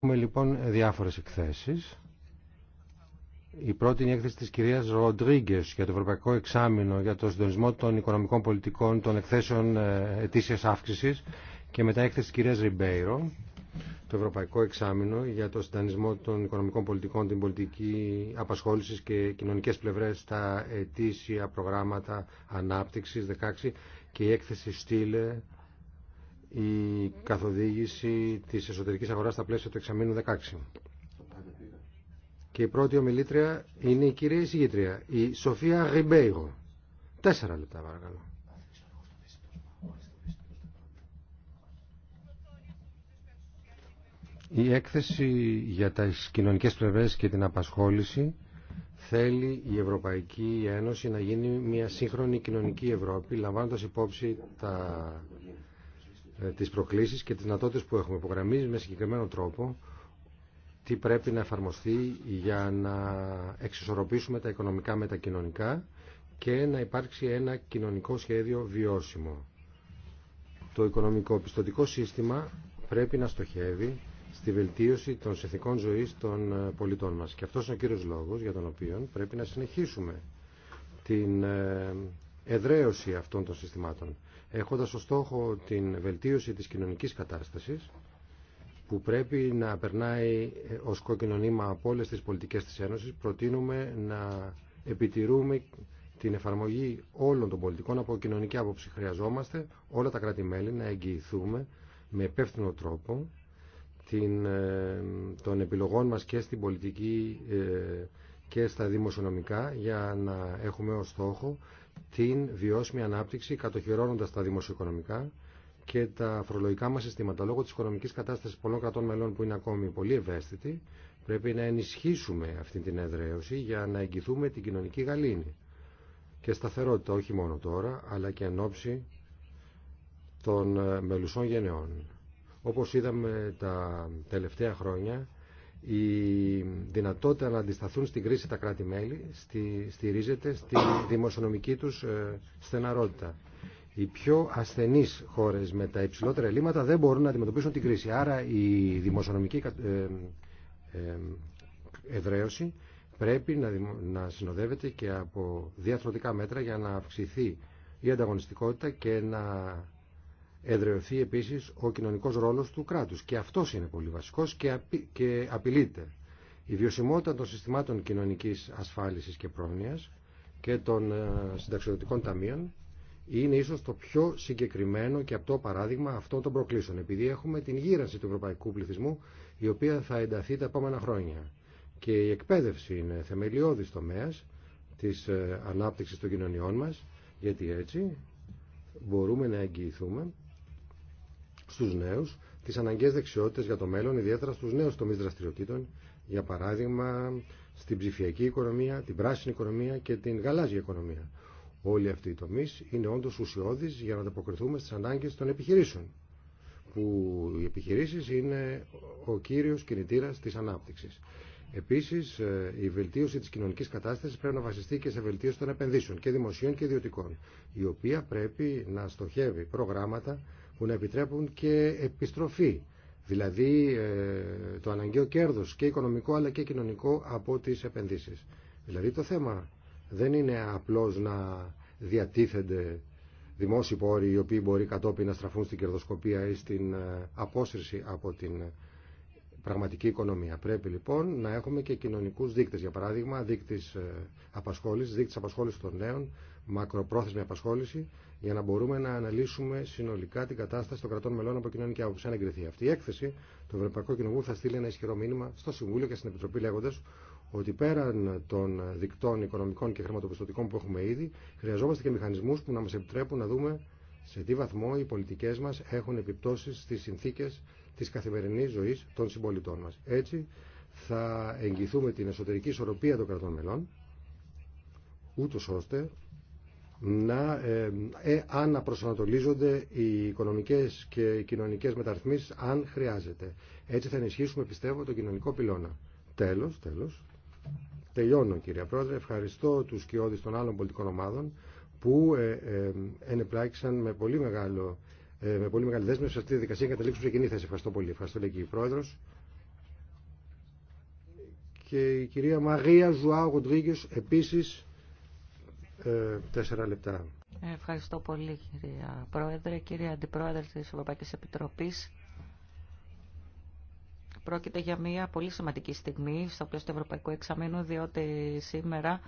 Έχουμε λοιπόν διάφορες εκθέσεις. Η πρώτη είναι η έκθεση της κυρίας Ροντρίγκε για το Ευρωπαϊκό Εξάμεινο για το συντονισμό των οικονομικών πολιτικών των εκθέσεων ε, ετήσιας αύξησης και μετά η έκθεση της κυρίας Ριμπέιρο το Ευρωπαϊκό Εξάμεινο για το Συντονισμό των οικονομικών πολιτικών, την πολιτική απασχόληση και κοινωνικές πλευρές στα ετήσια προγράμματα ανάπτυξης, 16 και η έκθεση Στήλε η καθοδήγηση της εσωτερικής αγοράς στα πλαίσια του εξαμήνου 16. Και η πρώτη ομιλήτρια είναι η κυρία εισηγήτρια, η Σοφία Ριμπέιγο. Τέσσερα λεπτά παρακαλώ. Η έκθεση για τις κοινωνικές πλευρές και την απασχόληση θέλει η Ευρωπαϊκή Ένωση να γίνει μια σύγχρονη κοινωνική Ευρώπη, λαμβάνοντας υπόψη τα ε, τι προκλήσει και τι δυνατότητε που έχουμε. Υπογραμμίζει με συγκεκριμένο τρόπο τι πρέπει να εφαρμοστεί για να εξισορροπήσουμε τα οικονομικά με τα κοινωνικά και να υπάρξει ένα κοινωνικό σχέδιο βιώσιμο. Το οικονομικό πιστοτικό σύστημα πρέπει να στοχεύει στη βελτίωση των συνθηκών ζωή των ε, πολιτών μα. Και αυτό είναι ο κύριο λόγο για τον οποίο πρέπει να συνεχίσουμε την ε, εδραίωση αυτών των συστημάτων έχοντας ως στόχο την βελτίωση της κοινωνικής κατάστασης που πρέπει να περνάει ε, ως κόκκινο νήμα από όλε τις πολιτικές της Ένωσης προτείνουμε να επιτηρούμε την εφαρμογή όλων των πολιτικών από κοινωνική άποψη χρειαζόμαστε όλα τα κράτη-μέλη να εγγυηθούμε με επεύθυνο τρόπο την, ε, των επιλογών μας και στην πολιτική ε, και στα δημοσιονομικά για να έχουμε ως στόχο την βιώσιμη ανάπτυξη κατοχυρώνοντα τα δημοσιοοικονομικά και τα φορολογικά μα συστήματα λόγω τη οικονομική κατάσταση πολλών κρατών μελών που είναι ακόμη πολύ ευαίσθητη πρέπει να ενισχύσουμε αυτή την εδραίωση για να εγγυθούμε την κοινωνική γαλήνη και σταθερότητα όχι μόνο τώρα αλλά και εν ώψη των μελουσών γενεών. Όπως είδαμε τα τελευταία χρόνια η δυνατότητα να αντισταθούν στην κρίση τα κράτη-μέλη στη, στηρίζεται στη δημοσιονομική τους ε, στεναρότητα. Οι πιο ασθενείς χώρες με τα υψηλότερα ελλείμματα δεν μπορούν να αντιμετωπίσουν την κρίση. Άρα η δημοσιονομική ε, ε, εδραίωση πρέπει να, να συνοδεύεται και από διαθροτικά μέτρα για να αυξηθεί η ανταγωνιστικότητα και να εδρεωθεί επίσης ο κοινωνικός ρόλος του κράτους και αυτό είναι πολύ βασικός και, και απειλείται. Η βιωσιμότητα των συστημάτων κοινωνικής ασφάλισης και πρόνοιας και των ε, συνταξιδοτικών ταμείων είναι ίσως το πιο συγκεκριμένο και αυτό παράδειγμα αυτών των προκλήσεων επειδή έχουμε την γύρανση του ευρωπαϊκού πληθυσμού η οποία θα ενταθεί τα επόμενα χρόνια και η εκπαίδευση είναι θεμελιώδης τομέας της ε, ανάπτυξης των κοινωνιών μας γιατί έτσι μπορούμε να εγγυηθούμε στους νέους τις αναγκαίες δεξιότητες για το μέλλον, ιδιαίτερα στους νέους τομείς δραστηριοτήτων, για παράδειγμα στην ψηφιακή οικονομία, την πράσινη οικονομία και την γαλάζια οικονομία. Όλοι αυτοί οι τομείς είναι όντως ουσιώδεις για να ανταποκριθούμε στις ανάγκες των επιχειρήσεων, που οι επιχειρήσεις είναι ο κύριος κινητήρας της ανάπτυξης. Επίση, ε, η βελτίωση τη κοινωνική κατάσταση πρέπει να βασιστεί και σε βελτίωση των επενδύσεων και δημοσίων και ιδιωτικών, η οποία πρέπει να στοχεύει προγράμματα που να επιτρέπουν και επιστροφή, δηλαδή ε, το αναγκαίο κέρδος και οικονομικό αλλά και κοινωνικό από τις επενδύσεις. Δηλαδή το θέμα δεν είναι απλώς να διατίθενται δημόσιοι πόροι οι οποίοι μπορεί κατόπιν να στραφούν στην κερδοσκοπία ή στην ε, απόσυρση από την πραγματική οικονομία. Πρέπει λοιπόν να έχουμε και κοινωνικού δείκτες, για παράδειγμα δείκτη ε, απασχόλησης, δείκτη απασχόληση των νέων, μακροπρόθεσμη απασχόληση, για να μπορούμε να αναλύσουμε συνολικά την κατάσταση των κρατών μελών από κοινωνική άποψη. Αν εγκριθεί αυτή η έκθεση, το Ευρωπαϊκό Κοινοβούλιο θα στείλει ένα ισχυρό μήνυμα στο Συμβούλιο και στην Επιτροπή λέγοντα ότι πέραν των δικτών οικονομικών και χρηματοπιστωτικών που έχουμε ήδη, χρειαζόμαστε και μηχανισμού που να μα επιτρέπουν να δούμε σε τι βαθμό οι πολιτικέ μα έχουν επιπτώσει στι συνθήκε της καθημερινής ζωής των συμπολιτών μας. Έτσι θα εγγυηθούμε την εσωτερική ισορροπία των κρατών μελών, ούτως ώστε να ε, ε αναπροσανατολίζονται οι οικονομικές και οι κοινωνικές μεταρρυθμίσεις αν χρειάζεται. Έτσι θα ενισχύσουμε πιστεύω τον κοινωνικό πυλώνα. Τέλος, τέλος. Τελειώνω κύριε Πρόεδρε. Ευχαριστώ τους κοιόδης των άλλων πολιτικών ομάδων που ε, ε με πολύ μεγάλο ε, με πολύ μεγάλη δέσμευση σε αυτή τη δικασία καταλήξουμε σε κοινή θέση. Ευχαριστώ πολύ. Ευχαριστώ λέει και η πρόεδρο. Και η κυρία Μαρία Ζουάου Ροντρίγκε επίση ε, τέσσερα λεπτά. Ευχαριστώ πολύ κυρία Πρόεδρε, κυρία Αντιπρόεδρε τη Ευρωπαϊκή Επιτροπής. Πρόκειται για μια πολύ σημαντική στιγμή στο πλαίσιο του Ευρωπαϊκού Εξαμήνου, διότι σήμερα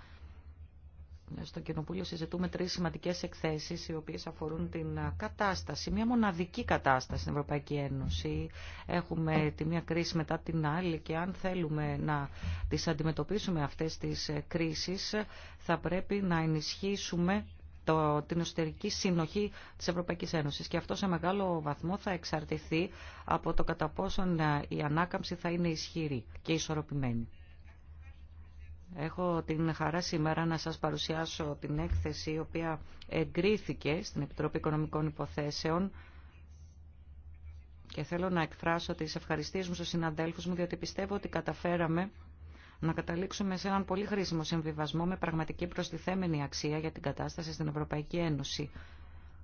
στο Κοινοβούλιο συζητούμε τρεις σημαντικές εκθέσεις οι οποίες αφορούν την κατάσταση, μια μοναδική κατάσταση στην Ευρωπαϊκή Ένωση. Έχουμε τη μία κρίση μετά την άλλη και αν θέλουμε να τι αντιμετωπίσουμε αυτές τις κρίσεις θα πρέπει να ενισχύσουμε το, την εσωτερική συνοχή της Ευρωπαϊκής Ένωσης. Και αυτό σε μεγάλο βαθμό θα εξαρτηθεί από το κατά πόσον η ανάκαμψη θα είναι ισχυρή και ισορροπημένη. Έχω την χαρά σήμερα να σας παρουσιάσω την έκθεση η οποία εγκρίθηκε στην Επιτροπή Οικονομικών Υποθέσεων και θέλω να εκφράσω τις ευχαριστίες μου στους συναδέλφους μου διότι πιστεύω ότι καταφέραμε να καταλήξουμε σε έναν πολύ χρήσιμο συμβιβασμό με πραγματική προστιθέμενη αξία για την κατάσταση στην Ευρωπαϊκή Ένωση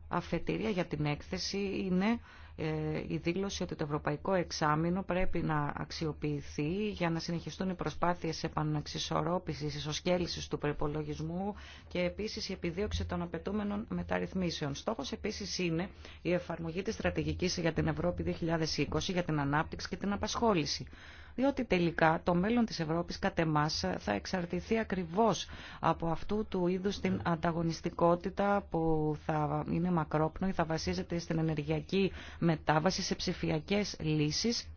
αφετηρία για την έκθεση είναι ε, η δήλωση ότι το ευρωπαϊκό εξάμεινο πρέπει να αξιοποιηθεί για να συνεχιστούν οι προσπάθειες επαναξισορρόπησης, ισοσκέλησης του προπολογισμού και επίσης η επιδίωξη των απαιτούμενων μεταρρυθμίσεων. Στόχος επίσης είναι η εφαρμογή της στρατηγικής για την Ευρώπη 2020 για την ανάπτυξη και την απασχόληση διότι τελικά το μέλλον της Ευρώπης κατ' εμάς θα εξαρτηθεί ακριβώς από αυτού του είδους την ανταγωνιστικότητα που θα είναι μακρόπνοη, θα βασίζεται στην ενεργειακή μετάβαση σε ψηφιακές λύσεις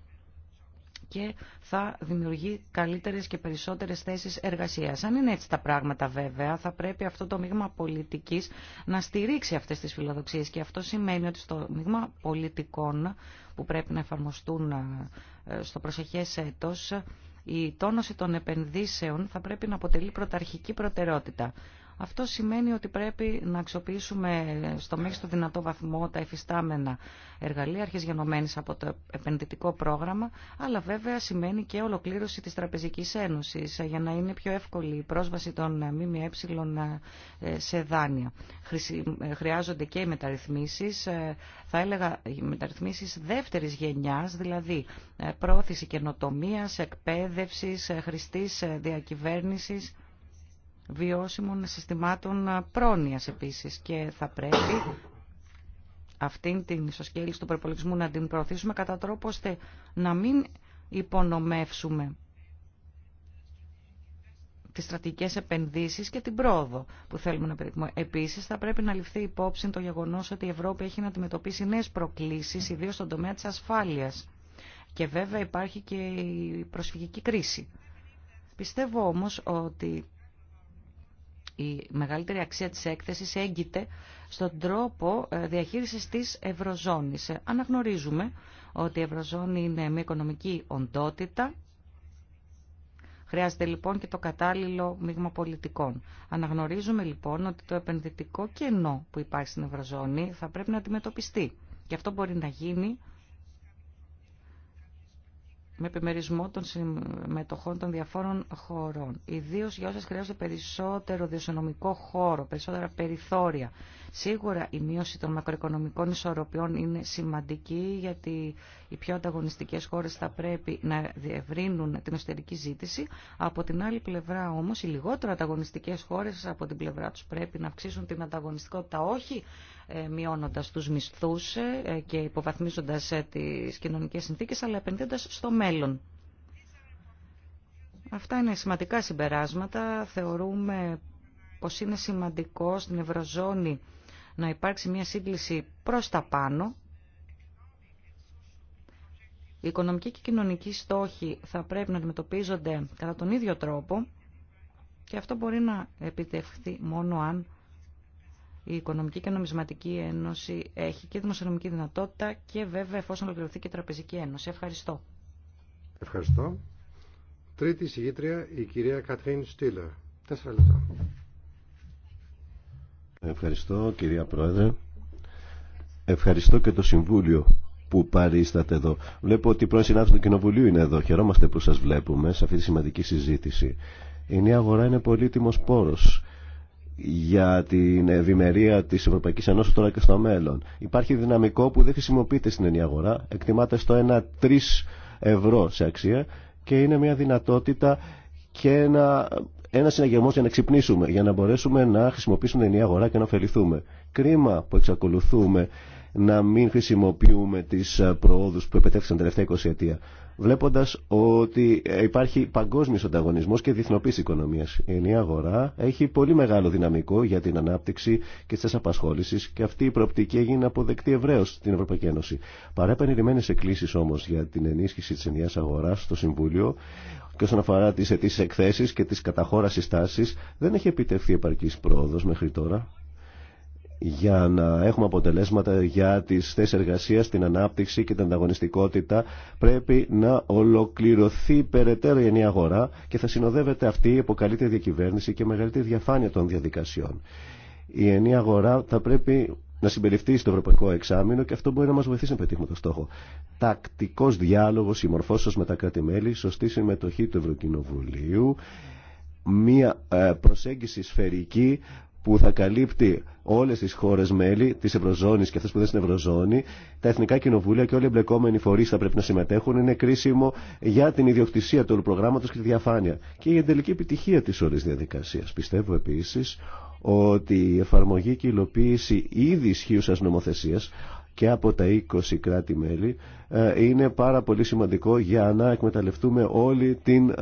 και θα δημιουργεί καλύτερες και περισσότερες θέσεις εργασίας. Αν είναι έτσι τα πράγματα βέβαια, θα πρέπει αυτό το μείγμα πολιτικής να στηρίξει αυτές τις φιλοδοξίες και αυτό σημαίνει ότι στο μείγμα πολιτικών που πρέπει να εφαρμοστούν ε, ε, στο προσεχές έτος, η τόνωση των επενδύσεων θα πρέπει να αποτελεί πρωταρχική προτεραιότητα. Αυτό σημαίνει ότι πρέπει να αξιοποιήσουμε στο μέγιστο δυνατό βαθμό τα εφιστάμενα εργαλεία, αρχές από το επενδυτικό πρόγραμμα, αλλά βέβαια σημαίνει και ολοκλήρωση της Τραπεζικής Ένωσης ε, για να είναι πιο εύκολη η πρόσβαση των ε, ΜΜΕ ε, σε δάνεια. Χρειάζονται και οι μεταρρυθμίσεις, θα έλεγα οι μεταρρυθμίσεις δεύτερης γενιάς, δηλαδή πρόθεση καινοτομίας, εκπαίδευσης, χρηστής διακυβέρνησης, βιώσιμων συστημάτων πρόνοιας επίσης και θα πρέπει αυτήν την ισοσκέληση του προπολογισμού να την προωθήσουμε κατά τρόπο ώστε να μην υπονομεύσουμε τις στρατηγικές επενδύσεις και την πρόοδο που θέλουμε να περιμένουμε. Επίσης, θα πρέπει να ληφθεί υπόψη το γεγονός ότι η Ευρώπη έχει να αντιμετωπίσει νέες προκλήσεις, ιδίως στον τομέα της ασφάλειας. Και βέβαια υπάρχει και η προσφυγική κρίση. Πιστεύω όμως ότι η μεγαλύτερη αξία της έκθεσης έγκυται στον τρόπο ε, διαχείρισης της Ευρωζώνης. Ε, αναγνωρίζουμε ότι η Ευρωζώνη είναι μια οικονομική οντότητα, Χρειάζεται λοιπόν και το κατάλληλο μείγμα πολιτικών. Αναγνωρίζουμε λοιπόν ότι το επενδυτικό κενό που υπάρχει στην Ευρωζώνη θα πρέπει να αντιμετωπιστεί. Και αυτό μπορεί να γίνει με επιμερισμό των συμμετοχών των διαφόρων χωρών. Ιδίω για όσε χρειάζονται περισσότερο διοσονομικό χώρο, περισσότερα περιθώρια Σίγουρα η μείωση των μακροοικονομικών ισορροπιών είναι σημαντική γιατί οι πιο ανταγωνιστικές χώρες θα πρέπει να διευρύνουν την εσωτερική ζήτηση. Από την άλλη πλευρά όμως οι λιγότερο ανταγωνιστικές χώρες από την πλευρά τους πρέπει να αυξήσουν την ανταγωνιστικότητα όχι ε, μειώνοντας τους μισθούς ε, ε, και υποβαθμίζοντας τις κοινωνικές συνθήκες αλλά επενδύοντας στο μέλλον. Αυτά είναι σημαντικά συμπεράσματα. Θεωρούμε πως είναι σημαντικό στην Ευρωζώνη να υπάρξει μια σύγκληση προς τα πάνω. Οι οικονομικοί και κοινωνικοί στόχοι θα πρέπει να αντιμετωπίζονται κατά τον ίδιο τρόπο και αυτό μπορεί να επιτευχθεί μόνο αν η Οικονομική και Νομισματική Ένωση έχει και δημοσιονομική δυνατότητα και βέβαια εφόσον ολοκληρωθεί και η Τραπεζική Ένωση. Ευχαριστώ. Ευχαριστώ. Τρίτη συγγήτρια η κυρία Κατρίν Στήλερ. Τέσσερα λεπτά. Ευχαριστώ κυρία Πρόεδρε. Ευχαριστώ και το Συμβούλιο που παρίσταται εδώ. Βλέπω ότι η πρώην συνάδελφο του Κοινοβουλίου είναι εδώ. Χαιρόμαστε που σας βλέπουμε σε αυτή τη σημαντική συζήτηση. Η νέα αγορά είναι πολύτιμος πόρος για την ευημερία της Ευρωπαϊκής Ένωση τώρα και στο μέλλον. Υπάρχει δυναμικό που δεν χρησιμοποιείται στην νέα αγορά. Εκτιμάται στο 1-3 ευρώ σε αξία και είναι μια δυνατότητα και ένα ένα συναγερμός για να ξυπνήσουμε, για να μπορέσουμε να χρησιμοποιήσουμε την ενιαία αγορά και να ωφεληθούμε. Κρίμα που εξακολουθούμε να μην χρησιμοποιούμε τι ε, προόδου που επετέφθησαν τα τελευταία 20 ετία. Βλέποντας ότι ε, υπάρχει παγκόσμιο ανταγωνισμό και διεθνοποίηση οικονομία. Η ενιαία αγορά έχει πολύ μεγάλο δυναμικό για την ανάπτυξη και τι απασχόληση και αυτή η προοπτική έγινε αποδεκτή ευρέω στην Ευρωπαϊκή Ένωση. Παρά επανειλημμένε εκκλήσει όμω για την ενίσχυση τη ενιαία αγορά στο Συμβούλιο, και όσον αφορά τι αιτήσεις εκθέσεις και τις καταχώρασεις τάση, δεν έχει επιτευχθεί επαρκή πρόοδο μέχρι τώρα για να έχουμε αποτελέσματα για τις θέσεις εργασίας, την ανάπτυξη και την ανταγωνιστικότητα πρέπει να ολοκληρωθεί περαιτέρω η ενή αγορά και θα συνοδεύεται αυτή η αποκαλύτερη διακυβέρνηση και μεγαλύτερη διαφάνεια των διαδικασιών. Η ενή αγορά θα πρέπει να συμπεριφθεί στο Ευρωπαϊκό Εξάμεινο και αυτό μπορεί να μα βοηθήσει να πετύχουμε το στόχο. Τακτικό διάλογο, συμμορφώσεω με τα κράτη-μέλη, σωστή συμμετοχή του Ευρωκοινοβουλίου, μία ε, προσέγγιση σφαιρική που θα καλύπτει όλε τι χώρε μέλη τη Ευρωζώνη και αυτέ που δεν στην Ευρωζώνη, τα εθνικά κοινοβούλια και όλοι οι εμπλεκόμενοι φορεί θα πρέπει να συμμετέχουν, είναι κρίσιμο για την ιδιοκτησία του όλου προγράμματο και τη διαφάνεια και για την επιτυχία τη όλη διαδικασία. Πιστεύω επίση ότι η εφαρμογή και η υλοποίηση ήδη ισχύουσα νομοθεσία και από τα 20 κράτη-μέλη ε, είναι πάρα πολύ σημαντικό για να εκμεταλλευτούμε όλη την ε,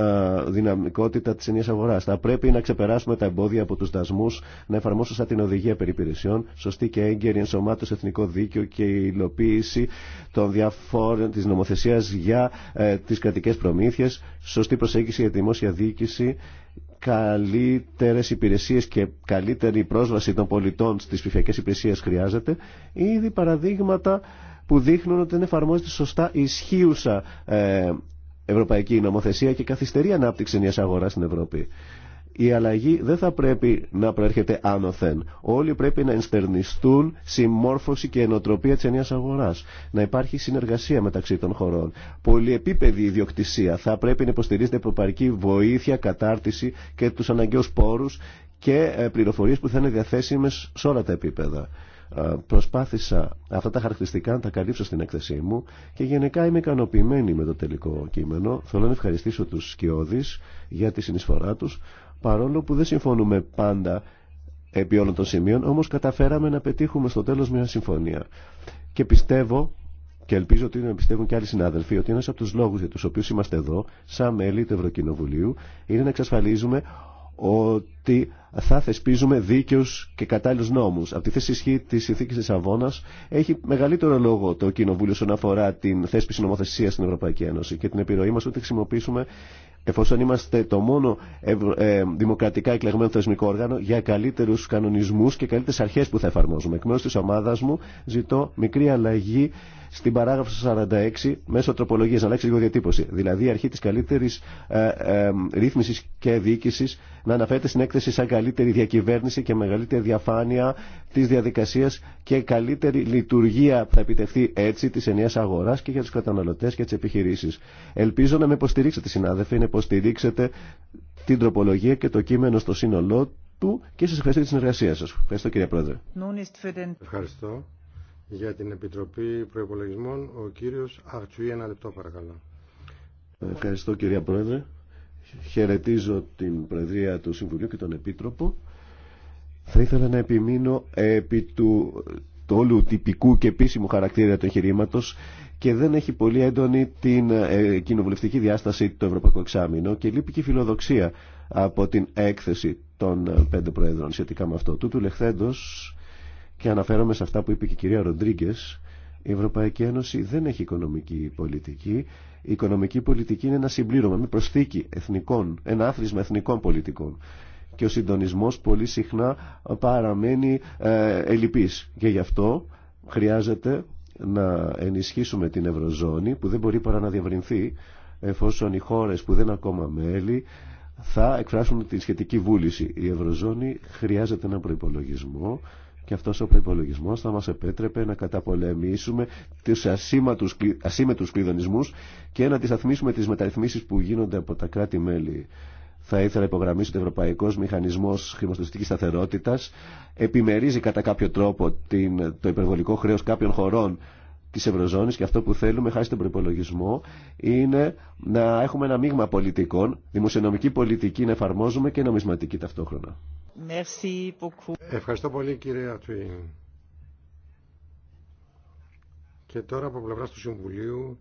δυναμικότητα της ενιαίας αγοράς. Θα πρέπει να ξεπεράσουμε τα εμπόδια από του δασμούς, να εφαρμόσουμε σαν την οδηγία περιπηρεσιών, σωστή και έγκαιρη ενσωμάτωση εθνικό δίκαιο και η υλοποίηση των διαφόρων της νομοθεσίας για ε, τις κρατικές προμήθειες, σωστή προσέγγιση για τη δημόσια διοίκηση καλύτερες υπηρεσίες και καλύτερη πρόσβαση των πολιτών στις ψηφιακές υπηρεσίες χρειάζεται. Ήδη παραδείγματα που δείχνουν ότι δεν εφαρμόζεται σωστά ισχύουσα ε, ευρωπαϊκή νομοθεσία και καθυστερεί ανάπτυξη μια αγορά στην Ευρώπη η αλλαγή δεν θα πρέπει να προέρχεται άνωθεν. Όλοι πρέπει να ενστερνιστούν συμμόρφωση και ενοτροπία τη ενιαίας αγορά. Να υπάρχει συνεργασία μεταξύ των χωρών. Πολυεπίπεδη ιδιοκτησία θα πρέπει να υποστηρίζεται προπαρική βοήθεια, κατάρτιση και τους αναγκαίους πόρου και ε, πληροφορίε που θα είναι διαθέσιμε σε όλα τα επίπεδα. Ε, προσπάθησα αυτά τα χαρακτηριστικά να τα καλύψω στην έκθεσή μου και γενικά είμαι ικανοποιημένη με το τελικό κείμενο. Θέλω να ευχαριστήσω τους Σκιώδη για τη συνεισφορά τους. Παρόλο που δεν συμφωνούμε πάντα επί όλων των σημείων, όμως καταφέραμε να πετύχουμε στο τέλος μια συμφωνία. Και πιστεύω και ελπίζω ότι είναι, πιστεύουν και άλλοι συνάδελφοι ότι ένας από τους λόγους για τους οποίους είμαστε εδώ, σαν μέλη του Ευρωκοινοβουλίου, είναι να εξασφαλίζουμε ότι θα θεσπίζουμε δίκαιου και κατάλληλου νόμου. Από τη θέση ισχύ τη συνθήκη τη Αβώνα έχει μεγαλύτερο λόγο το Κοινοβούλιο όσον αφορά την θέσπιση νομοθεσία στην Ευρωπαϊκή Ένωση και την επιρροή μα ότι χρησιμοποιήσουμε εφόσον είμαστε το μόνο ε, δημοκρατικά εκλεγμένο θεσμικό όργανο, για καλύτερου κανονισμού και καλύτερε αρχέ που θα εφαρμόζουμε. Εκ μέρου τη ομάδα μου ζητώ μικρή αλλαγή στην παράγραφο 46 μέσω τροπολογία, να αλλάξει λίγο διατύπωση. Δηλαδή η αρχή τη καλύτερη ε, ε ρύθμιση και διοίκηση να αναφέρεται στην έκθεση σαν καλύτερη διακυβέρνηση και μεγαλύτερη διαφάνεια τη διαδικασία και καλύτερη λειτουργία που θα επιτευχθεί έτσι τη ενιαία αγορά και για του καταναλωτέ και τι επιχειρήσει. Ελπίζω να με υποστηρίξετε, συνάδελφοι υποστηρίξετε την τροπολογία και το κείμενο στο σύνολό του και σας ευχαριστώ για τη συνεργασία σας. Ευχαριστώ κύριε Πρόεδρε. Ευχαριστώ για την Επιτροπή Προϋπολογισμών ο κύριος Αχτσουή ένα λεπτό παρακαλώ. Ευχαριστώ κύριε Πρόεδρε. Χαιρετίζω την Προεδρία του Συμβουλίου και τον Επίτροπο. Θα ήθελα να επιμείνω επί του όλου τυπικού και επίσημου χαρακτήρα του εγχειρήματο και δεν έχει πολύ έντονη την ε, κοινοβουλευτική διάσταση του Ευρωπαϊκού Εξάμεινο και λείπει και η φιλοδοξία από την έκθεση των ε, πέντε Προέδρων σχετικά με αυτό. Τούτου λεχθέντος και αναφέρομαι σε αυτά που είπε και η κυρία Ροντρίγκε. Η Ευρωπαϊκή Ένωση δεν έχει οικονομική πολιτική. Η οικονομική πολιτική είναι ένα συμπλήρωμα, μια προσθήκη εθνικών, ένα άθροισμα εθνικών πολιτικών. Και ο συντονισμός πολύ συχνά παραμένει ε, Και γι' αυτό χρειάζεται να ενισχύσουμε την Ευρωζώνη που δεν μπορεί παρά να διαβρυνθεί εφόσον οι χώρες που δεν είναι ακόμα μέλη θα εκφράσουν τη σχετική βούληση. Η Ευρωζώνη χρειάζεται έναν προϋπολογισμό και αυτός ο προϋπολογισμός θα μας επέτρεπε να καταπολεμήσουμε τους ασήμετους κλειδονισμούς και να τις αθμίσουμε τις μεταρρυθμίσεις που γίνονται από τα κράτη-μέλη θα ήθελα να υπογραμμίσω ότι ο Ευρωπαϊκό Μηχανισμό Χρηματοδοτική Σταθερότητα επιμερίζει κατά κάποιο τρόπο το υπερβολικό χρέο κάποιων χωρών τη Ευρωζώνη και αυτό που θέλουμε χάρη στον προπολογισμό είναι να έχουμε ένα μείγμα πολιτικών, δημοσιονομική πολιτική να εφαρμόζουμε και νομισματική ταυτόχρονα. Ευχαριστώ πολύ κύριε Ατουίν. Και τώρα από πλευρά του Συμβουλίου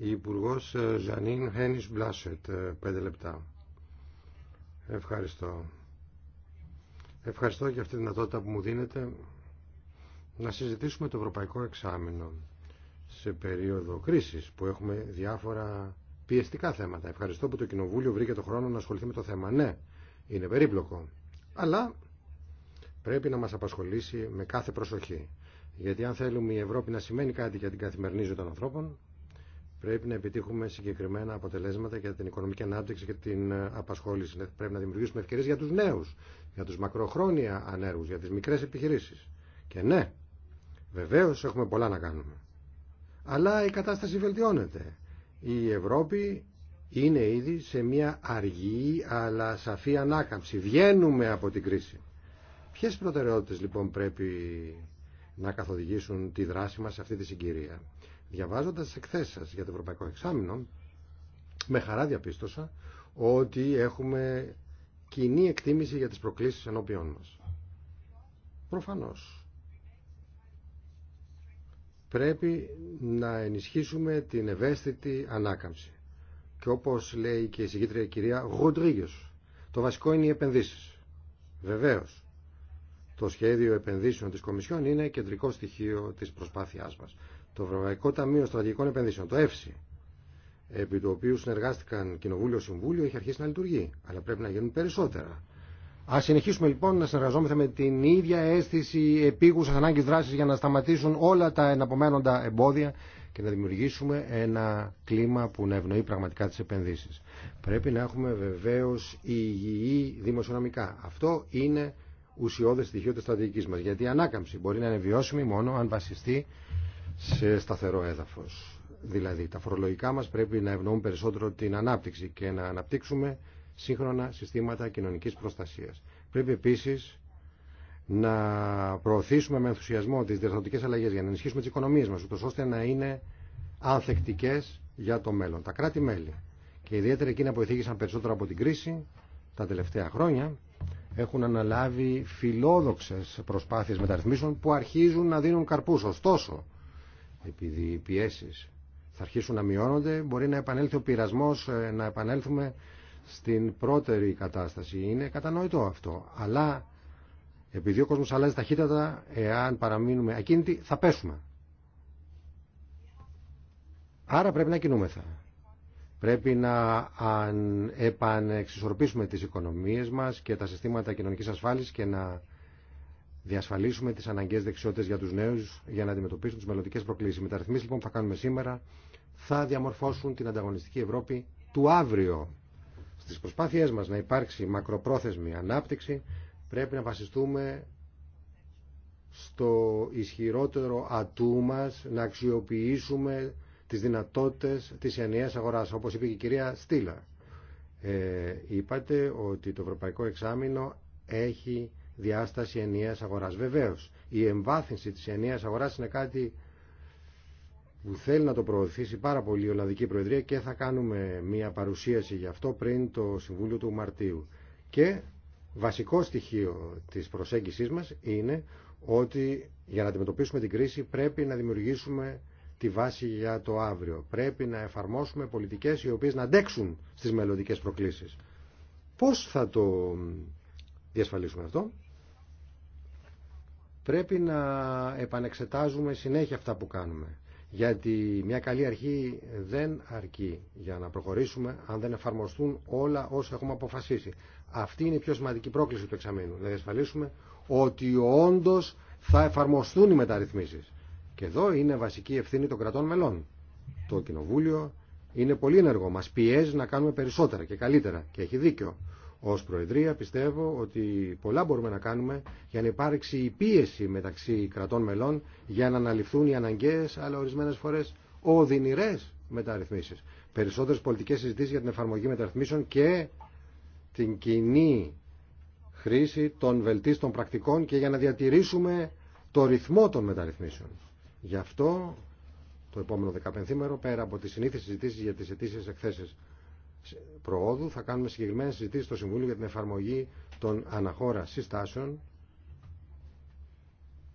η Υπουργό ε, Ζανίν Χένι Μπλάσετ, ε, πέντε λεπτά. Ευχαριστώ. Ευχαριστώ για αυτή τη δυνατότητα που μου δίνετε να συζητήσουμε το ευρωπαϊκό εξάμεινο σε περίοδο κρίσης που έχουμε διάφορα πιεστικά θέματα. Ευχαριστώ που το Κοινοβούλιο βρήκε το χρόνο να ασχοληθεί με το θέμα. Ναι, είναι περίπλοκο. Αλλά πρέπει να μας απασχολήσει με κάθε προσοχή. Γιατί αν θέλουμε η Ευρώπη να σημαίνει κάτι για την καθημερινή ζωή των ανθρώπων, Πρέπει να επιτύχουμε συγκεκριμένα αποτελέσματα για την οικονομική ανάπτυξη και την ε, απασχόληση. Ναι, πρέπει να δημιουργήσουμε ευκαιρίε για του νέου, για του μακροχρόνια ανέργου, για τι μικρέ επιχειρήσει. Και ναι, βεβαίω έχουμε πολλά να κάνουμε. Αλλά η κατάσταση βελτιώνεται. Η Ευρώπη είναι ήδη σε μια αργή αλλά σαφή ανάκαμψη. Βγαίνουμε από την κρίση. Ποιε προτεραιότητε λοιπόν πρέπει να καθοδηγήσουν τη δράση μα σε αυτή τη συγκυρία. Διαβάζοντας τι εκθέσεις σας για το Ευρωπαϊκό Εξάμεινο, με χαρά διαπίστωσα ότι έχουμε κοινή εκτίμηση για τις προκλήσεις ενώπιών μας. Προφανώ. Πρέπει να ενισχύσουμε την ευαίσθητη ανάκαμψη. Και όπως λέει και η συγκίτρια κυρία Ροντρίγιο, το βασικό είναι οι επενδύσεις. Βεβαίως, το σχέδιο επενδύσεων της Κομισιόν είναι κεντρικό στοιχείο της προσπάθειάς μας το Ευρωπαϊκό Ταμείο Στρατηγικών Επενδύσεων, το ΕΦΣΥ, επί του οποίου συνεργάστηκαν Κοινοβούλιο-Συμβούλιο, έχει αρχίσει να λειτουργεί. Αλλά πρέπει να γίνουν περισσότερα. Α συνεχίσουμε λοιπόν να συνεργαζόμεθα με την ίδια αίσθηση επίγουσα ανάγκη δράση για να σταματήσουν όλα τα εναπομένοντα εμπόδια και να δημιουργήσουμε ένα κλίμα που να ευνοεί πραγματικά τι επενδύσει. Πρέπει να έχουμε βεβαίω υγιή δημοσιονομικά. Αυτό είναι ουσιώδε στοιχείο τη στρατηγική μα. Γιατί η ανάκαμψη μπορεί να είναι βιώσιμη μόνο αν βασιστεί σε σταθερό έδαφος. Δηλαδή τα φορολογικά μας πρέπει να ευνοούν περισσότερο την ανάπτυξη και να αναπτύξουμε σύγχρονα συστήματα κοινωνικής προστασίας. Πρέπει επίσης να προωθήσουμε με ενθουσιασμό τις διαρθρωτικές αλλαγές για να ενισχύσουμε τις οικονομίες μας, ούτω ώστε να είναι ανθεκτικές για το μέλλον. Τα κράτη-μέλη και ιδιαίτερα εκείνα που εθίγησαν περισσότερο από την κρίση τα τελευταία χρόνια έχουν αναλάβει φιλόδοξες προσπάθειες μεταρρυθμίσεων που αρχίζουν να δίνουν καρπούς. Ωστόσο, επειδή οι πιέσεις θα αρχίσουν να μειώνονται, μπορεί να επανέλθει ο πειρασμός, ε, να επανέλθουμε στην πρώτερη κατάσταση. Είναι κατανοητό αυτό. Αλλά επειδή ο κόσμος αλλάζει ταχύτατα, εάν παραμείνουμε ακίνητοι, θα πέσουμε. Άρα πρέπει να κινούμεθα. Πρέπει να επανεξισορροπήσουμε τις οικονομίες μας και τα συστήματα κοινωνικής ασφάλισης και να διασφαλίσουμε τι αναγκαίε δεξιότητε για του νέου για να αντιμετωπίσουν τι μελλοντικέ προκλήσει. Οι μεταρρυθμίσει λοιπόν που θα κάνουμε σήμερα θα διαμορφώσουν την ανταγωνιστική Ευρώπη του αύριο. Στι προσπάθειέ μα να υπάρξει μακροπρόθεσμη ανάπτυξη πρέπει να βασιστούμε στο ισχυρότερο ατού μα να αξιοποιήσουμε τι δυνατότητε τη ενιαία αγορά. Όπω είπε και η κυρία Στήλα. Ε, είπατε ότι το Ευρωπαϊκό Εξάμεινο έχει διάσταση ενιαίας αγοράς. Βεβαίως, η εμβάθυνση της ενιαίας αγοράς είναι κάτι που θέλει να το προωθήσει πάρα πολύ η Ολλανδική Προεδρία και θα κάνουμε μια παρουσίαση γι' αυτό πριν το Συμβούλιο του Μαρτίου. Και βασικό στοιχείο της προσέγγισής μας είναι ότι για να αντιμετωπίσουμε την κρίση πρέπει να δημιουργήσουμε τη βάση για το αύριο. Πρέπει να εφαρμόσουμε πολιτικές οι οποίες να αντέξουν στις μελλοντικές προκλήσεις. Πώς θα το διασφαλίσουμε αυτό? Πρέπει να επανεξετάζουμε συνέχεια αυτά που κάνουμε. Γιατί μια καλή αρχή δεν αρκεί για να προχωρήσουμε αν δεν εφαρμοστούν όλα όσα έχουμε αποφασίσει. Αυτή είναι η πιο σημαντική πρόκληση του εξαμήνου. Να διασφαλίσουμε ότι όντω θα εφαρμοστούν οι μεταρρυθμίσει. Και εδώ είναι βασική ευθύνη των κρατών μελών. Το Κοινοβούλιο είναι πολύ ενεργό. Μα πιέζει να κάνουμε περισσότερα και καλύτερα. Και έχει δίκιο. Ως Προεδρία πιστεύω ότι πολλά μπορούμε να κάνουμε για να υπάρξει η πίεση μεταξύ κρατών μελών για να αναλυφθούν οι αναγκαίες αλλά ορισμένες φορές οδυνηρές μεταρρυθμίσεις. Περισσότερες πολιτικές συζητήσεις για την εφαρμογή μεταρρυθμίσεων και την κοινή χρήση των βελτίστων πρακτικών και για να διατηρήσουμε το ρυθμό των μεταρρυθμίσεων. Γι' αυτό το επόμενο 15 μέρο, πέρα από τις συνήθειες συζητήσεις για τις αιτήσει εκθέσεις προόδου θα κάνουμε συγκεκριμένε συζητήσεις στο Συμβούλιο για την εφαρμογή των αναχώρα συστάσεων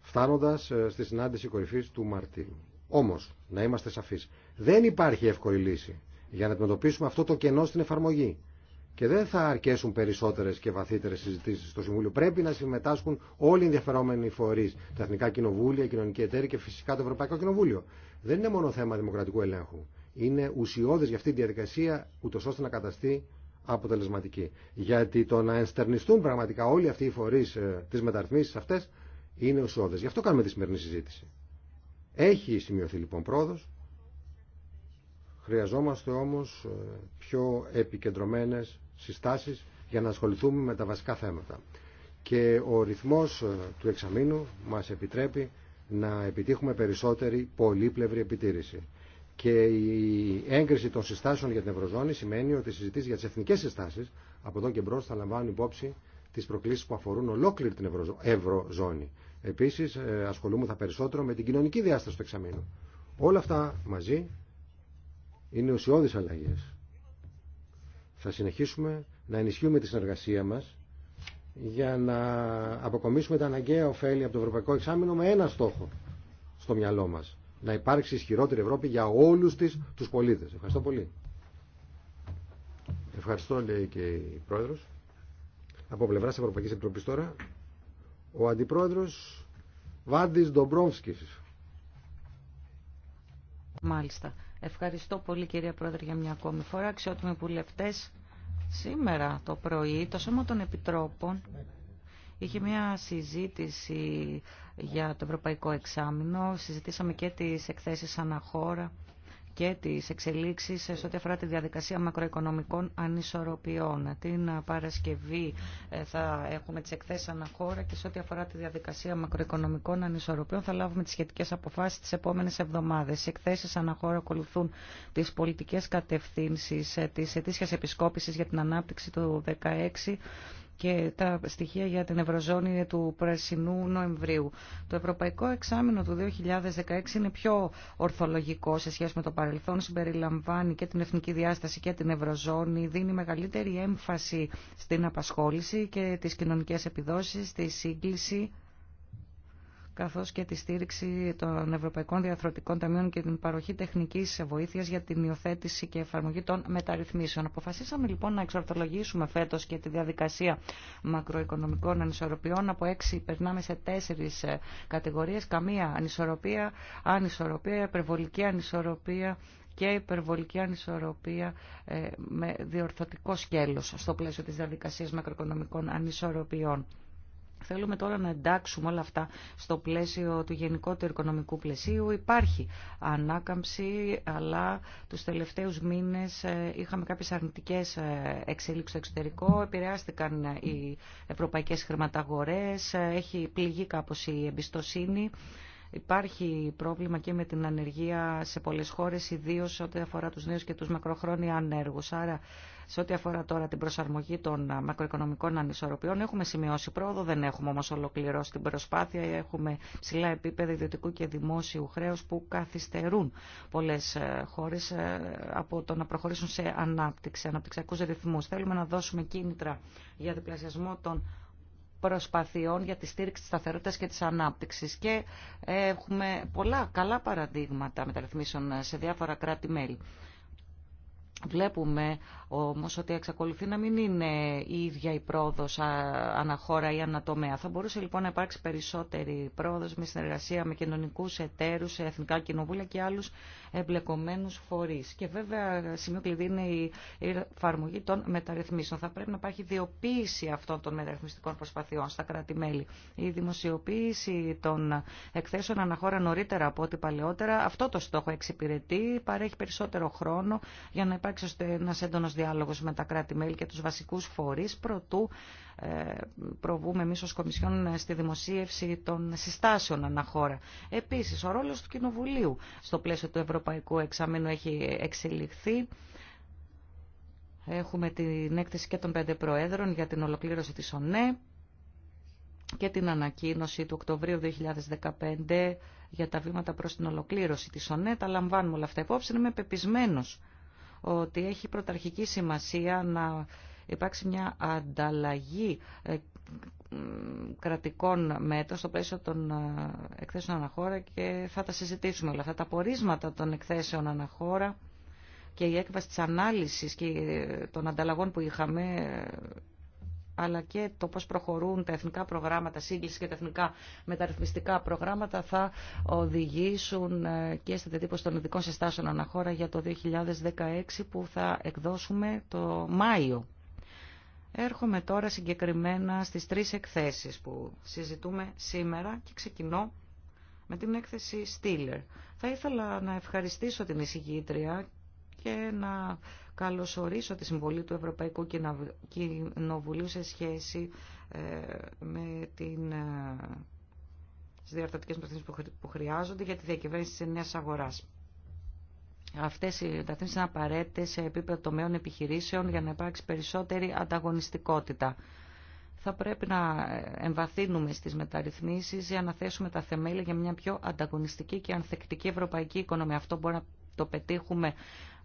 φτάνοντας ε, στη συνάντηση κορυφής του Μαρτίου. Όμως, να είμαστε σαφείς, δεν υπάρχει εύκολη λύση για να αντιμετωπίσουμε αυτό το κενό στην εφαρμογή. Και δεν θα αρκέσουν περισσότερες και βαθύτερες συζητήσει στο Συμβούλιο. Πρέπει να συμμετάσχουν όλοι οι ενδιαφερόμενοι φορεί, τα εθνικά κοινοβούλια, οι κοινωνικοί εταίροι και φυσικά το Ευρωπαϊκό Κοινοβούλιο. Δεν είναι μόνο θέμα δημοκρατικού ελέγχου είναι ουσιώδες για αυτή τη διαδικασία ούτως ώστε να καταστεί αποτελεσματική. Γιατί το να ενστερνιστούν πραγματικά όλοι αυτοί οι φορείς ε, τις μεταρρυθμίσεις αυτές είναι ουσιώδες. Γι' αυτό κάνουμε τη σημερινή συζήτηση. Έχει σημειωθεί λοιπόν πρόοδος. Χρειαζόμαστε όμως ε, πιο επικεντρωμένες συστάσεις για να ασχοληθούμε με τα βασικά θέματα. Και ο ρυθμός ε, του εξαμήνου μας επιτρέπει να επιτύχουμε περισσότερη πολύπλευρη επιτήρηση. Και η έγκριση των συστάσεων για την Ευρωζώνη σημαίνει ότι οι συζητήσει για τι εθνικέ συστάσει από εδώ και μπρο θα λαμβάνουν υπόψη τι προκλήσει που αφορούν ολόκληρη την Ευρωζώνη. Επίση, ε, θα περισσότερο με την κοινωνική διάσταση του εξαμήνου. Όλα αυτά μαζί είναι ουσιώδει αλλαγέ. Θα συνεχίσουμε να ενισχύουμε τη συνεργασία μα για να αποκομίσουμε τα αναγκαία ωφέλη από το Ευρωπαϊκό Εξάμεινο με ένα στόχο στο μυαλό μας να υπάρξει ισχυρότερη Ευρώπη για όλους τις, τους πολίτες. Ευχαριστώ πολύ. Ευχαριστώ λέει και η Πρόεδρος. Από πλευράς Ευρωπαϊκής Επιτροπής τώρα ο Αντιπρόεδρος Βάντης Ντομπρόμσκης. Μάλιστα. Ευχαριστώ πολύ κυρία Πρόεδρε για μια ακόμη φορά. Αξιότιμοι βουλευτέ, σήμερα το πρωί το Σώμα των Επιτρόπων Είχε μια συζήτηση για το Ευρωπαϊκό Εξάμεινο, συζητήσαμε και τις εκθέσεις αναχώρα και τις εξελίξεις σε ό,τι αφορά τη διαδικασία μακροοικονομικών ανισορροπιών. Την Παρασκευή ε, θα έχουμε τις εκθέσεις αναχώρα και σε ό,τι αφορά τη διαδικασία μακροοικονομικών ανισορροπιών θα λάβουμε τις σχετικές αποφάσεις τις επόμενες εβδομάδες. Οι εκθέσεις αναχώρα ακολουθούν τις πολιτικές κατευθύνσεις ε, τη ετήσιας επισκόπηση για την ανάπτυξη του 2016 και τα στοιχεία για την Ευρωζώνη του Πρασινού Νοεμβρίου. Το Ευρωπαϊκό Εξάμεινο του 2016 είναι πιο ορθολογικό σε σχέση με το παρελθόν, συμπεριλαμβάνει και την Εθνική Διάσταση και την Ευρωζώνη, δίνει μεγαλύτερη έμφαση στην απασχόληση και τις κοινωνικές επιδόσεις, στη σύγκληση καθώς και τη στήριξη των Ευρωπαϊκών Διαθροτικών Ταμείων και την παροχή τεχνικής βοήθειας για την υιοθέτηση και εφαρμογή των μεταρρυθμίσεων. Αποφασίσαμε λοιπόν να εξορθολογήσουμε φέτος και τη διαδικασία μακροοικονομικών ανισορροπιών. Από έξι περνάμε σε τέσσερις ε, κατηγορίες. Καμία ανισορροπία, ανισορροπία, υπερβολική ανισορροπία και υπερβολική ανισορροπία ε, με διορθωτικό σκέλος στο πλαίσιο της διαδικασίας μακροοικονομικών ανισορροπιών. Θέλουμε τώρα να εντάξουμε όλα αυτά στο πλαίσιο του γενικότερου οικονομικού πλαισίου. Υπάρχει ανάκαμψη, αλλά τους τελευταίους μήνες ε, είχαμε κάποιες αρνητικές ε, εξελίξεις στο εξωτερικό. Επηρεάστηκαν ε, οι ευρωπαϊκές χρηματαγορές, έχει πληγεί κάπως η εμπιστοσύνη Υπάρχει πρόβλημα και με την ανεργία σε πολλές χώρες, ιδίως ό,τι αφορά τους νέους και τους μακροχρόνια ανέργους. Άρα, σε ό,τι αφορά τώρα την προσαρμογή των μακροοικονομικών ανισορροπιών, έχουμε σημειώσει πρόοδο, δεν έχουμε όμως ολοκληρώσει την προσπάθεια, έχουμε ψηλά επίπεδα ιδιωτικού και δημόσιου χρέους που καθυστερούν πολλές ε, χώρες ε, από το να προχωρήσουν σε ανάπτυξη, αναπτυξιακούς ρυθμούς. Θέλουμε να δώσουμε κίνητρα για διπλασιασμό των προσπαθειών για τη στήριξη της σταθερότητας και της ανάπτυξης και έχουμε πολλά καλά παραδείγματα μεταρρυθμίσεων σε διάφορα κράτη-μέλη. Βλέπουμε όμως ότι εξακολουθεί να μην είναι η ίδια η πρόοδος αναχώρα ή ανατομέα. Θα μπορούσε λοιπόν να υπάρξει περισσότερη πρόοδος με συνεργασία με κοινωνικούς εταίρους, εθνικά κοινοβούλια και άλλους εμπλεκομένους φορείς. Και βέβαια σημείο κλειδί είναι η εφαρμογή των μεταρρυθμίσεων. Θα πρέπει να υπάρχει ιδιοποίηση αυτών των μεταρρυθμιστικών προσπαθειών στα κράτη-μέλη. Η δημοσιοποίηση των εκθέσεων αναχώρα νωρίτερα από ό,τι παλαιότερα, αυτό το στόχο εξυπηρετεί, παρέχει περισσότερο χρόνο για να υπάρχει υπάρξει ένα έντονο διάλογο με τα κράτη-μέλη και του βασικού φορεί, προτού ε, προβούμε εμεί ω Κομισιόν στη δημοσίευση των συστάσεων αναχώρα. Επίση, ο ρόλο του Κοινοβουλίου στο πλαίσιο του Ευρωπαϊκού Εξαμήνου έχει εξελιχθεί. Έχουμε την έκθεση και των πέντε προέδρων για την ολοκλήρωση της ΟΝΕ και την ανακοίνωση του Οκτωβρίου 2015 για τα βήματα προς την ολοκλήρωση της ΟΝΕ. Τα λαμβάνουμε όλα αυτά υπόψη. Είμαι πεπισμένος ότι έχει πρωταρχική σημασία να υπάρξει μια ανταλλαγή ε, κρατικών μέτρων στο πλαίσιο των ε, εκθέσεων αναχώρα και θα τα συζητήσουμε όλα αυτά. Τα πορίσματα των εκθέσεων αναχώρα και η έκβαση της ανάλυσης και ε, των ανταλλαγών που είχαμε αλλά και το πώς προχωρούν τα εθνικά προγράμματα σύγκληση και τα εθνικά μεταρρυθμιστικά προγράμματα θα οδηγήσουν ε, και στην τετύπωση των ειδικών συστάσεων αναχώρα για το 2016 που θα εκδώσουμε το Μάιο. Έρχομαι τώρα συγκεκριμένα στις τρεις εκθέσεις που συζητούμε σήμερα και ξεκινώ με την έκθεση Stiller. Θα ήθελα να ευχαριστήσω την εισηγήτρια και να καλωσορίσω τη συμβολή του Ευρωπαϊκού Κοινοβουλίου σε σχέση ε, με την ε, τις διαρτατικές που χρειάζονται για τη διακυβέρνηση της νέας αγοράς. Αυτές οι μεταθέσεις είναι απαραίτητε σε επίπεδο τομέων επιχειρήσεων για να υπάρξει περισσότερη ανταγωνιστικότητα. Θα πρέπει να ε, εμβαθύνουμε στις μεταρρυθμίσεις για να θέσουμε τα θεμέλια για μια πιο ανταγωνιστική και ανθεκτική ευρωπαϊκή οικονομία. Αυτό μπορεί να το πετύχουμε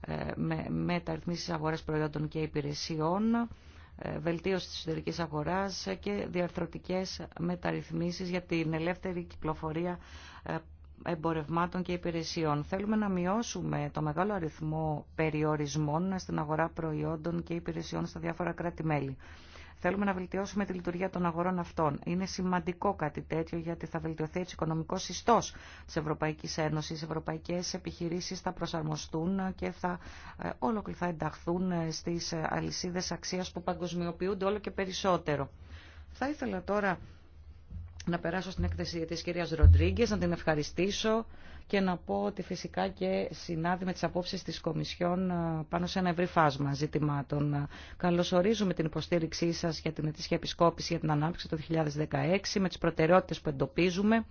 ε, με μεταρρυθμίσεις αγοράς προϊόντων και υπηρεσιών, ε, βελτίωση της εσωτερική αγοράς και διαρθρωτικές μεταρρυθμίσεις για την ελεύθερη κυκλοφορία ε, εμπορευμάτων και υπηρεσιών. Θέλουμε να μειώσουμε το μεγάλο αριθμό περιορισμών στην αγορά προϊόντων και υπηρεσιών στα διάφορα κράτη-μέλη. Θέλουμε να βελτιώσουμε τη λειτουργία των αγορών αυτών. Είναι σημαντικό κάτι τέτοιο γιατί θα βελτιωθεί ο οικονομικό ιστό τη Ευρωπαϊκή Ένωση. Οι ευρωπαϊκέ επιχειρήσει θα προσαρμοστούν και θα ε, ολοκληρωθούν, θα ενταχθούν ε, στι ε, αλυσίδε αξία που παγκοσμιοποιούνται όλο και περισσότερο. Θα ήθελα τώρα να περάσω στην έκθεση της κυρίας Ροντρίγκες, να την ευχαριστήσω και να πω ότι φυσικά και συνάδει με τις απόψεις της Κομισιόν ε, πάνω σε ένα ευρύ φάσμα ζητημάτων. Ε, καλωσορίζουμε την υποστήριξή σας για την ετήσια επισκόπηση για την ανάπτυξη το 2016 με τις προτεραιότητες που εντοπίζουμε.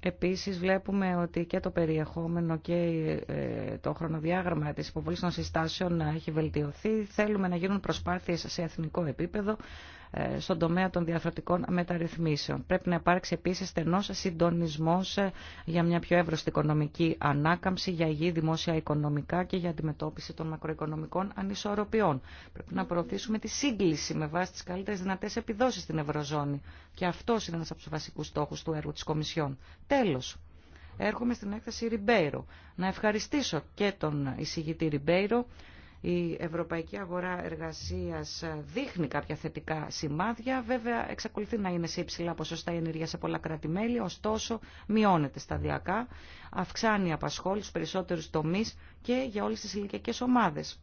Επίσης βλέπουμε ότι και το περιεχόμενο και ε, το χρονοδιάγραμμα της υποβολής των συστάσεων έχει βελτιωθεί. Θέλουμε να γίνουν προσπάθειες σε εθνικό επίπεδο ε, στον τομέα των διαφορετικών μεταρρυθμίσεων. Πρέπει να υπάρξει επίση στενό συντονισμό ε, για μια πιο εύρωστη οικονομική ανάκαμψη, για υγιή δημόσια οικονομικά και για αντιμετώπιση των μακροοικονομικών ανισορροπιών. Πρέπει να προωθήσουμε τη σύγκληση με βάση τι καλύτερε δυνατέ επιδόσει στην Ευρωζώνη. Και αυτό είναι ένα από του βασικού στόχου του έργου τη Κομισιόν. Τέλο, Έρχομαι στην έκθεση Ριμπέιρο. Να ευχαριστήσω και τον εισηγητή Ριμπέιρο η ευρωπαϊκή αγορά εργασίας δείχνει κάποια θετικά σημάδια. Βέβαια, εξακολουθεί να είναι σε υψηλά ποσοστά η ενεργεία σε πολλά κράτη-μέλη, ωστόσο μειώνεται σταδιακά, αυξάνει η απασχόληση στους περισσότερους τομείς και για όλες τις ηλικιακές ομάδες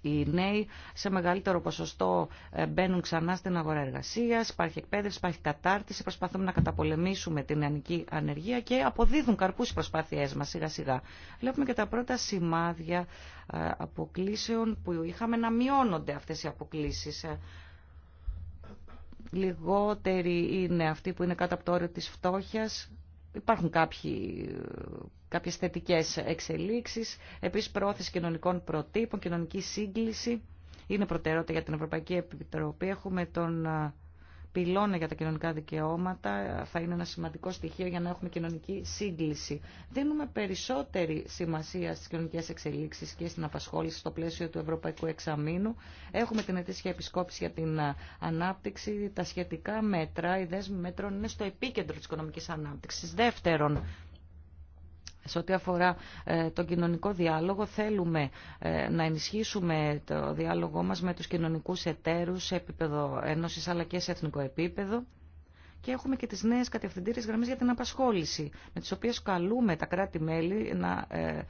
οι νέοι σε μεγαλύτερο ποσοστό ε, μπαίνουν ξανά στην αγορά εργασία, υπάρχει εκπαίδευση, υπάρχει κατάρτιση, προσπαθούμε να καταπολεμήσουμε την ανική ανεργία και αποδίδουν καρπού οι προσπάθειέ μα σιγά σιγά. Βλέπουμε και τα πρώτα σημάδια ε, αποκλήσεων που είχαμε να μειώνονται αυτέ οι αποκλήσει. Ε, λιγότεροι είναι αυτοί που είναι κάτω από το όριο τη φτώχεια. Υπάρχουν κάποιοι κάποιες θετικές εξελίξεις. Επίσης, προώθηση κοινωνικών προτύπων, κοινωνική σύγκληση είναι προτεραιότητα για την Ευρωπαϊκή Επιτροπή. Έχουμε τον πυλώνα για τα κοινωνικά δικαιώματα. Θα είναι ένα σημαντικό στοιχείο για να έχουμε κοινωνική σύγκληση. Δίνουμε περισσότερη σημασία στις κοινωνικές εξελίξεις και στην απασχόληση στο πλαίσιο του Ευρωπαϊκού Εξαμήνου. Έχουμε την ετήσια επισκόπηση για την ανάπτυξη. Τα σχετικά μέτρα, οι δέσμοι μέτρων είναι στο επίκεντρο της οικονομικής ανάπτυξης. Δεύτερον, σε ό,τι αφορά ε, τον κοινωνικό διάλογο, θέλουμε ε, να ενισχύσουμε το διάλογό μας με τους κοινωνικούς εταίρους σε επίπεδο ένωσης αλλά και σε εθνικό επίπεδο. Και έχουμε και τις νέες κατευθυντήριες γραμμές για την απασχόληση, με τις οποίες καλούμε τα κράτη-μέλη να ε,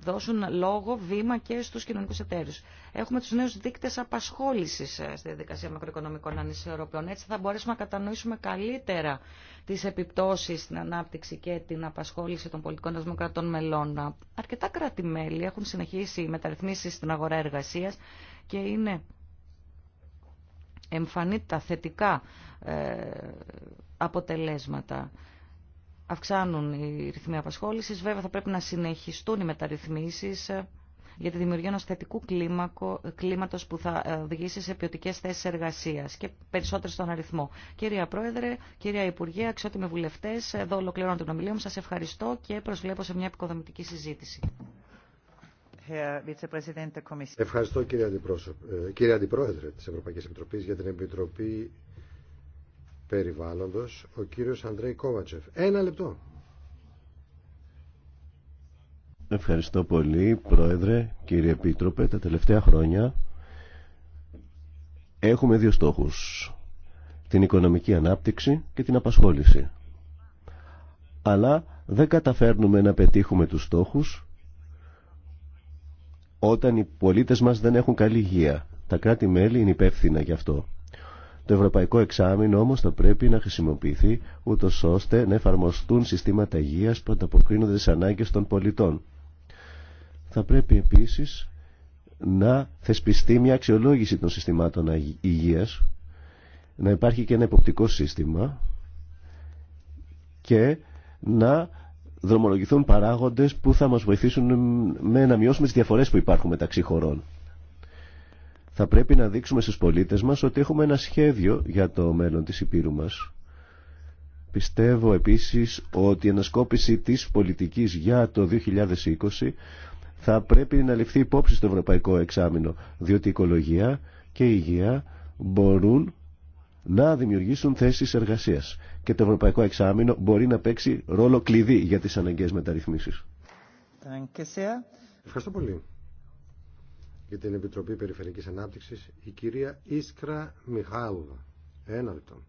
δώσουν λόγο, βήμα και στους κοινωνικούς εταίρους. Έχουμε τους νέους δείκτες απασχόλησης ε, στη διαδικασία μακροοικονομικών ανισορροπιών. Έτσι θα μπορέσουμε να κατανοήσουμε καλύτερα τις επιπτώσεις στην ανάπτυξη και την απασχόληση των πολιτικών δημοκρατών μελών. Αρκετά κράτη-μέλη έχουν συνεχίσει μεταρρυθμίσεις στην αγορά εργασίας και είναι εμφανή τα θετικά ε, αποτελέσματα αυξάνουν οι ρυθμοί απασχόληση, Βέβαια θα πρέπει να συνεχιστούν οι μεταρρυθμίσει ε, για τη δημιουργία ενό θετικού ε, κλίματο που θα ε, οδηγήσει σε ποιοτικέ θέσει εργασία και περισσότερο στον αριθμό. Κυρία Πρόεδρε, κυρία Υπουργέ, αξιότιμοι Βουλευτέ, εδώ ολοκληρώνω την ομιλία μου. Σας ευχαριστώ και προσβλέπω σε μια επικοδομητική συζήτηση. Ευχαριστώ κύριε, Αντιπρόεδρε της Ευρωπαϊκής Επιτροπής για την Επιτροπή περιβάλλοντος ο κύριος Ανδρέη Κόβατσεφ. Ένα λεπτό. Ευχαριστώ πολύ, Πρόεδρε, κύριε Επίτροπε. Τα τελευταία χρόνια έχουμε δύο στόχους. Την οικονομική ανάπτυξη και την απασχόληση. Αλλά δεν καταφέρνουμε να πετύχουμε τους στόχους όταν οι πολίτες μας δεν έχουν καλή υγεία. Τα κράτη-μέλη είναι υπεύθυνα γι' αυτό. Το ευρωπαϊκό εξάμεινο όμω θα πρέπει να χρησιμοποιηθεί ούτω ώστε να εφαρμοστούν συστήματα υγείας που ανταποκρίνονται στι ανάγκε των πολιτών. Θα πρέπει επίσης να θεσπιστεί μια αξιολόγηση των συστημάτων υγεία, να υπάρχει και ένα εποπτικό σύστημα και να δρομολογηθούν παράγοντες που θα μας βοηθήσουν με να μειώσουμε τις διαφορές που υπάρχουν μεταξύ χωρών θα πρέπει να δείξουμε στους πολίτες μας ότι έχουμε ένα σχέδιο για το μέλλον της Υπήρου μας. Πιστεύω επίσης ότι η ανασκόπηση της πολιτικής για το 2020 θα πρέπει να ληφθεί υπόψη στο Ευρωπαϊκό Εξάμεινο, διότι η οικολογία και η υγεία μπορούν να δημιουργήσουν θέσεις εργασίας και το Ευρωπαϊκό Εξάμεινο μπορεί να παίξει ρόλο κλειδί για τις αναγκαίες μεταρρυθμίσεις. Ευχαριστώ πολύ για την Επιτροπή Περιφερειακής Ανάπτυξης η κυρία Ίσκρα Μιχάλουδα. Ένα λεπτό.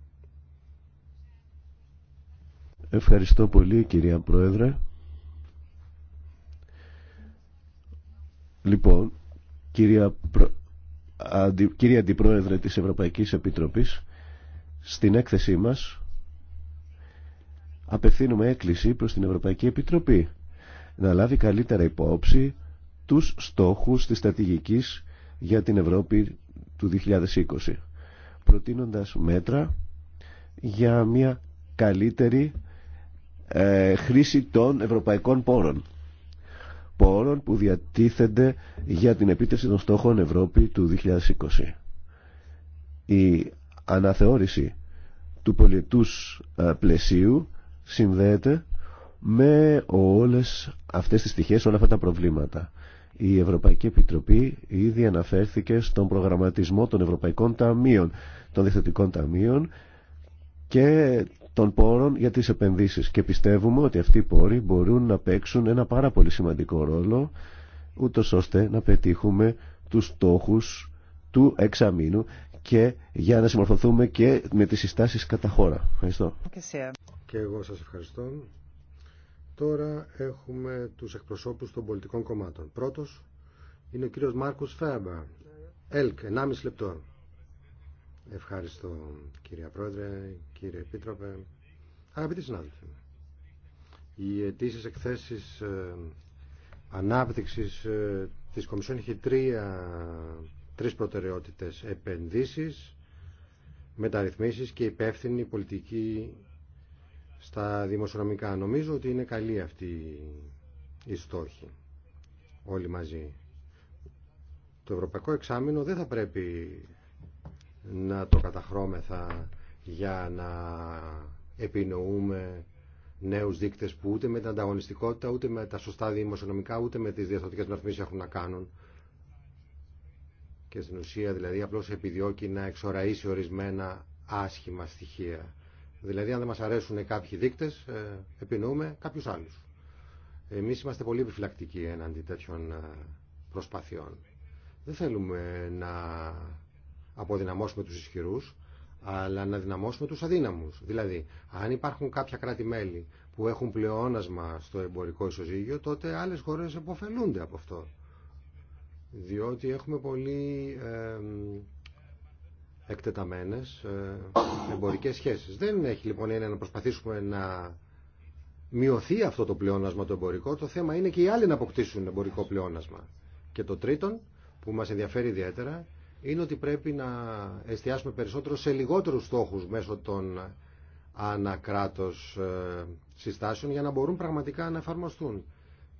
Ευχαριστώ πολύ κυρία Πρόεδρε. Λοιπόν, κυρία, κυρία Αντιπρόεδρε της Ευρωπαϊκής Επιτροπής, στην έκθεσή μας απευθύνουμε έκκληση προς την Ευρωπαϊκή Επιτροπή να λάβει καλύτερα υπόψη τους στόχους της στρατηγικής για την Ευρώπη του 2020, προτείνοντας μέτρα για μια καλύτερη ε, χρήση των ευρωπαϊκών πόρων. Πόρων που διατίθενται για την επίτευξη των στόχων Ευρώπη του 2020. Η αναθεώρηση του πολιτούς ε, πλαισίου συνδέεται με όλες αυτές τις στοιχείες, όλα αυτά τα προβλήματα. Η Ευρωπαϊκή Επιτροπή ήδη αναφέρθηκε στον προγραμματισμό των Ευρωπαϊκών Ταμείων, των Διευθυντικών Ταμείων και των πόρων για τις επενδύσεις και πιστεύουμε ότι αυτοί οι πόροι μπορούν να παίξουν ένα πάρα πολύ σημαντικό ρόλο ούτως ώστε να πετύχουμε τους στόχους του εξαμήνου και για να συμμορφωθούμε και με τις συστάσεις κατά χώρα. Ευχαριστώ. Και εγώ σας ευχαριστώ. Τώρα έχουμε τους εκπροσώπους των πολιτικών κομμάτων. Πρώτος είναι ο κύριος Μάρκος Φέμπα, ΕΛΚ, 1,5 λεπτό. Ευχαριστώ κύριε Πρόεδρε, κύριε Επίτροπε. Αγαπητοί συνάδελφοι, οι αιτήσει εκθέσεις ε, ανάπτυξης ε, της Κομισιόν έχει τρία, τρεις προτεραιότητες επενδύσεις, μεταρρυθμίσεις και υπεύθυνη πολιτική στα δημοσιονομικά. Νομίζω ότι είναι καλή αυτή η στόχη όλοι μαζί. Το ευρωπαϊκό εξάμεινο δεν θα πρέπει να το καταχρώμεθα για να επινοούμε νέους δείκτες που ούτε με την ανταγωνιστικότητα, ούτε με τα σωστά δημοσιονομικά, ούτε με τις διαστατικές μεταρρυθμίσεις έχουν να κάνουν. Και στην ουσία δηλαδή απλώς επιδιώκει να εξοραίσει ορισμένα άσχημα στοιχεία. Δηλαδή, αν δεν μα αρέσουν κάποιοι δείκτες, ε, επινοούμε κάποιου άλλους. Εμείς είμαστε πολύ επιφυλακτικοί έναντι τέτοιων ε, προσπαθειών. Δεν θέλουμε να αποδυναμώσουμε τους ισχυρού, αλλά να δυναμώσουμε τους αδύναμους. Δηλαδή, αν υπάρχουν κάποια κράτη-μέλη που έχουν πλεόνασμα στο εμπορικό ισοζύγιο, τότε άλλε χώρε επωφελούνται από αυτό. Διότι έχουμε πολύ... Ε, εκτεταμένες ε, εμπορικές σχέσεις. Δεν έχει λοιπόν έννοια να προσπαθήσουμε να μειωθεί αυτό το πλεόνασμα το εμπορικό. Το θέμα είναι και οι άλλοι να αποκτήσουν εμπορικό πλεόνασμα. Και το τρίτον που μας ενδιαφέρει ιδιαίτερα είναι ότι πρέπει να εστιάσουμε περισσότερο σε λιγότερους στόχους μέσω των ανακράτος ε, συστάσεων για να μπορούν πραγματικά να εφαρμοστούν.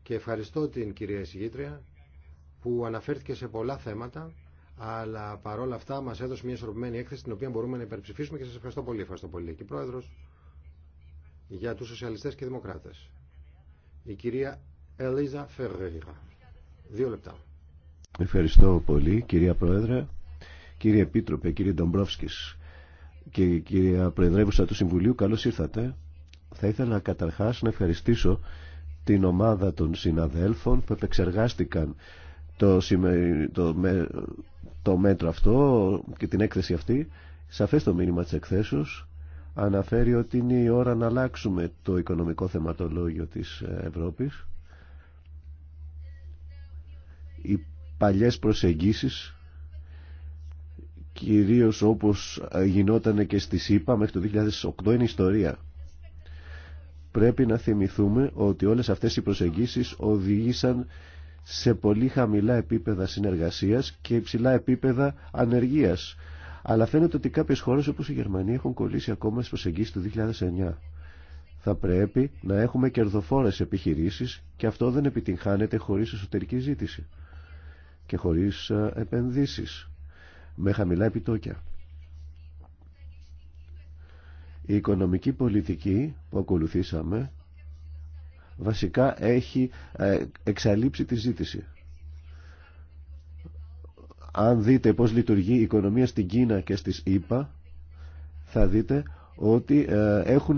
Και ευχαριστώ την κυρία εισηγήτρια που αναφέρθηκε σε πολλά θέματα αλλά παρόλα αυτά μας έδωσε μια ισορροπημένη έκθεση την οποία μπορούμε να υπερψηφίσουμε και σας ευχαριστώ πολύ. Ευχαριστώ πολύ. Και πρόεδρος για τους σοσιαλιστές και δημοκράτες. Η κυρία Ελίζα Φερρέιρα. Δύο λεπτά. Ευχαριστώ πολύ κυρία Πρόεδρε, κύριε Επίτροπε, κύριε Ντομπρόφσκης και κυρία Προεδρεύουσα του Συμβουλίου, καλώς ήρθατε. Θα ήθελα καταρχάς να ευχαριστήσω την ομάδα των συναδέλφων που επεξεργάστηκαν το, το, το μέτρο αυτό και την έκθεση αυτή. Σαφές το μήνυμα της εκθέσεως αναφέρει ότι είναι η ώρα να αλλάξουμε το οικονομικό θεματολόγιο της Ευρώπης. Οι παλιές προσεγγίσεις κυρίως όπως γινόταν και στη ΣΥΠΑ μέχρι το 2008 είναι ιστορία. Πρέπει να θυμηθούμε ότι όλες αυτές οι προσεγγίσεις οδήγησαν σε πολύ χαμηλά επίπεδα συνεργασίας και υψηλά επίπεδα ανεργίας. Αλλά φαίνεται ότι κάποιες χώρες όπως η Γερμανία έχουν κολλήσει ακόμα στις προσεγγίσεις του 2009. Θα πρέπει να έχουμε κερδοφόρες επιχειρήσεις και αυτό δεν επιτυγχάνεται χωρίς εσωτερική ζήτηση και χωρίς ε, επενδύσεις με χαμηλά επιτόκια. Η οικονομική πολιτική που ακολουθήσαμε βασικά έχει ε, εξαλείψει τη ζήτηση. Αν δείτε πώς λειτουργεί η οικονομία στην Κίνα και στις ΗΠΑ, θα δείτε ότι ε, έχουν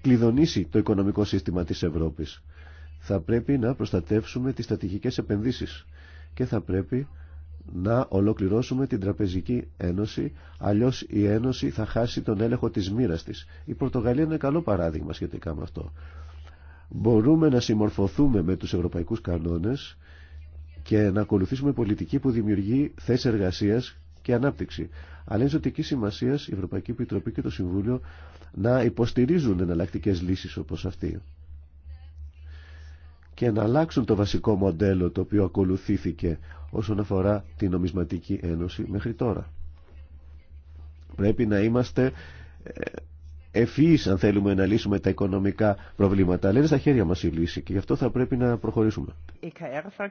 κλειδονίσει το οικονομικό σύστημα της Ευρώπης. Θα πρέπει να προστατεύσουμε τις στρατηγικές επενδύσεις και θα πρέπει να ολοκληρώσουμε την Τραπεζική Ένωση, αλλιώς η Ένωση θα χάσει τον έλεγχο της μοίρα της. Η Πορτογαλία είναι καλό παράδειγμα σχετικά με αυτό μπορούμε να συμμορφωθούμε με τους ευρωπαϊκούς κανόνες και να ακολουθήσουμε πολιτική που δημιουργεί θέσεις εργασίας και ανάπτυξη. Αλλά είναι ζωτική σημασία η Ευρωπαϊκή Επιτροπή και το Συμβούλιο να υποστηρίζουν εναλλακτικέ λύσεις όπως αυτή και να αλλάξουν το βασικό μοντέλο το οποίο ακολουθήθηκε όσον αφορά την νομισματική ένωση μέχρι τώρα. Πρέπει να είμαστε ε, ευφυείς αν θέλουμε να λύσουμε τα οικονομικά προβλήματα. λένε στα χέρια μας η λύση και γι' αυτό θα πρέπει να προχωρήσουμε.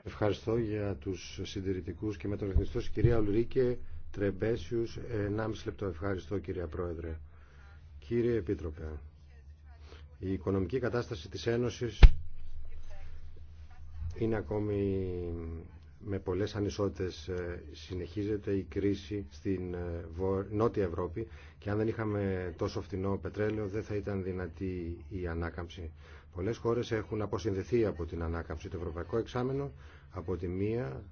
Ευχαριστώ για τους συντηρητικούς και μεταρρυθμιστές. Κυρία Ολρίκε Τρεμπέσιους, 1,5 λεπτό. Ευχαριστώ κυρία Πρόεδρε. Κύριε Επίτροπε, η οικονομική κατάσταση της Ένωσης είναι ακόμη με πολλές ανισότητες ε, συνεχίζεται η κρίση στην ε, Νότια Ευρώπη και αν δεν είχαμε τόσο φτηνό πετρέλαιο δεν θα ήταν δυνατή η ανάκαμψη. Πολλές χώρες έχουν αποσυνδεθεί από την ανάκαμψη. Το Ευρωπαϊκό Εξάμενο από τη μία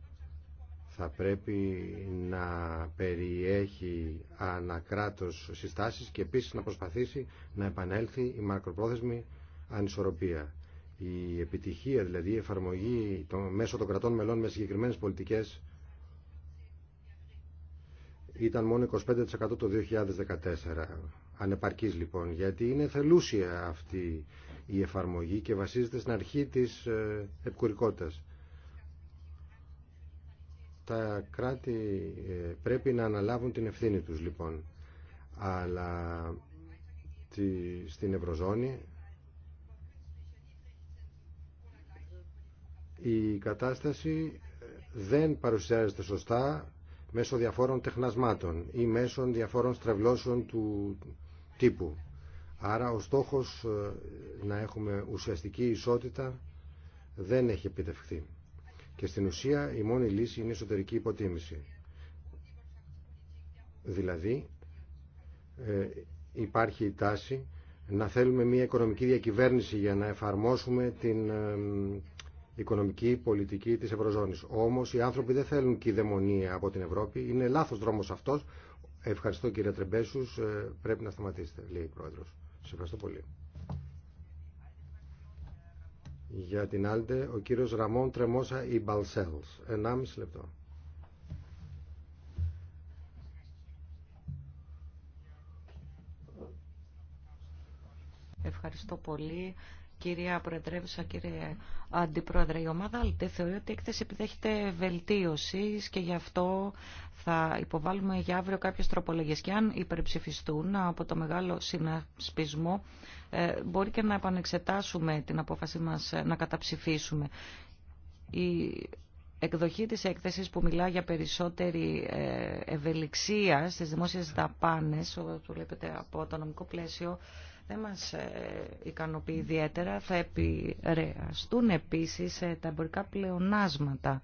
θα πρέπει να περιέχει ανακράτος συστάσεις και επίσης να προσπαθήσει να επανέλθει η μακροπρόθεσμη ανισορροπία η επιτυχία, δηλαδή η εφαρμογή μέσω των κρατών μελών με συγκεκριμένες πολιτικές ήταν μόνο 25% το 2014. Ανεπαρκής λοιπόν, γιατί είναι θελούσια αυτή η εφαρμογή και βασίζεται στην αρχή της ε, επικουρικότητας. Τα κράτη ε, πρέπει να αναλάβουν την ευθύνη τους λοιπόν. Αλλά στην Ευρωζώνη η κατάσταση δεν παρουσιάζεται σωστά μέσω διαφόρων τεχνασμάτων ή μέσω διαφόρων στρεβλώσεων του τύπου. Άρα ο στόχος ε, να έχουμε ουσιαστική ισότητα δεν έχει επιτευχθεί. Και στην ουσία η μόνη λύση είναι η εσωτερική υποτίμηση. Δηλαδή ε, υπάρχει η τάση να θέλουμε μια οικονομική διακυβέρνηση για να εφαρμόσουμε την ε, οικονομική πολιτική της Ευρωζώνης. Όμως οι άνθρωποι δεν θέλουν κυδαιμονία από την Ευρώπη. Είναι λάθος δρόμος αυτός. Ευχαριστώ κύριε Τρεμπέσους. Ε, πρέπει να σταματήσετε, λέει η Πρόεδρος. Σας ευχαριστώ πολύ. Για την άλλη, ο κύριος Ραμόν Τρεμόσα Ιμπαλσέλς. 1,5 λεπτό. Ευχαριστώ πολύ. Κυρία Προεδρεύουσα, κύριε Αντιπρόεδρε, η ομάδα ΑΛΤΕ θεωρεί ότι η έκθεση επιδέχεται βελτίωση και γι' αυτό θα υποβάλουμε για αύριο κάποιε τροπολογίε. Και αν υπερψηφιστούν από το μεγάλο συνασπισμό, ε, μπορεί και να επανεξετάσουμε την απόφαση μα να καταψηφίσουμε. Η εκδοχή της έκθεσης που μιλά για περισσότερη ε, ευελιξία στις δημόσιες δαπάνες, όπως βλέπετε από το νομικό πλαίσιο, δεν μας ε, ικανοποιεί ιδιαίτερα. Θα επηρεαστούν επίσης ε, τα εμπορικά πλεονάσματα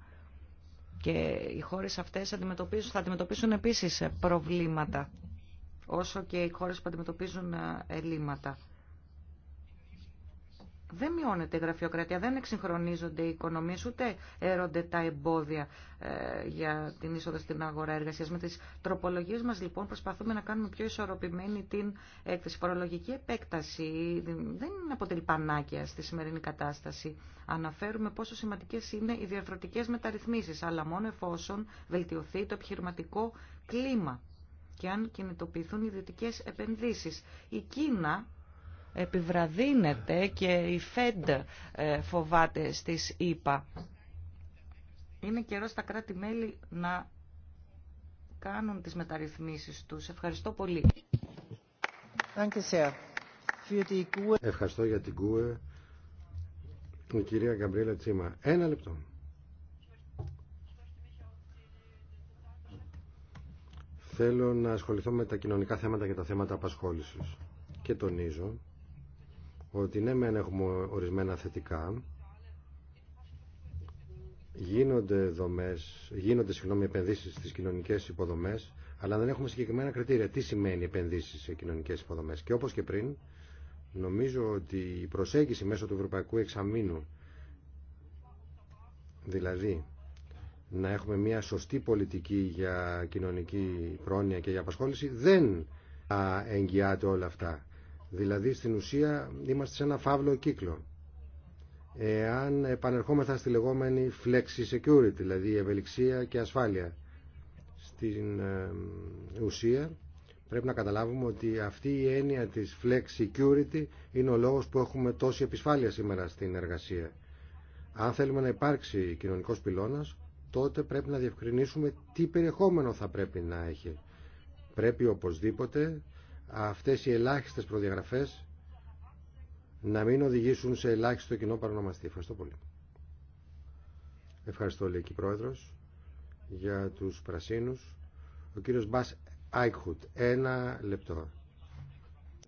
και οι χώρες αυτές αντιμετωπίζουν, θα αντιμετωπίσουν επίσης ε, προβλήματα όσο και οι χώρες που αντιμετωπίζουν ελλείμματα δεν μειώνεται η γραφειοκρατία, δεν εξυγχρονίζονται οι οικονομίε, ούτε έρονται τα εμπόδια ε, για την είσοδο στην αγορά εργασία. Με τι τροπολογίε μα, λοιπόν, προσπαθούμε να κάνουμε πιο ισορροπημένη την έκθεση. Η φορολογική επέκταση δεν αποτελεί πανάκια στη σημερινή κατάσταση. Αναφέρουμε πόσο σημαντικέ είναι οι διαφορετικέ μεταρρυθμίσει, αλλά μόνο εφόσον βελτιωθεί το επιχειρηματικό κλίμα και αν κινητοποιηθούν ιδιωτικέ επενδύσει. Η Κίνα επιβραδύνεται και η ΦΕΔ φοβάται στις ΗΠΑ. Είναι καιρό στα κράτη-μέλη να κάνουν τις μεταρρυθμίσεις τους. Ευχαριστώ πολύ. E. Ευχαριστώ για την ΚΟΕ. E. Η κυρία Γκαμπρίλα Τσίμα. Ένα λεπτό. Θέλω να ασχοληθώ με τα κοινωνικά θέματα και τα θέματα απασχόλησης. Και τονίζω ότι ναι μεν έχουμε ορισμένα θετικά γίνονται δομές, γίνονται συγγνώμη επενδύσεις στις κοινωνικές υποδομές αλλά δεν έχουμε συγκεκριμένα κριτήρια τι σημαίνει επενδύσεις σε κοινωνικές υποδομές και όπως και πριν νομίζω ότι η προσέγγιση μέσω του Ευρωπαϊκού Εξαμήνου δηλαδή να έχουμε μια σωστή πολιτική για κοινωνική πρόνοια και για απασχόληση δεν εγγυάται όλα αυτά Δηλαδή στην ουσία είμαστε σε ένα φαύλο κύκλο. Εάν επανερχόμεθα στη λεγόμενη flexi security, δηλαδή ευελιξία και ασφάλεια, στην ε, ουσία πρέπει να καταλάβουμε ότι αυτή η έννοια της flex security είναι ο λόγος που έχουμε τόση επισφάλεια σήμερα στην εργασία. Αν θέλουμε να υπάρξει κοινωνικός πυλώνας, τότε πρέπει να διευκρινίσουμε τι περιεχόμενο θα πρέπει να έχει. Πρέπει οπωσδήποτε αυτές οι ελάχιστες προδιαγραφές να μην οδηγήσουν σε ελάχιστο κοινό παρονομαστή. Ευχαριστώ πολύ. Ευχαριστώ, λέει και η Πρόεδρος, για τους πρασίνους. Ο κύριος Μπάς Άικχουτ, ένα λεπτό.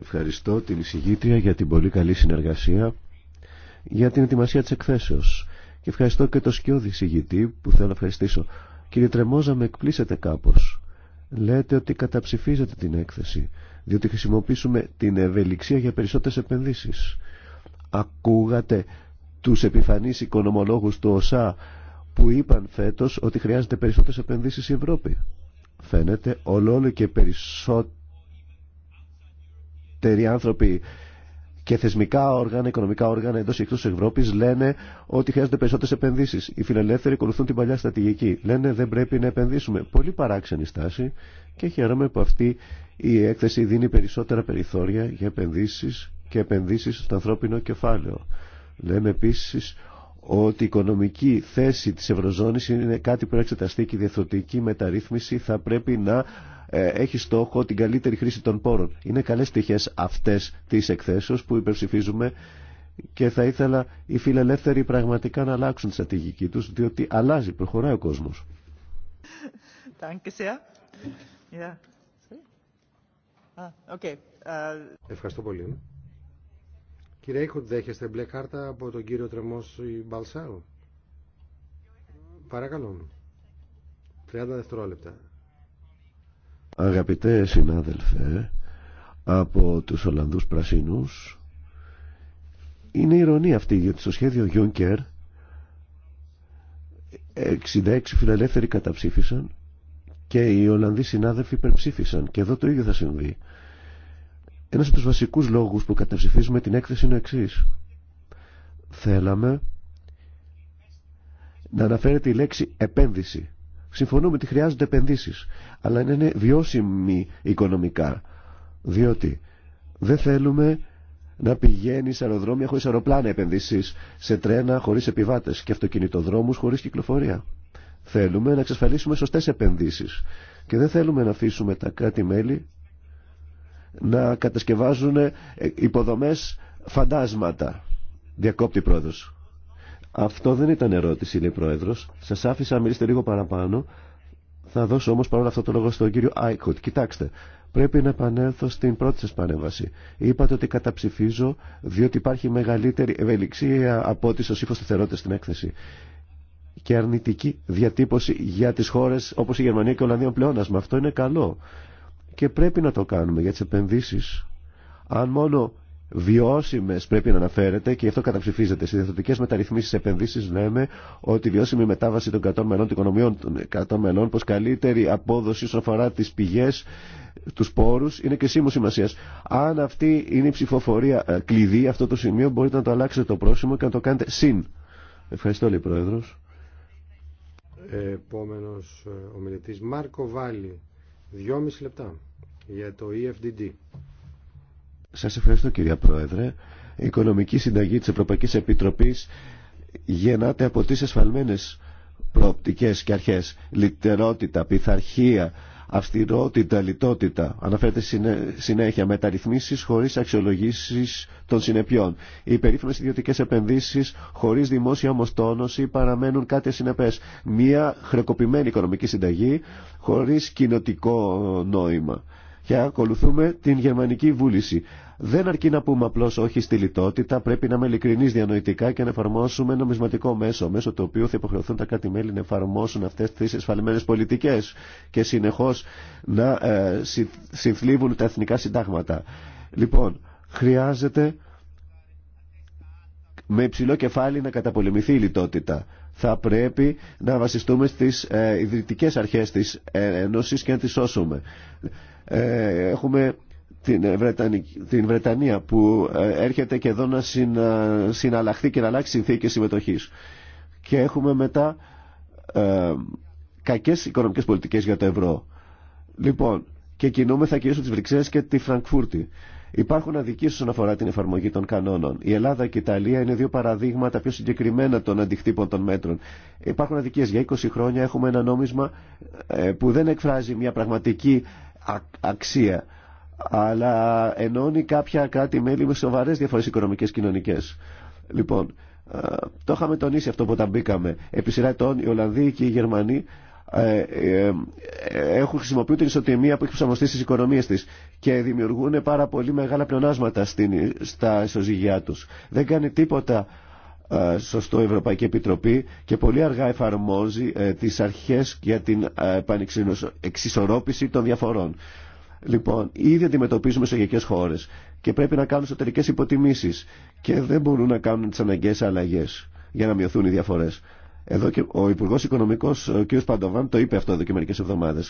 Ευχαριστώ την εισηγήτρια για την πολύ καλή συνεργασία, για την ετοιμασία της εκθέσεως. Και ευχαριστώ και το σκιώδη εισηγητή που θέλω να ευχαριστήσω. Κύριε Τρεμόζα, με εκπλήσετε κάπως. Λέτε ότι καταψηφίζετε την έκθεση διότι χρησιμοποιήσουμε την ευελιξία για περισσότερες επενδύσεις. Ακούγατε τους επιφανείς οικονομολόγους του ΟΣΑ που είπαν φέτος ότι χρειάζεται περισσότερες επενδύσεις η Ευρώπη. Φαίνεται όλο, όλο και περισσότεροι άνθρωποι και θεσμικά όργανα, οικονομικά όργανα εντό και εκτό Ευρώπη λένε ότι χρειάζονται περισσότερε επενδύσει. Οι φιλελεύθεροι ακολουθούν την παλιά στρατηγική. Λένε δεν πρέπει να επενδύσουμε. Πολύ παράξενη στάση και χαίρομαι που αυτή η έκθεση δίνει περισσότερα περιθώρια για επενδύσει και επενδύσει στο ανθρώπινο κεφάλαιο. Λέμε επίση ότι η οικονομική θέση της Ευρωζώνης είναι κάτι που να εξεταστεί και η διεθνωτική μεταρρύθμιση θα πρέπει να ε, έχει στόχο την καλύτερη χρήση των πόρων. Είναι καλές στοιχές αυτές της εκθέσεως που υπερψηφίζουμε και θα ήθελα οι φιλελεύθεροι πραγματικά να αλλάξουν τη στρατηγική τους διότι αλλάζει, προχωράει ο κόσμος. Ah, uh, Ευχαριστώ πολύ. Κύριε Ήχοντ, δέχεστε μπλε κάρτα από τον κύριο Τρεμός Μπαλσάου. Παρακαλώ. 30 δευτερόλεπτα. Αγαπητέ συνάδελφε από τους Ολλανδούς Πρασίνους είναι ηρωνία αυτή γιατί στο σχέδιο Juncker 66 φιλελεύθεροι καταψήφισαν και οι Ολλανδοί συνάδελφοι υπερψήφισαν και εδώ το ίδιο θα συμβεί. Ένας από τους βασικούς λόγους που καταψηφίζουμε την έκθεση είναι ο εξής. Θέλαμε να αναφέρεται η λέξη επένδυση Συμφωνούμε ότι χρειάζονται επενδύσεις, αλλά να είναι βιώσιμοι οικονομικά, διότι δεν θέλουμε να πηγαίνει σε αεροδρόμια χωρίς αεροπλάνα επενδύσεις, σε τρένα χωρίς επιβάτες και αυτοκινητοδρόμους χωρίς κυκλοφορία. Θέλουμε να εξασφαλίσουμε σωστές επενδύσεις και δεν θέλουμε να αφήσουμε τα κράτη-μέλη να κατασκευάζουν ε, υποδομές φαντάσματα. Διακόπτη πρόεδρος. Αυτό δεν ήταν ερώτηση, λέει πρόεδρο. Σα άφησα να μιλήσετε λίγο παραπάνω. Θα δώσω όμω παρόλα αυτό το λόγο στον κύριο Άικοτ. Κοιτάξτε, πρέπει να επανέλθω στην πρώτη σα παρέμβαση. Είπατε ότι καταψηφίζω διότι υπάρχει μεγαλύτερη ευελιξία από ό,τι στο ύφο θερότητα στην έκθεση. Και αρνητική διατύπωση για τι χώρε όπω η Γερμανία και η Ολλανδία πλεόνασμα. Αυτό είναι καλό. Και πρέπει να το κάνουμε για τι επενδύσει. Αν μόνο βιώσιμε πρέπει να αναφέρεται και αυτό καταψηφίζεται. Στι διαδοτικέ μεταρρυθμίσει επενδύσει λέμε ότι η βιώσιμη μετάβαση των 100 μελών, των οικονομιών των 100 μελών, πω καλύτερη απόδοση όσον αφορά τι πηγέ, του πόρου, είναι και σήμου σημασία. Αν αυτή είναι η ψηφοφορία ε, κλειδί, αυτό το σημείο μπορείτε να το αλλάξετε το πρόσημο και να το κάνετε συν. Ευχαριστώ, λέει Πρόεδρο. Επόμενο ε, ομιλητή, Μάρκο Βάλι. Δυόμιση λεπτά για το EFDD. Σας ευχαριστώ κυρία Πρόεδρε. Η οικονομική συνταγή της Ευρωπαϊκής Επιτροπής γεννάται από τις ασφαλμένες προοπτικές και αρχές. Λιτερότητα, πειθαρχία, αυστηρότητα, λιτότητα. Αναφέρεται συνέχεια μεταρρυθμίσεις χωρίς αξιολογήσεις των συνεπειών. Οι περίφημες ιδιωτικές επενδύσεις χωρίς δημόσια ομοστόνωση παραμένουν κάτι συνεπές. Μία χρεοκοπημένη οικονομική συνταγή χωρίς κοινοτικό νόημα και ακολουθούμε την γερμανική βούληση. Δεν αρκεί να πούμε απλώ όχι στη λιτότητα, πρέπει να είμαι ειλικρινή διανοητικά και να εφαρμόσουμε νομισματικό μέσο, μέσω το οποίο θα υποχρεωθούν τα κράτη-μέλη να εφαρμόσουν αυτέ τι εσφαλμένε πολιτικέ και συνεχώ να ε, συνθλίβουν τα εθνικά συντάγματα. Λοιπόν, χρειάζεται με υψηλό κεφάλι να καταπολεμηθεί η λιτότητα. Θα πρέπει να βασιστούμε στι ε, αρχέ τη της ε, και να τι σώσουμε. Ε, έχουμε την, Βρετανία, την Βρετανία που ε, έρχεται και εδώ να συνα, συναλλαχθεί και να αλλάξει συνθήκε συμμετοχή. Και έχουμε μετά ε, κακέ οικονομικέ πολιτικέ για το ευρώ. Λοιπόν, και θα κυρίσω τι Βρυξέλλε και τη Φραγκφούρτη. Υπάρχουν αδικίες όσον αφορά την εφαρμογή των κανόνων. Η Ελλάδα και η Ιταλία είναι δύο παραδείγματα πιο συγκεκριμένα των αντιχτύπων των μέτρων. Υπάρχουν αδικίες. Για 20 χρόνια έχουμε ένα νόμισμα ε, που δεν εκφράζει μια πραγματική αξία αλλά ενώνει κάποια κράτη-μέλη με σοβαρές διαφορές οικονομικές κοινωνικές. Λοιπόν, ε, το είχαμε τονίσει αυτό που όταν μπήκαμε. Επί σειρά ετών οι Ολλανδοί και οι Γερμανοί ε, ε, έχουν χρησιμοποιεί την ισοτιμία που έχει προσαρμοστεί στις οικονομίες της και δημιουργούν πάρα πολύ μεγάλα πλεονάσματα στην, στα ισοζυγιά τους. Δεν κάνει τίποτα ε, σωστό Ευρωπαϊκή Επιτροπή και πολύ αργά εφαρμόζει ε, τις αρχές για την ε, εξισορρόπηση των διαφορών. Λοιπόν, ήδη αντιμετωπίζουμε σε γεκές χώρες και πρέπει να κάνουν εσωτερικές υποτιμήσεις και δεν μπορούν να κάνουν τις αναγκαίες αλλαγές για να μειωθούν οι διαφορές. Εδώ και ο Υπουργό Οικονομικό, ο κ. Παντοβάν, το είπε αυτό εδώ και μερικέ εβδομάδε.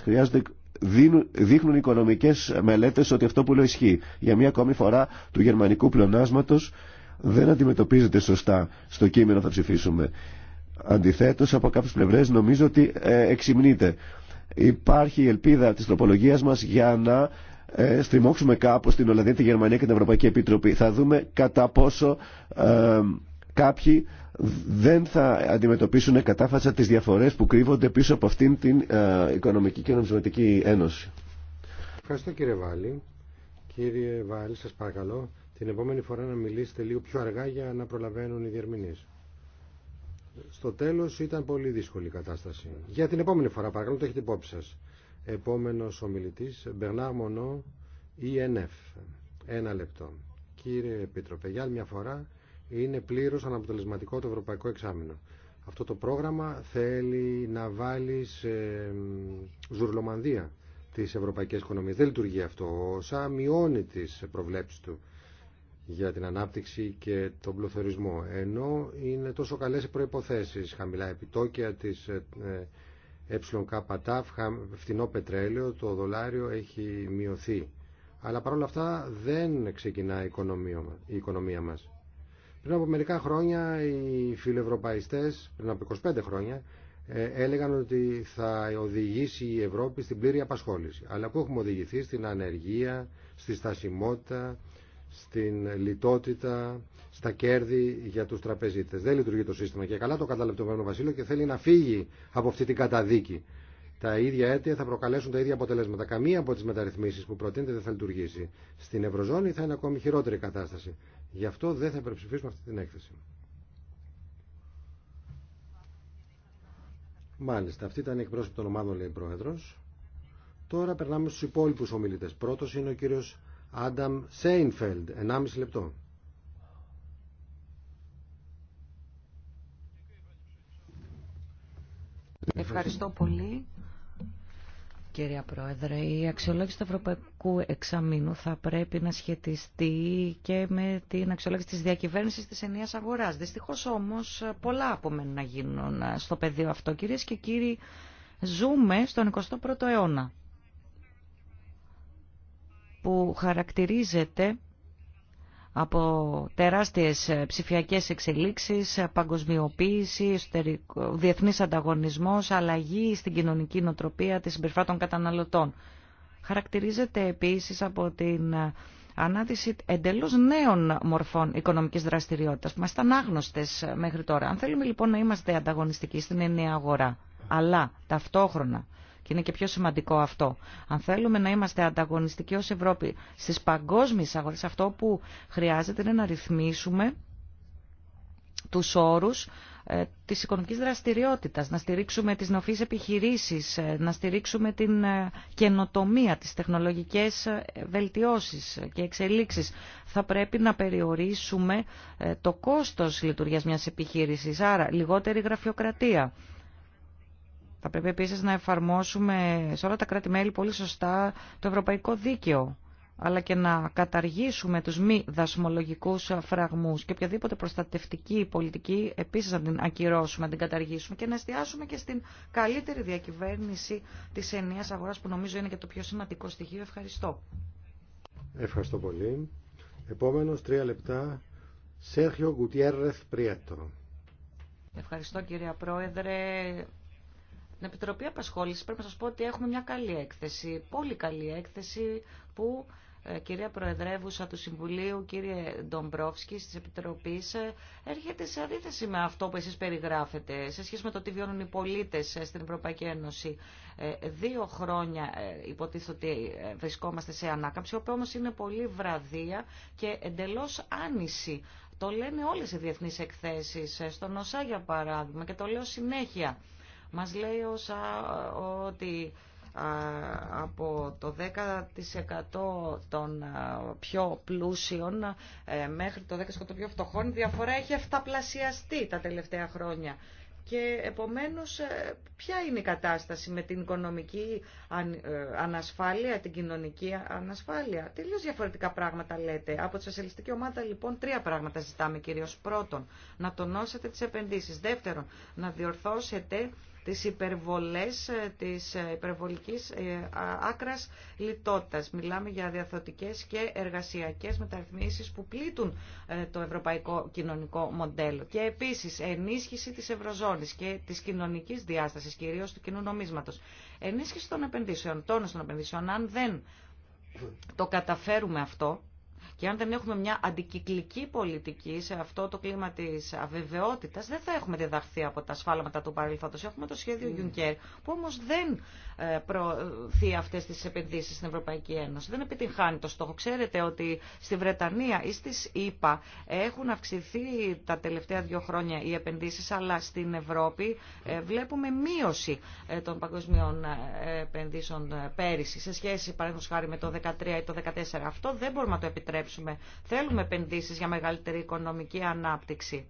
Δείχνουν, δείχνουν οικονομικέ μελέτε ότι αυτό που λέω ισχύει. Για μία ακόμη φορά του γερμανικού πλεονάσματο δεν αντιμετωπίζεται σωστά στο κείμενο θα ψηφίσουμε. Αντιθέτως, από κάποιες πλευρές νομίζω ότι ε, εξυμνείται. Υπάρχει η ελπίδα της τροπολογίας μας για να ε, στριμώξουμε κάπως την Ολλανδία, τη Γερμανία και την Ευρωπαϊκή Επιτροπή. Θα δούμε κατά πόσο ε, κάποιοι δεν θα αντιμετωπίσουν κατάφασα τις διαφορές που κρύβονται πίσω από αυτήν την ε, Οικονομική και Νομισματική Ένωση. Ευχαριστώ κύριε Βάλη. Κύριε Βάλη, σας παρακαλώ, την επόμενη φορά να μιλήσετε λίγο πιο αργά για να προλαβαίνουν οι διερμηνείς. Στο τέλος ήταν πολύ δύσκολη η κατάσταση. Για την επόμενη φορά παρακαλώ το έχετε υπόψη σας. Επόμενος ομιλητής, Μπερνάρ Μονό, ENF. Ένα λεπτό. Κύριε Επίτροπε, για άλλη μια φορά είναι πλήρως αναποτελεσματικό το Ευρωπαϊκό Εξάμεινο. Αυτό το πρόγραμμα θέλει να βάλει σε ζουρλομανδία τις ευρωπαϊκές οικονομίες. Δεν λειτουργεί αυτό. Ο ΣΑ μειώνει τις προβλέψεις του για την ανάπτυξη και τον πλουθωρισμό. Ενώ είναι τόσο καλές οι προϋποθέσεις, χαμηλά επιτόκια της ε, ε, ΕΚΤ, φθηνό πετρέλαιο, το δολάριο έχει μειωθεί. Αλλά παρόλα αυτά δεν ξεκινά η οικονομία μας. Πριν από μερικά χρόνια οι φιλευρωπαϊστές, πριν από 25 χρόνια, ε, έλεγαν ότι θα οδηγήσει η Ευρώπη στην πλήρη απασχόληση. Αλλά που έχουμε οδηγηθεί στην ανεργία, στη στασιμότητα, στην λιτότητα, στα κέρδη για τους τραπεζίτες. Δεν λειτουργεί το σύστημα και καλά το καταλαβαίνει Βασίλειο και θέλει να φύγει από αυτή την καταδίκη. Τα ίδια αίτια θα προκαλέσουν τα ίδια αποτελέσματα. Καμία από τις μεταρρυθμίσεις που προτείνεται δεν θα λειτουργήσει. Στην Ευρωζώνη θα είναι ακόμη χειρότερη κατάσταση. Γι' αυτό δεν θα υπερψηφίσουμε αυτή την έκθεση. Μάλιστα, αυτή ήταν η εκπρόσωπη των ομάδων, λέει η Τώρα περνάμε στους υπόλοιπου ομιλητές. Πρώτος είναι ο κύριος Άνταμ Σέινφελντ, 1,5 λεπτό. Ευχαριστώ πολύ. Κυρία Πρόεδρε, η αξιολόγηση του Ευρωπαϊκού Εξαμήνου θα πρέπει να σχετιστεί και με την αξιολόγηση της διακυβέρνησης της ενίας αγοράς. Δυστυχώς όμως πολλά απομένουν να γίνουν στο πεδίο αυτό. Κυρίες και κύριοι, ζούμε στον 21ο αιώνα που χαρακτηρίζεται από τεράστιες ψηφιακές εξελίξεις, παγκοσμιοποίηση, διεθνής ανταγωνισμός, αλλαγή στην κοινωνική νοτροπία της συμπεριφορά των καταναλωτών. Χαρακτηρίζεται επίσης από την ανάδυση εντελώς νέων μορφών οικονομικής δραστηριότητας που μας ήταν άγνωστες μέχρι τώρα. Αν θέλουμε λοιπόν να είμαστε ανταγωνιστικοί στην ενιαία αγορά, αλλά ταυτόχρονα και είναι και πιο σημαντικό αυτό. Αν θέλουμε να είμαστε ανταγωνιστικοί ως Ευρώπη στις παγκόσμιες αγορές, αυτό που χρειάζεται είναι να ρυθμίσουμε τους όρους ε, της οικονομικής δραστηριότητας, να στηρίξουμε τις νοφείς επιχειρήσεις, ε, να στηρίξουμε την ε, καινοτομία, τις τεχνολογικές βελτιώσεις και εξελίξεις. Θα πρέπει να περιορίσουμε το κόστος λειτουργίας μιας επιχείρησης, άρα λιγότερη γραφειοκρατία. Θα πρέπει επίση να εφαρμόσουμε σε όλα τα κράτη-μέλη πολύ σωστά το ευρωπαϊκό δίκαιο αλλά και να καταργήσουμε τους μη δασμολογικούς φραγμούς και οποιαδήποτε προστατευτική πολιτική επίσης να την ακυρώσουμε, να την καταργήσουμε και να εστιάσουμε και στην καλύτερη διακυβέρνηση της ενιαίας αγοράς που νομίζω είναι και το πιο σημαντικό στοιχείο. Ευχαριστώ. Ευχαριστώ πολύ. Επόμενο, τρία λεπτά, Σέρχιο Γκουτιέρρεθ Πριέτο. Ευχαριστώ κυρία Πρόεδρε. Στην Επιτροπή Απασχόληση πρέπει να σας πω ότι έχουμε μια καλή έκθεση, πολύ καλή έκθεση που ε, κυρία Προεδρεύουσα του Συμβουλίου, κύριε Ντομπρόφσκι, τη Επιτροπή, ε, έρχεται σε αντίθεση με αυτό που εσεί περιγράφετε σε σχέση με το τι βιώνουν οι πολίτε ε, στην Ευρωπαϊκή Ένωση. Δύο χρόνια υποτίθεται ότι βρισκόμαστε σε ανάκαμψη, όπου όμω είναι πολύ βραδία και εντελώ άνηση. Το λένε όλε οι διεθνεί εκθέσει, στον ΩΣΑ για παράδειγμα, και το λέω συνέχεια. Μας λέει όσα ότι από το 10% των πιο πλούσιων ε, μέχρι το 10% των πιο φτωχών η διαφορά έχει εφταπλασιαστεί τα τελευταία χρόνια. Και επομένως ε, ποια είναι η κατάσταση με την οικονομική ε, ανασφάλεια, την κοινωνική ανασφάλεια. Τελείως διαφορετικά πράγματα λέτε. Από τη σοσιαλιστική ομάδα λοιπόν τρία πράγματα ζητάμε κυρίως. Πρώτον, να τονώσετε τις επενδύσεις. Δεύτερον, να διορθώσετε τις υπερβολές ε, της ε, υπερβολικής ε, άκρας λιτότητας. Μιλάμε για διαθωτικές και εργασιακές μεταρρυθμίσεις που πλήττουν το ευρωπαϊκό κοινωνικό μοντέλο. Και επίσης ενίσχυση της ευρωζώνης και της κοινωνικής διάστασης, κυρίως του κοινού νομίσματος. Ενίσχυση των επενδύσεων, τόνος των επενδύσεων, αν δεν το καταφέρουμε αυτό, και αν δεν έχουμε μια αντικυκλική πολιτική σε αυτό το κλίμα τη αβεβαιότητα, δεν θα έχουμε διδαχθεί από τα σφάλματα του παρελθόντο. Έχουμε το σχέδιο ναι. Juncker, που όμω δεν ε, προωθεί αυτέ τι επενδύσει στην Ευρωπαϊκή Ένωση. Δεν επιτυγχάνει το στόχο. Ξέρετε ότι στη Βρετανία ή στι ΗΠΑ έχουν αυξηθεί τα τελευταία δύο χρόνια οι επενδύσει, αλλά στην Ευρώπη ε, βλέπουμε μείωση ε, των παγκοσμίων επενδύσεων πέρυσι σε σχέση, παραδείγματο χάρη, με το 2013 ή το 2014. Αυτό δεν μπορούμε να το επιτρέψουμε Θέλουμε επενδύσεις για μεγαλύτερη οικονομική ανάπτυξη.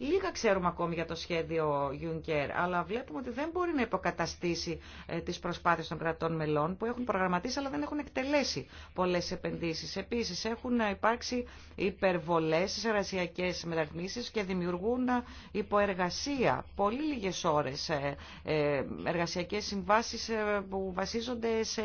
Λίγα ξέρουμε ακόμη για το σχέδιο Juncker, αλλά βλέπουμε ότι δεν μπορεί να υποκαταστήσει ε, τις προσπάθειες των κρατών μελών που έχουν προγραμματίσει αλλά δεν έχουν εκτελέσει πολλές επενδύσεις. Επίσης έχουν υπάρξει υπερβολές στις εργασιακές μεταρρυθμίσεις και δημιουργούν υποεργασία, πολύ λίγες ώρες ε, ε, εργασιακές συμβάσεις που βασίζονται σε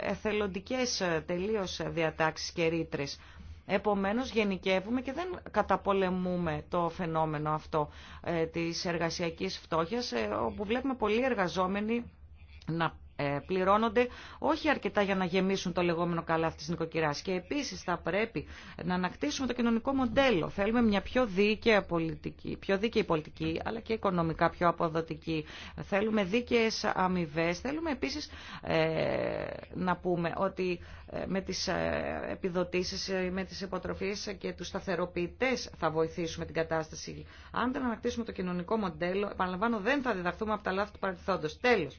εθελοντικές τελείως διατάξεις και ρήτρες. Επομένως γενικεύουμε και δεν καταπολεμούμε το φαινόμενο αυτό ε, της εργασιακής φτώχειας ε, όπου βλέπουμε πολλοί εργαζόμενοι να ε, πληρώνονται όχι αρκετά για να γεμίσουν το λεγόμενο καλάθι της νοικοκυράς. Και επίσης θα πρέπει να ανακτήσουμε το κοινωνικό μοντέλο. Θέλουμε μια πιο δίκαιη πολιτική, πιο δίκαιη πολιτική αλλά και οικονομικά πιο αποδοτική. Θέλουμε δίκαιες αμοιβέ. Θέλουμε επίσης ε, να πούμε ότι ε, με τις επιδοτήσεις, με τις υποτροφίες και τους σταθεροποιητές θα βοηθήσουμε την κατάσταση. Αν δεν ανακτήσουμε το κοινωνικό μοντέλο, επαναλαμβάνω δεν θα διδαχθούμε από τα λάθη του παρελθόντος. Τέλος.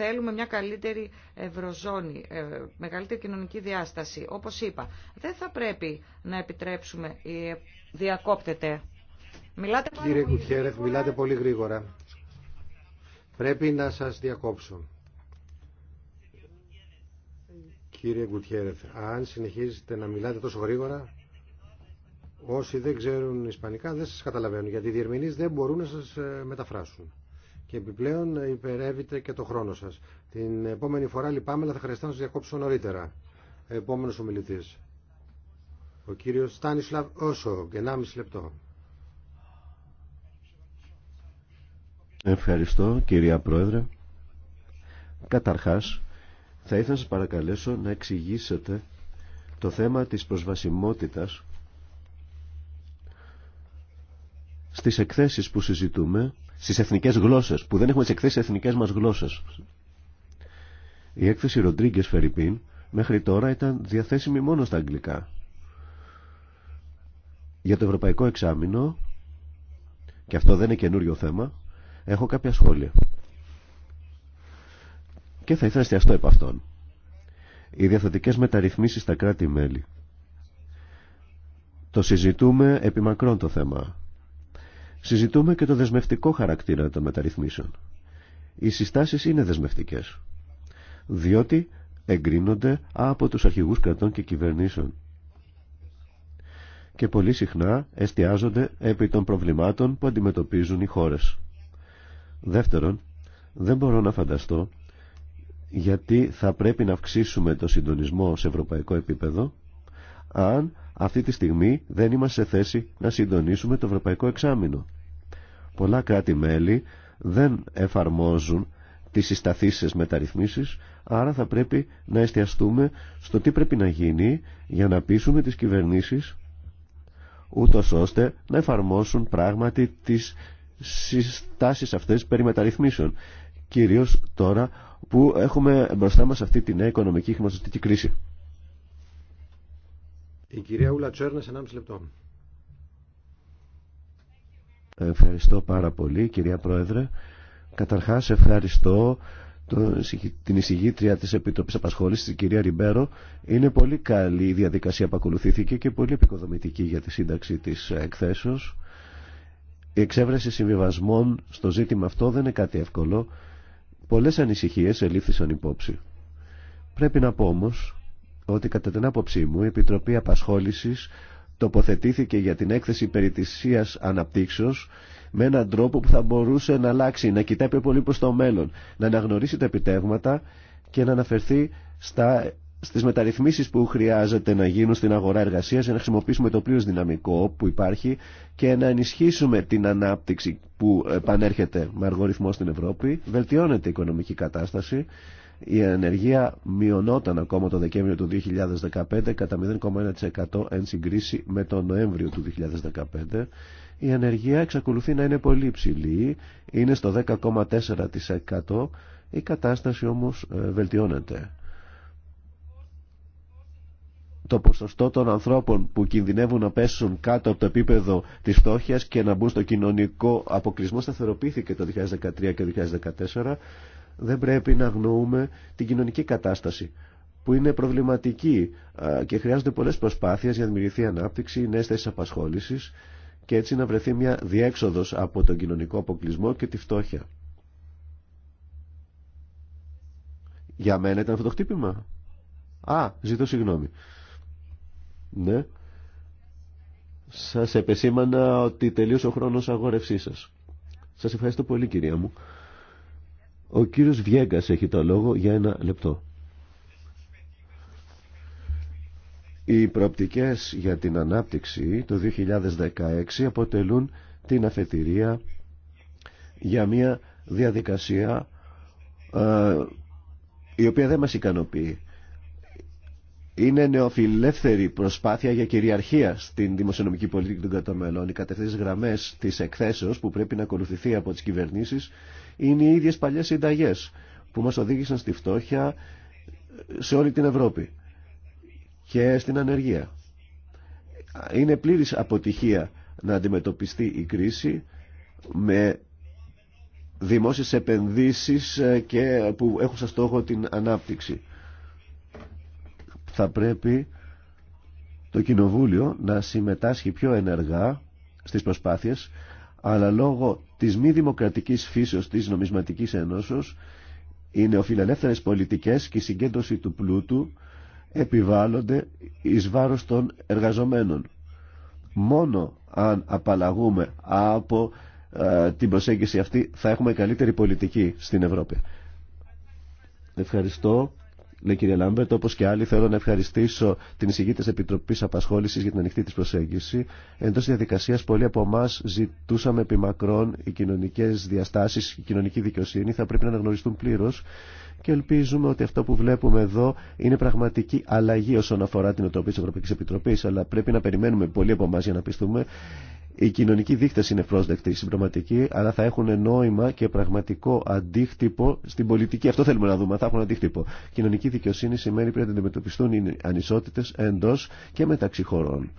Θέλουμε μια καλύτερη ευρωζώνη, ε, μεγαλύτερη κοινωνική διάσταση. Όπως είπα, δεν θα πρέπει να επιτρέψουμε, ε, διακόπτεται. Μιλάτε Κύριε Κουτιέρεθ, μιλάτε πολύ γρήγορα. Πρέπει να σας διακόψω. Κύριε Κουτιέρεθ, αν συνεχίζετε να μιλάτε τόσο γρήγορα, όσοι δεν ξέρουν Ισπανικά δεν σας καταλαβαίνουν, γιατί οι διερμηνείς δεν μπορούν να σας ε, μεταφράσουν και επιπλέον υπερεύεται και το χρόνο σας. Την επόμενη φορά λυπάμαι, αλλά θα χρειαστεί να σας διακόψω νωρίτερα. Επόμενος ομιλητής. Ο κύριος Στάνισλαβ Όσο, 1,5 λεπτό. Ευχαριστώ κυρία Πρόεδρε. Καταρχάς, θα ήθελα να σας παρακαλέσω να εξηγήσετε το θέμα της προσβασιμότητας στις εκθέσεις που συζητούμε στις εθνικές γλώσσες, που δεν έχουμε τις εκθέσεις εθνικές μας γλώσσες. Η έκθεση Ροντρίγκε Φερρυπίν μέχρι τώρα ήταν διαθέσιμη μόνο στα αγγλικά. Για το ευρωπαϊκό εξάμεινο, και αυτό δεν είναι καινούριο θέμα, έχω κάποια σχόλια. Και θα ήθελα να εστιαστώ επ' αυτών. Οι διαθετικές μεταρρυθμίσεις στα κράτη-μέλη. Το συζητούμε επί μακρόν το θέμα. Συζητούμε και το δεσμευτικό χαρακτήρα των μεταρρυθμίσεων. Οι συστάσεις είναι δεσμευτικές, διότι εγκρίνονται από τους αρχηγούς κρατών και κυβερνήσεων και πολύ συχνά εστιάζονται επί των προβλημάτων που αντιμετωπίζουν οι χώρες. Δεύτερον, δεν μπορώ να φανταστώ γιατί θα πρέπει να αυξήσουμε το συντονισμό σε ευρωπαϊκό επίπεδο αν αυτή τη στιγμή δεν είμαστε σε θέση να συντονίσουμε το ευρωπαϊκό εξάμεινο. Πολλά κράτη-μέλη δεν εφαρμόζουν τις συσταθήσεις μεταρρυθμίσεις, άρα θα πρέπει να εστιαστούμε στο τι πρέπει να γίνει για να πείσουμε τις κυβερνήσεις ούτω ώστε να εφαρμόσουν πράγματι τις συστάσεις αυτές περί μεταρρυθμίσεων. Κυρίως τώρα που έχουμε μπροστά μας αυτή τη νέα οικονομική χρηματοδοτική κρίση. Η κυρία Ούλα 1,5 λεπτό. Ευχαριστώ πάρα πολύ κυρία Πρόεδρε. Καταρχάς ευχαριστώ την εισηγήτρια της Επιτροπής Απασχόλησης, την κυρία Ριμπέρο. Είναι πολύ καλή η διαδικασία που ακολουθήθηκε και πολύ επικοδομητική για τη σύνταξη της εκθέσεως. Η εξέβρεση συμβιβασμών στο ζήτημα αυτό δεν είναι κάτι εύκολο. Πολλές ανησυχίες ελήφθησαν υπόψη. Πρέπει να πω όμως ότι κατά την άποψή μου η Επιτροπή Απασχόλησης τοποθετήθηκε για την έκθεση περιτησία αναπτύξεως με έναν τρόπο που θα μπορούσε να αλλάξει, να κοιτάει πιο πολύ προς το μέλλον, να αναγνωρίσει τα επιτεύγματα και να αναφερθεί στα, στις μεταρρυθμίσεις που χρειάζεται να γίνουν στην αγορά εργασίας για να χρησιμοποιήσουμε το πλήρως δυναμικό που υπάρχει και να ενισχύσουμε την ανάπτυξη που επανέρχεται με αργό ρυθμό στην Ευρώπη. Βελτιώνεται η οικονομική κατάσταση η ανεργία μειωνόταν ακόμα το Δεκέμβριο του 2015 κατά 0,1% εν συγκρίση με τον Νοέμβριο του 2015. Η ανεργία εξακολουθεί να είναι πολύ υψηλή. είναι στο 10,4%, η κατάσταση όμως ε, βελτιώνεται. Το ποσοστό των ανθρώπων που κινδυνεύουν να πέσουν κάτω από το επίπεδο της φτώχειας και να μπουν στο κοινωνικό αποκλεισμό σταθεροποιήθηκε το 2013 και 2014 δεν πρέπει να αγνοούμε την κοινωνική κατάσταση που είναι προβληματική και χρειάζονται πολλές προσπάθειες για να δημιουργηθεί ανάπτυξη, νέες θέσεις απασχόλησης και έτσι να βρεθεί μια διέξοδος από τον κοινωνικό αποκλεισμό και τη φτώχεια. Για μένα ήταν αυτό το χτύπημα. Α, ζητώ συγγνώμη. Ναι. Σας επεσήμανα ότι τελείωσε ο χρόνος αγόρευσής σας. Σας ευχαριστώ πολύ κυρία μου. Ο κύριος Βιέγκας έχει το λόγο για ένα λεπτό. Οι προοπτικές για την ανάπτυξη το 2016 αποτελούν την αφετηρία για μια διαδικασία ε, η οποία δεν μας ικανοποιεί είναι νεοφιλεύθερη προσπάθεια για κυριαρχία στην δημοσιονομική πολιτική των κρατομέλων. Οι κατευθύνσει γραμμέ τη εκθέσεω που πρέπει να ακολουθηθεί από τι κυβερνήσει είναι οι ίδιε παλιέ συνταγέ που μα οδήγησαν στη φτώχεια σε όλη την Ευρώπη και στην ανεργία. Είναι πλήρης αποτυχία να αντιμετωπιστεί η κρίση με δημόσιες επενδύσεις ε, και ε, που έχουν σαν στόχο την ανάπτυξη θα πρέπει το Κοινοβούλιο να συμμετάσχει πιο ενεργά στις προσπάθειες αλλά λόγω της μη δημοκρατικής φύσεως της νομισματικής ενώσεως οι νεοφιλελεύθερες πολιτικές και η συγκέντρωση του πλούτου επιβάλλονται εις βάρος των εργαζομένων. Μόνο αν απαλλαγούμε από ε, την προσέγγιση αυτή θα έχουμε καλύτερη πολιτική στην Ευρώπη. Ευχαριστώ λέει κύριε Λάμπερτ, όπω και άλλοι θέλω να ευχαριστήσω την εισηγήτη τη Επιτροπή Απασχόληση για την ανοιχτή τη προσέγγιση. Εντός διαδικασία πολλοί από εμά ζητούσαμε επιμακρών οι κοινωνικέ διαστάσει, η κοινωνική δικαιοσύνη θα πρέπει να αναγνωριστούν πλήρω. και ελπίζουμε ότι αυτό που βλέπουμε εδώ είναι πραγματική αλλαγή όσον αφορά την οτροπή τη Ευρωπαϊκή Επιτροπή. Αλλά πρέπει να περιμένουμε πολλοί από εμά για να πιστούμε. Οι κοινωνικοί δείκτε είναι πρόσδεκτοι, συμπραγματικοί, αλλά θα έχουν νόημα και πραγματικό αντίκτυπο στην πολιτική. Αυτό θέλουμε να δούμε, θα έχουν αντίκτυπο. Κοινωνική δικαιοσύνη σημαίνει πρέπει να αντιμετωπιστούν οι ανισότητες εντός και μεταξύ χωρών.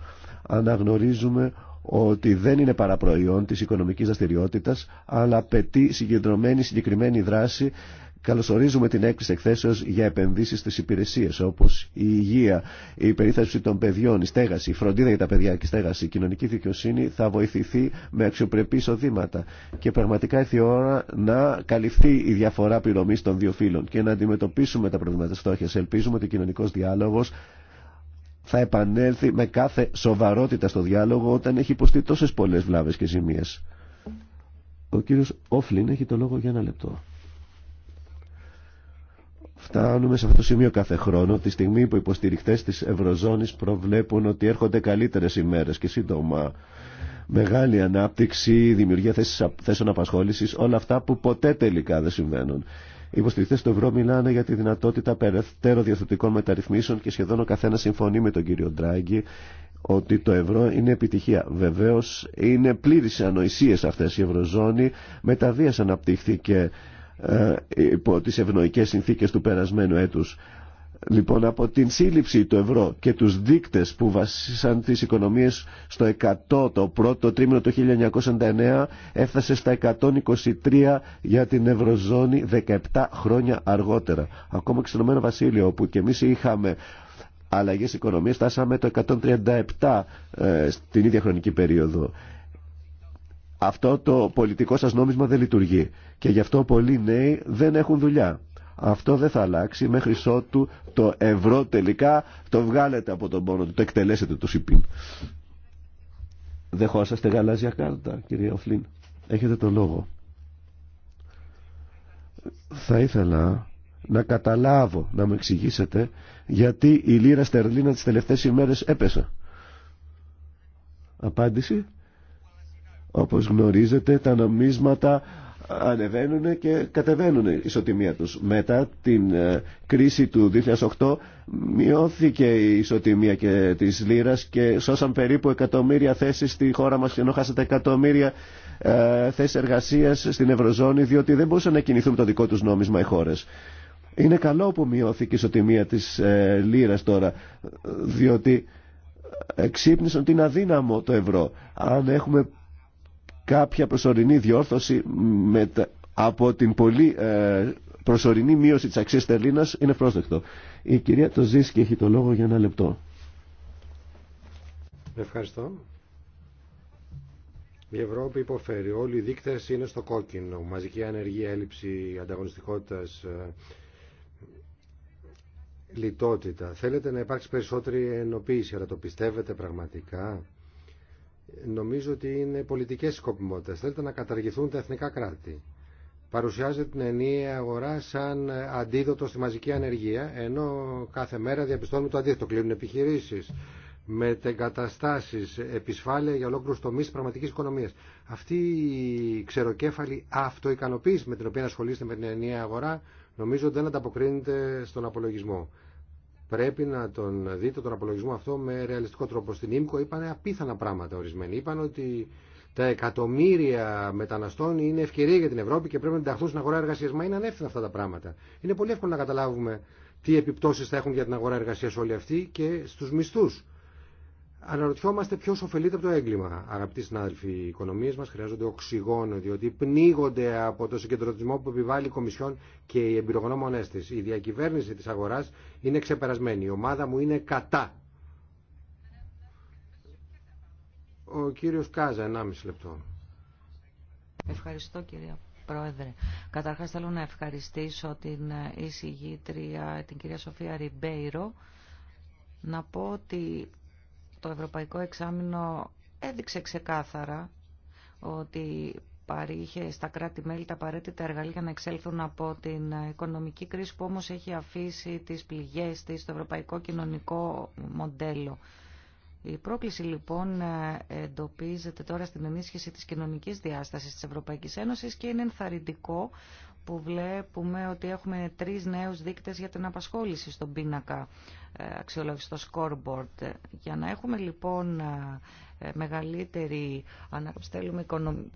Αναγνωρίζουμε ότι δεν είναι παραπροϊόν της οικονομική δραστηριότητα, αλλά απαιτεί συγκεντρωμένη συγκεκριμένη δράση Καλωσορίζουμε την έκκληση εκθέσεως για επενδύσεις στις υπηρεσίες όπως η υγεία, η περίθαλψη των παιδιών, η στέγαση, η φροντίδα για τα παιδιά και η στέγαση, η κοινωνική δικαιοσύνη θα βοηθηθεί με αξιοπρεπή εισοδήματα και πραγματικά ήρθε η ώρα να καλυφθεί η διαφορά πληρωμής των δύο φύλων και να αντιμετωπίσουμε τα προβλήματα της φτώχειας. Ελπίζουμε ότι ο κοινωνικός διάλογος θα επανέλθει με κάθε σοβαρότητα στο διάλογο όταν έχει υποστεί τόσες πολλές βλάβες και ζημίε. Ο κύριος Όφλιν έχει το λόγο για ένα λεπτό. Φτάνουμε σε αυτό το σημείο κάθε χρόνο, τη στιγμή που οι υποστηριχτέ της Ευρωζώνης προβλέπουν ότι έρχονται καλύτερες ημέρες και σύντομα μεγάλη ανάπτυξη, δημιουργία θέσεων απασχόλησης, όλα αυτά που ποτέ τελικά δεν συμβαίνουν. Οι υποστηριχτέ του ευρώ μιλάνε για τη δυνατότητα περαιτέρω διαθετικών μεταρρυθμίσεων και σχεδόν ο καθένα συμφωνεί με τον κύριο Ντράγκη ότι το ευρώ είναι επιτυχία. Βεβαίω είναι πλήρη ανοησίε αυτέ. Η ευρωζώνη με αναπτύχθηκε ε, υπό τις ευνοϊκές συνθήκες του περασμένου έτους. Λοιπόν, από την σύλληψη του ευρώ και τους δείκτες που βασίσαν τις οικονομίες στο 100 το πρώτο τρίμηνο του 1999 έφτασε στα 123 για την Ευρωζώνη 17 χρόνια αργότερα. Ακόμα και στο Ηνωμένο Βασίλειο όπου και εμείς είχαμε αλλαγές οικονομίες, φτάσαμε το 137 ε, στην ίδια χρονική περίοδο αυτό το πολιτικό σας νόμισμα δεν λειτουργεί και γι' αυτό πολλοί νέοι δεν έχουν δουλειά. Αυτό δεν θα αλλάξει μέχρι ότου το ευρώ τελικά το βγάλετε από τον πόνο του, το εκτελέσετε το ΣΥΠΗΝ. Δεχόσαστε γαλάζια κάρτα, κύριε Οφλίν. Έχετε το λόγο. Θα ήθελα να καταλάβω, να μου εξηγήσετε γιατί η λίρα στερλίνα τις τελευταίες ημέρες έπεσε. Απάντηση. Όπως γνωρίζετε τα νομίσματα ανεβαίνουν και κατεβαίνουν η ισοτιμία τους. Μετά την ε, κρίση του 2008 μειώθηκε η ισοτιμία και της λίρας και σώσαν περίπου εκατομμύρια θέσεις στη χώρα μας και ενώ χάσατε εκατομμύρια ε, θέσεις εργασίας στην Ευρωζώνη διότι δεν μπορούσαν να κινηθούν το δικό τους νόμισμα οι χώρες. Είναι καλό που μειώθηκε η ισοτιμία της ε, τώρα διότι ε, εξύπνησαν ότι είναι αδύναμο το ευρώ. έχουμε κάποια προσωρινή διόρθωση με, από την πολύ ε, προσωρινή μείωση της αξίας Ελλήνας είναι πρόσδεκτο. Η κυρία το και έχει το λόγο για ένα λεπτό. Ευχαριστώ. Η Ευρώπη υποφέρει. Όλοι οι δείκτες είναι στο κόκκινο. Μαζική ανεργία, έλλειψη ανταγωνιστικότητας, ε, λιτότητα. Θέλετε να υπάρξει περισσότερη ενοποίηση, αλλά το πιστεύετε πραγματικά νομίζω ότι είναι πολιτικέ σκοπιμότητε. Θέλετε να καταργηθούν τα εθνικά κράτη. Παρουσιάζεται την ενιαία αγορά σαν αντίδοτο στη μαζική ανεργία, ενώ κάθε μέρα διαπιστώνουμε το αντίθετο. Κλείνουν επιχειρήσει μετεγκαταστάσει, επισφάλεια για ολόκληρου τομεί τη πραγματική οικονομία. Αυτή η ξεροκέφαλη αυτοικανοποίηση με την οποία ασχολείστε με την ενιαία αγορά, νομίζω δεν ανταποκρίνεται στον απολογισμό πρέπει να τον δείτε τον απολογισμό αυτό με ρεαλιστικό τρόπο. Στην ΙΜΚΟ είπαν απίθανα πράγματα ορισμένοι. Είπαν ότι τα εκατομμύρια μεταναστών είναι ευκαιρία για την Ευρώπη και πρέπει να ενταχθούν στην αγορά εργασία. Μα είναι ανεύθυνα αυτά τα πράγματα. Είναι πολύ εύκολο να καταλάβουμε τι επιπτώσει θα έχουν για την αγορά εργασία όλοι αυτοί και στου μισθού. Αναρωτιόμαστε ποιο ωφελείται από το έγκλημα. Αγαπητοί συνάδελφοι, οι οικονομίε μα χρειάζονται οξυγόνο, διότι πνίγονται από το συγκεντρωτισμό που επιβάλλει η Κομισιόν και οι εμπειρογνώμονέ τη. Η διακυβέρνηση τη αγορά είναι ξεπερασμένη. Η ομάδα μου είναι κατά. Ο κύριο Κάζα, 1,5 λεπτό. Ευχαριστώ κύριε Πρόεδρε. Κατάρχά θέλω να ευχαριστήσω την εισηγήτρια, την κυρία Σοφία Ριμπέιρο, να πω ότι το Ευρωπαϊκό Εξάμεινο έδειξε ξεκάθαρα ότι παρήχε στα κράτη-μέλη τα απαραίτητα εργαλεία για να εξέλθουν από την οικονομική κρίση που όμως έχει αφήσει τις πληγές της στο ευρωπαϊκό κοινωνικό μοντέλο. Η πρόκληση λοιπόν εντοπίζεται τώρα στην ενίσχυση της κοινωνικής διάστασης της Ευρωπαϊκής Ένωσης και είναι ενθαρρυντικό που βλέπουμε ότι έχουμε τρεις νέους δείκτες για την απασχόληση στον πίνακα αξιολόγηση στο scoreboard. Για να έχουμε λοιπόν ε, μεγαλύτερη ανάπτυξη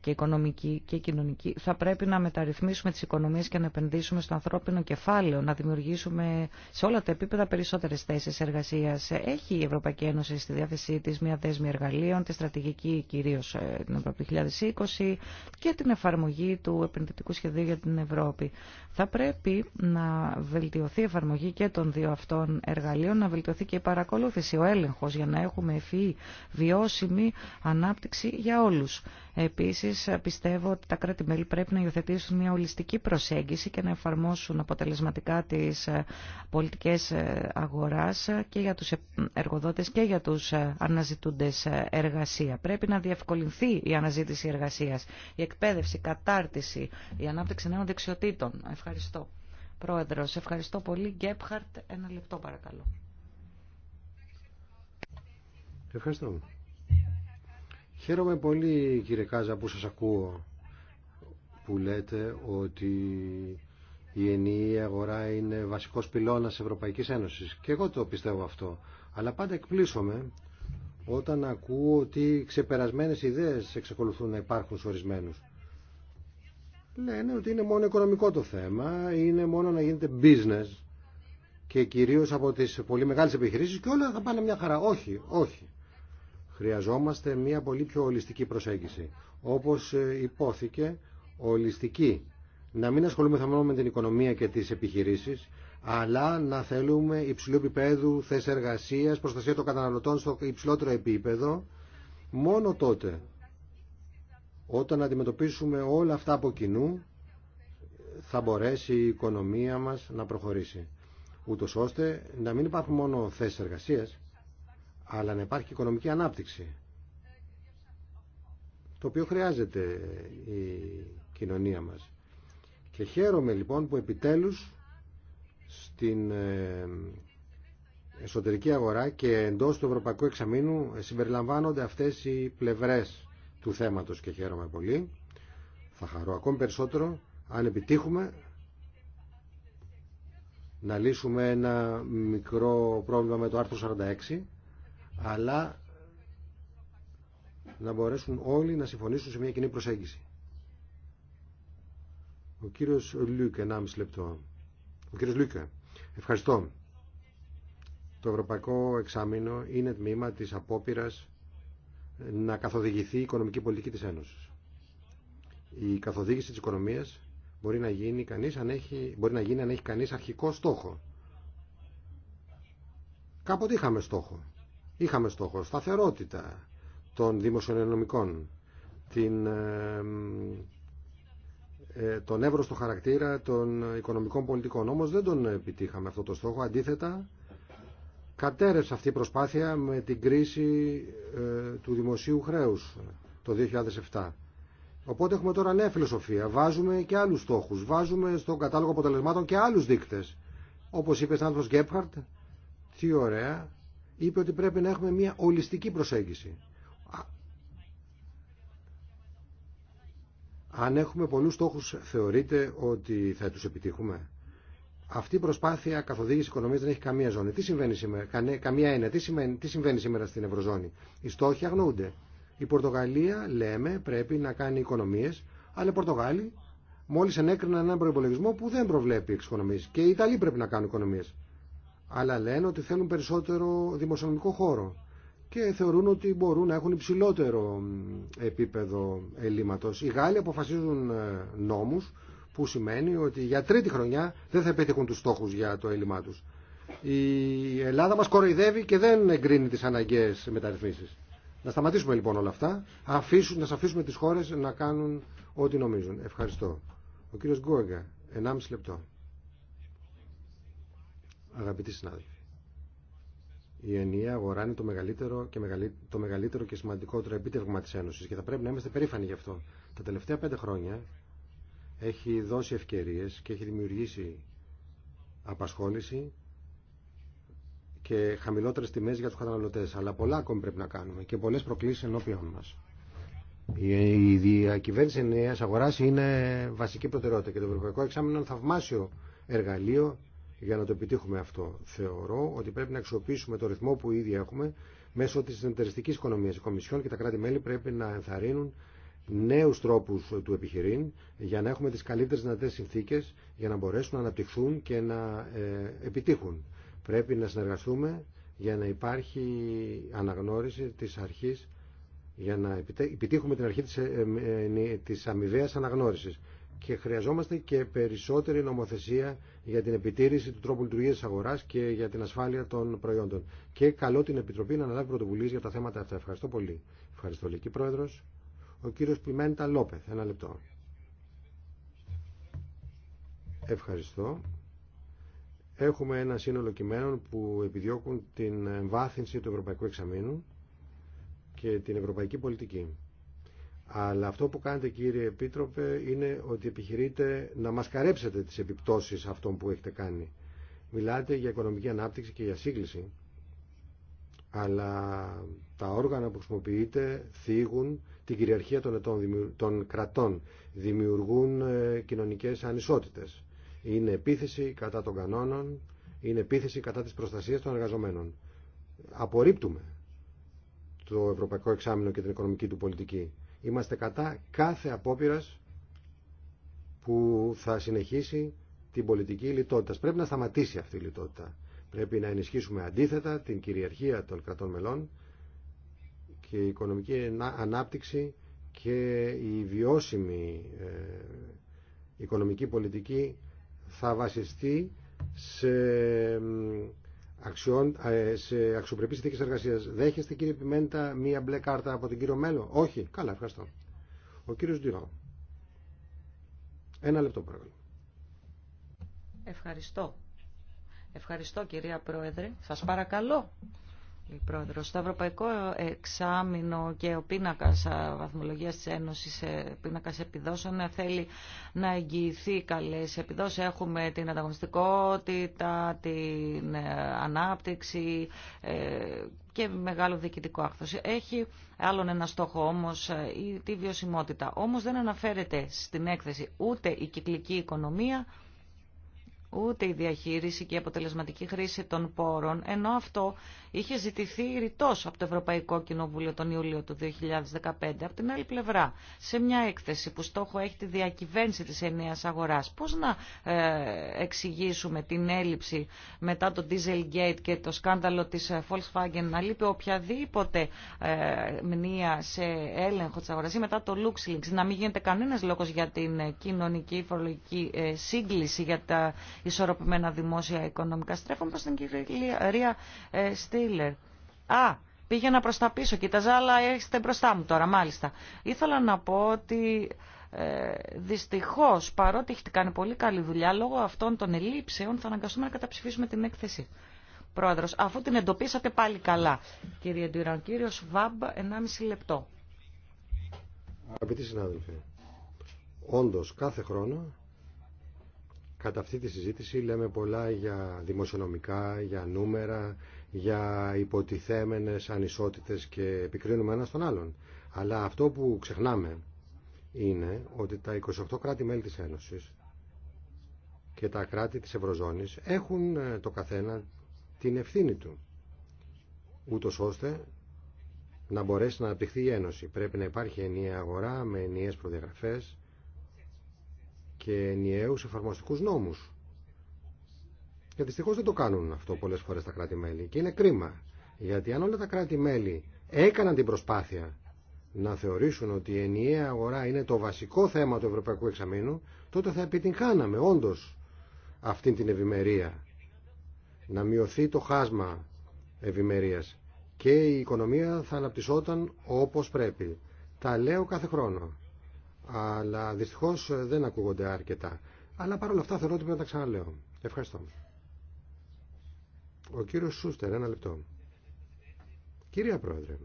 και οικονομική και κοινωνική, θα πρέπει να μεταρρυθμίσουμε τις οικονομίες και να επενδύσουμε στο ανθρώπινο κεφάλαιο, να δημιουργήσουμε σε όλα τα επίπεδα περισσότερες θέσεις εργασίας. Έχει η Ευρωπαϊκή Ένωση στη διάθεσή της μια δέσμη εργαλείων, τη στρατηγική κυρίως ε, την Ευρώπη 2020 και την εφαρμογή του επενδυτικού σχεδίου για την Ευρώπη. Θα πρέπει να βελτιωθεί η εφαρμογή και των δύο αυτών εργαλείων εργαλείων να βελτιωθεί και η παρακολούθηση, ο έλεγχο, για να έχουμε ευφυή βιώσιμη ανάπτυξη για όλους. Επίσης πιστεύω ότι τα κράτη-μέλη πρέπει να υιοθετήσουν μια ολιστική προσέγγιση και να εφαρμόσουν αποτελεσματικά τις ε, πολιτικές ε, αγορά και για τους εργοδότες και για τους ε, αναζητούντες εργασία. Πρέπει να διευκολυνθεί η αναζήτηση εργασία, η εκπαίδευση, η κατάρτιση, η ανάπτυξη νέων δεξιοτήτων. Ευχαριστώ. Πρόεδρος, ευχαριστώ πολύ. Γκέπχαρτ, ένα λεπτό παρακαλώ. Ευχαριστώ. Χαίρομαι πολύ κύριε Κάζα που σας ακούω που λέτε ότι η ενιαία αγορά είναι βασικός πυλώνας Ευρωπαϊκής Ένωσης. Και εγώ το πιστεύω αυτό. Αλλά πάντα εκπλήσωμαι όταν ακούω ότι ξεπερασμένες ιδέες εξακολουθούν να υπάρχουν σε ορισμένους λένε ότι είναι μόνο οικονομικό το θέμα, είναι μόνο να γίνεται business και κυρίως από τις πολύ μεγάλες επιχειρήσεις και όλα θα πάνε μια χαρά. Όχι, όχι. Χρειαζόμαστε μια πολύ πιο ολιστική προσέγγιση. Όπως ε, υπόθηκε, ολιστική. Να μην ασχολούμεθα μόνο με την οικονομία και τις επιχειρήσεις, αλλά να θέλουμε υψηλού επίπεδου θέση εργασίας, προστασία των καταναλωτών στο υψηλότερο επίπεδο. Μόνο τότε όταν αντιμετωπίσουμε όλα αυτά από κοινού, θα μπορέσει η οικονομία μας να προχωρήσει. Ούτως ώστε να μην υπάρχουν μόνο θέσεις εργασίας, αλλά να υπάρχει και οικονομική ανάπτυξη. Το οποίο χρειάζεται η κοινωνία μας. Και χαίρομαι λοιπόν που επιτέλους στην ε, εσωτερική αγορά και εντός του Ευρωπαϊκού Εξαμήνου ε, συμπεριλαμβάνονται αυτές οι πλευρές του θέματος και χαίρομαι πολύ. Θα χαρώ ακόμη περισσότερο αν επιτύχουμε να λύσουμε ένα μικρό πρόβλημα με το άρθρο 46 αλλά να μπορέσουν όλοι να συμφωνήσουν σε μια κοινή προσέγγιση. Ο κύριος Λούκε, 1,5 λεπτό. Ο κύριος Λούκε, ευχαριστώ. Το Ευρωπαϊκό Εξάμεινο είναι τμήμα της απόπειρας να καθοδηγηθεί η οικονομική πολιτική της Ένωσης. Η καθοδήγηση της οικονομίας μπορεί να γίνει, κανείς αν έχει, μπορεί να γίνει αν έχει κανείς αρχικό στόχο. Κάποτε είχαμε στόχο. Είχαμε στόχο σταθερότητα των δημοσιονομικών, την, ε, τον εύρωστο χαρακτήρα των οικονομικών πολιτικών. Όμως δεν τον επιτύχαμε αυτό το στόχο. Αντίθετα, κατέρευσε αυτή η προσπάθεια με την κρίση ε, του δημοσίου χρέους το 2007. Οπότε έχουμε τώρα νέα φιλοσοφία. Βάζουμε και άλλους στόχους. Βάζουμε στον κατάλογο αποτελεσμάτων και άλλους δείκτες. Όπως είπε άνθρωπος Γκέπχαρτ, τι ωραία, είπε ότι πρέπει να έχουμε μια ολιστική προσέγγιση. Αν έχουμε πολλούς στόχους, θεωρείτε ότι θα τους επιτύχουμε. Αυτή η προσπάθεια καθοδήγηση οικονομία δεν έχει καμία ζώνη. Τι συμβαίνει σήμερα, καμία έννοια. Τι, τι συμβαίνει σήμερα στην Ευρωζώνη. Οι στόχοι αγνοούνται. Η Πορτογαλία, λέμε, πρέπει να κάνει οικονομίε, αλλά οι Πορτογάλοι μόλι ενέκριναν έναν προπολογισμό που δεν προβλέπει εξοικονομίε. Και οι Ιταλοί πρέπει να κάνουν οικονομίε. Αλλά λένε ότι θέλουν περισσότερο δημοσιονομικό χώρο και θεωρούν ότι μπορούν να έχουν υψηλότερο επίπεδο ελλείμματο. Οι Γάλλοι αποφασίζουν ε, νόμου που σημαίνει ότι για τρίτη χρονιά δεν θα πετύχουν τους στόχους για το έλλειμμά τους. Η Ελλάδα μας κοροϊδεύει και δεν εγκρίνει τις αναγκαίες μεταρρυθμίσεις. Να σταματήσουμε λοιπόν όλα αυτά, αφήσουν, να αφήσουμε τις χώρες να κάνουν ό,τι νομίζουν. Ευχαριστώ. Ο κύριος Γκόγκα, 1,5 λεπτό. Αγαπητοί συνάδελφοι, η ενιαία αγορά είναι το μεγαλύτερο και, το μεγαλύτερο και σημαντικότερο επίτευγμα της Ένωσης και θα πρέπει να είμαστε περήφανοι γι' αυτό. Τα τελευταία πέντε χρόνια έχει δώσει ευκαιρίες και έχει δημιουργήσει απασχόληση και χαμηλότερες τιμές για τους καταναλωτές. Αλλά πολλά ακόμη πρέπει να κάνουμε και πολλές προκλήσεις ενώπιον μας. Η διακυβέρνηση νέα αγορά είναι βασική προτεραιότητα και το Ευρωπαϊκό Εξάμεινο είναι θαυμάσιο εργαλείο για να το επιτύχουμε αυτό. Θεωρώ ότι πρέπει να αξιοποιήσουμε το ρυθμό που ήδη έχουμε μέσω τη συνεταιριστική οικονομία. Οι Κομισιόν και τα κράτη-μέλη πρέπει να ενθαρρύνουν νέους τρόπους του επιχειρήν για να έχουμε τις καλύτερες δυνατές συνθήκες για να μπορέσουν να αναπτυχθούν και να ε, επιτύχουν. Πρέπει να συνεργαστούμε για να υπάρχει αναγνώριση της αρχής για να επιτύχουμε την αρχή της, ε, ε, της αμοιβαίας αναγνώρισης και χρειαζόμαστε και περισσότερη νομοθεσία για την επιτήρηση του τρόπου λειτουργία τη αγορά και για την ασφάλεια των προϊόντων. Και καλό την Επιτροπή να αναλάβει πρωτοβουλίε για τα θέματα αυτά. Ευχαριστώ πολύ. Ευχαριστώ, Λική Πρόεδρο. Ο κύριος Πιμέντα Λόπεθ, ένα λεπτό. Ευχαριστώ. Έχουμε ένα σύνολο κειμένων που επιδιώκουν την εμβάθυνση του Ευρωπαϊκού Εξαμήνου και την Ευρωπαϊκή Πολιτική. Αλλά αυτό που κάνετε κύριε Επίτροπε είναι ότι επιχειρείτε να μασκαρέψετε τις επιπτώσεις αυτών που έχετε κάνει. Μιλάτε για οικονομική ανάπτυξη και για σύγκληση. Αλλά τα όργανα που χρησιμοποιείτε θίγουν την κυριαρχία των, ετών, των κρατών, δημιουργούν ε, κοινωνικές ανισότητες. Είναι επίθεση κατά των κανόνων, είναι επίθεση κατά της προστασίας των εργαζομένων. Απορρίπτουμε το Ευρωπαϊκό Εξάμεινο και την οικονομική του πολιτική. Είμαστε κατά κάθε απόπειρα που θα συνεχίσει την πολιτική λιτότητα. Πρέπει να σταματήσει αυτή η λιτότητα. Πρέπει να ενισχύσουμε αντίθετα την κυριαρχία των κρατών μελών η οικονομική ανάπτυξη και η βιώσιμη ε, οικονομική πολιτική θα βασιστεί σε, αξιών, ε, σε αξιοπρεπείς συνθήκες εργασίας. Δέχεστε κύριε Πιμέντα μία μπλε κάρτα από τον κύριο Μέλο. Όχι. Καλά, ευχαριστώ. Ο κύριος Ντυρό. Ένα λεπτό παρακαλώ. Ευχαριστώ. Ευχαριστώ κυρία Πρόεδρε. Σας παρακαλώ η Πρόεδρος. Το Ευρωπαϊκό Εξάμεινο και ο πίνακας βαθμολογίας της Ένωσης, ε, πίνακας επιδόσεων, ε, θέλει να εγγυηθεί καλές επιδόσεις. Έχουμε την ανταγωνιστικότητα, την ε, ανάπτυξη και μεγάλο διοικητικό άκθος. Έχει άλλον ένα στόχο όμως, τη βιωσιμότητα. Όμως δεν αναφέρεται στην έκθεση ούτε η κυκλική οικονομία, ούτε η διαχείριση και η αποτελεσματική χρήση των πόρων, ενώ αυτό είχε ζητηθεί ρητό από το Ευρωπαϊκό Κοινοβούλιο τον Ιούλιο του 2015. Από την άλλη πλευρά, σε μια έκθεση που στόχο έχει τη διακυβέρνηση της ενέας αγοράς, πώς να ε, εξηγήσουμε την έλλειψη μετά το Dieselgate και το σκάνδαλο της ε, Volkswagen να λείπει οποιαδήποτε ε, μνήμα σε έλεγχο της αγοράς ή μετά το LuxLeaks, να μην γίνεται κανένας λόγος για την κοινωνική φορολογική σύγκληση, για τα ισορροπημένα δημόσια οικονομικά. Στρέφω προ την κυρία ε, Στήλερ. Α, πήγαινα προ τα πίσω, κοίταζα, αλλά έρχεστε μπροστά μου τώρα, μάλιστα. Ήθελα να πω ότι ε, δυστυχώς, παρότι έχετε κάνει πολύ καλή δουλειά, λόγω αυτών των ελλείψεων θα αναγκαστούμε να καταψηφίσουμε την έκθεση. Πρόεδρος, αφού την εντοπίσατε πάλι καλά. Κύριε Ντουραν, κύριος Βάμπ, 1,5 λεπτό. Αγαπητοί συνάδελφοι, όντως κάθε χρόνο Κατά αυτή τη συζήτηση λέμε πολλά για δημοσιονομικά, για νούμερα, για υποτιθέμενες ανισότητες και επικρίνουμε ένα στον άλλον. Αλλά αυτό που ξεχνάμε είναι ότι τα 28 κράτη-μέλη της Ένωσης και τα κράτη της Ευρωζώνης έχουν ε, το καθένα την ευθύνη του, ούτω ώστε να μπορέσει να αναπτυχθεί η Ένωση. Πρέπει να υπάρχει ενιαία αγορά με ενιαίες προδιαγραφές και ενιαίους εφαρμοστικούς νόμους. Και δυστυχώ δεν το κάνουν αυτό πολλές φορές τα κράτη-μέλη. Και είναι κρίμα. Γιατί αν όλα τα κράτη-μέλη έκαναν την προσπάθεια να θεωρήσουν ότι η ενιαία αγορά είναι το βασικό θέμα του Ευρωπαϊκού Εξαμήνου, τότε θα επιτυγχάναμε όντω αυτή την ευημερία. Να μειωθεί το χάσμα ευημερία και η οικονομία θα αναπτυσσόταν όπως πρέπει. Τα λέω κάθε χρόνο αλλά δυστυχώ ε, δεν ακούγονται αρκετά. Αλλά παρόλα αυτά θεωρώ ότι πρέπει να τα ξαναλέω. Ευχαριστώ. Ο κύριο Σούστερ, ένα λεπτό. Κυρία Πρόεδρε,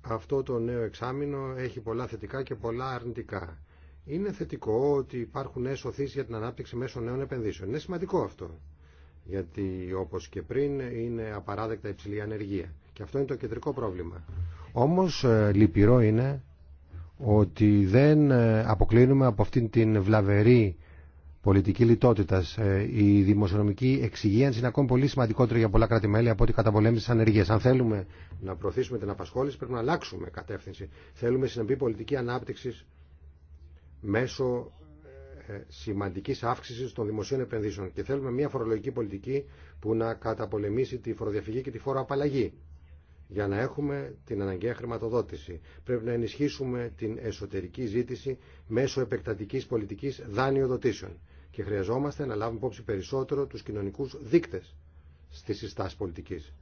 αυτό το νέο εξάμεινο έχει πολλά θετικά και πολλά αρνητικά. Είναι θετικό ότι υπάρχουν νέε για την ανάπτυξη μέσω νέων επενδύσεων. Είναι σημαντικό αυτό. Γιατί όπω και πριν είναι απαράδεκτα υψηλή ανεργία. Και αυτό είναι το κεντρικό πρόβλημα. Όμως ε, λυπηρό είναι ότι δεν ε, αποκλίνουμε από αυτήν την βλαβερή πολιτική λιτότητα. Ε, η δημοσιονομική εξυγίανση είναι ακόμη πολύ σημαντικότερη για πολλά από ό,τι καταπολέμηση τη ανεργία. Αν θέλουμε να προωθήσουμε την απασχόληση, πρέπει να αλλάξουμε κατεύθυνση. Θέλουμε συνεπή πολιτική ανάπτυξη μέσω σημαντική αύξηση των δημοσίων επενδύσεων. Και θέλουμε μια φορολογική πολιτική που να καταπολεμήσει τη φοροδιαφυγή και τη φοροαπαλλαγή για να έχουμε την αναγκαία χρηματοδότηση. Πρέπει να ενισχύσουμε την εσωτερική ζήτηση μέσω επεκτατικής πολιτικής δάνειοδοτήσεων και χρειαζόμαστε να λάβουμε υπόψη περισσότερο τους κοινωνικούς δείκτες στη συστάση πολιτικής.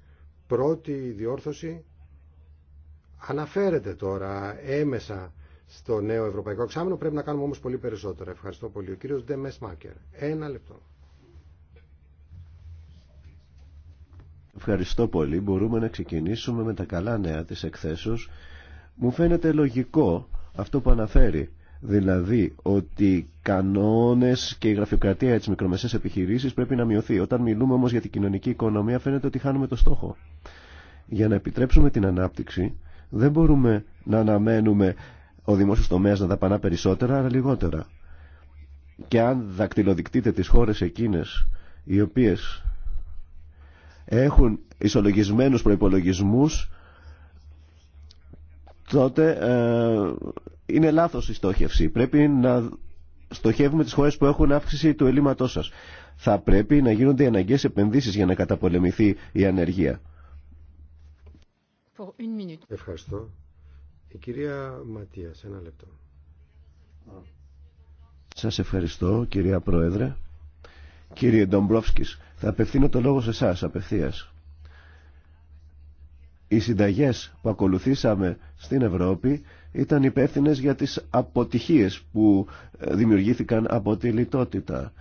Πρώτη διόρθωση αναφέρεται τώρα έμεσα στο νέο ευρωπαϊκό εξάμεινο, πρέπει να κάνουμε όμως πολύ περισσότερο. Ευχαριστώ πολύ. Ο κύριος Ντεμέσμάκερ. Ένα λεπτό. Ευχαριστώ πολύ. Μπορούμε να ξεκινήσουμε με τα καλά νέα της εκθέσεως. Μου φαίνεται λογικό αυτό που αναφέρει. Δηλαδή ότι οι κανόνες και η γραφειοκρατία της τις μικρομεσαίες πρέπει να μειωθεί. Όταν μιλούμε όμως για την κοινωνική οικονομία φαίνεται ότι χάνουμε το στόχο. Για να επιτρέψουμε την ανάπτυξη δεν μπορούμε να αναμένουμε ο δημόσιος τομέας να δαπανά περισσότερα αλλά λιγότερα. Και αν δακτυλοδεικτείτε τις χώρες εκείνες οι οποίες έχουν ισολογισμένους προϋπολογισμούς, τότε ε, είναι λάθος η στόχευση. Πρέπει να στοχεύουμε τις χώρες που έχουν αύξηση του ελλείμματός σας. Θα πρέπει να γίνονται οι αναγκαίες επενδύσεις για να καταπολεμηθεί η ανεργία. Ευχαριστώ. Η κυρία Ματίας, ένα λεπτό. Σας ευχαριστώ κυρία Πρόεδρε. Κύριε Ντομπρόφσκης, θα απευθύνω το λόγο σε εσά απευθεία. Οι συνταγές που ακολουθήσαμε στην Ευρώπη ήταν υπεύθυνε για τις αποτυχίες που ε, δημιουργήθηκαν από τη λιτότητα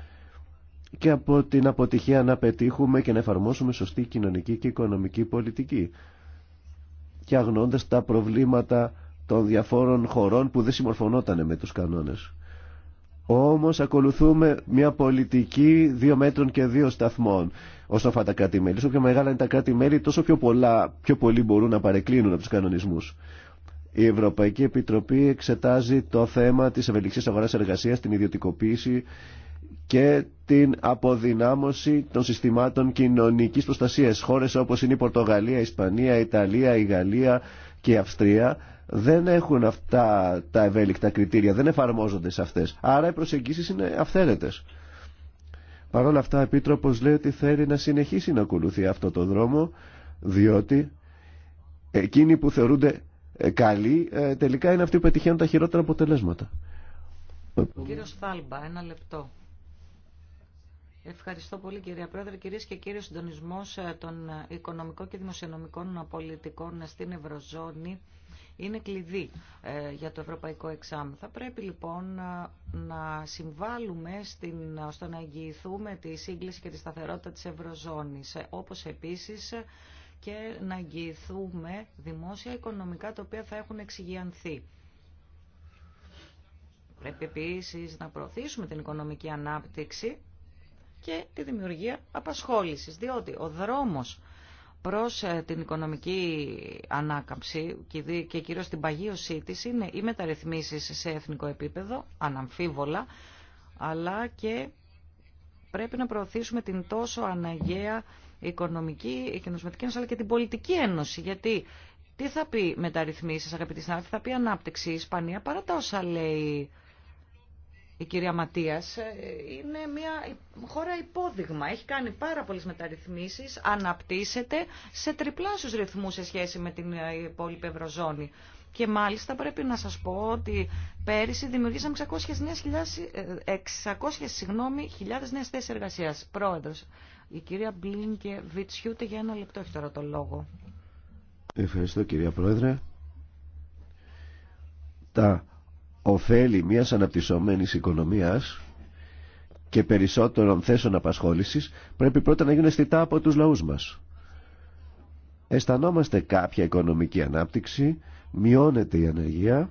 και από την αποτυχία να πετύχουμε και να εφαρμόσουμε σωστή κοινωνική και οικονομική πολιτική και αγνώντας τα προβλήματα των διαφόρων χωρών που δεν συμμορφωνόταν με τους κανόνες. Όμως ακολουθούμε μια πολιτική δύο μέτρων και δύο σταθμών όσον αφορά τα κράτη-μέλη. Όσο πιο μεγάλα είναι τα κράτη-μέλη, τόσο πιο, πολλά, πιο πολλοί μπορούν να παρεκκλίνουν από τους κανονισμούς. Η Ευρωπαϊκή Επιτροπή εξετάζει το θέμα της ευελιξής αγοράς εργασίας, την ιδιωτικοποίηση και την αποδυνάμωση των συστημάτων κοινωνικής προστασίας. Χώρες όπως είναι η Πορτογαλία, η Ισπανία, η Ιταλία, η Γαλλία και η Αυστρία δεν έχουν αυτά τα ευέλικτα κριτήρια, δεν εφαρμόζονται σε αυτές. Άρα οι προσεγγίσεις είναι αυθαίρετες. Παρ' όλα αυτά, ο Επίτροπος λέει ότι θέλει να συνεχίσει να ακολουθεί αυτό το δρόμο, διότι εκείνοι που θεωρούνται ε, καλοί ε, τελικά είναι αυτοί που πετυχαίνουν τα χειρότερα αποτελέσματα. Κύριος Θάλμπα, ένα λεπτό. Ευχαριστώ πολύ κυρία Πρόεδρε. Κυρίε και κύριοι, ο συντονισμό ε, των οικονομικών και δημοσιονομικών πολιτικών στην Ευρωζώνη είναι κλειδί ε, για το ευρωπαϊκό εξάμεινο. Θα πρέπει λοιπόν να συμβάλλουμε στην, να εγγυηθούμε τη σύγκληση και τη σταθερότητα της Ευρωζώνης, ε, όπως επίσης και να εγγυηθούμε δημόσια οικονομικά τα οποία θα έχουν εξηγιανθεί. Πρέπει επίσης να προωθήσουμε την οικονομική ανάπτυξη και τη δημιουργία απασχόλησης, διότι ο δρόμος προς ε, την οικονομική ανάκαμψη και κυρίως την παγίωσή της είναι οι μεταρρυθμίσεις σε εθνικό επίπεδο, αναμφίβολα, αλλά και πρέπει να προωθήσουμε την τόσο αναγκαία οικονομική, η ένωση, αλλά και την πολιτική ένωση. Γιατί τι θα πει μεταρρυθμίσεις, αγαπητοί συνάδελφοι, θα πει ανάπτυξη η Ισπανία, παρά τα όσα λέει η κυρία Ματίας, ε, είναι μια χώρα υπόδειγμα. Έχει κάνει πάρα πολλές μεταρρυθμίσει. αναπτύσσεται σε τριπλάσιους ρυθμούς σε σχέση με την ε, υπόλοιπη Ευρωζώνη. Και μάλιστα πρέπει να σας πω ότι πέρυσι δημιουργήσαμε 600.000, νέε 600 συγγνώμη, χιλιάδες Πρόεδρος, η κυρία Μπλίνκε Βιτσιούτε για ένα λεπτό έχει τώρα το λόγο. Ευχαριστώ κυρία Πρόεδρε. Τα ωφέλη μιας αναπτυσσόμενης οικονομίας και περισσότερων θέσεων απασχόλησης πρέπει πρώτα να γίνουν αισθητά από τους λαούς μας. Αισθανόμαστε κάποια οικονομική ανάπτυξη, μειώνεται η ανεργία,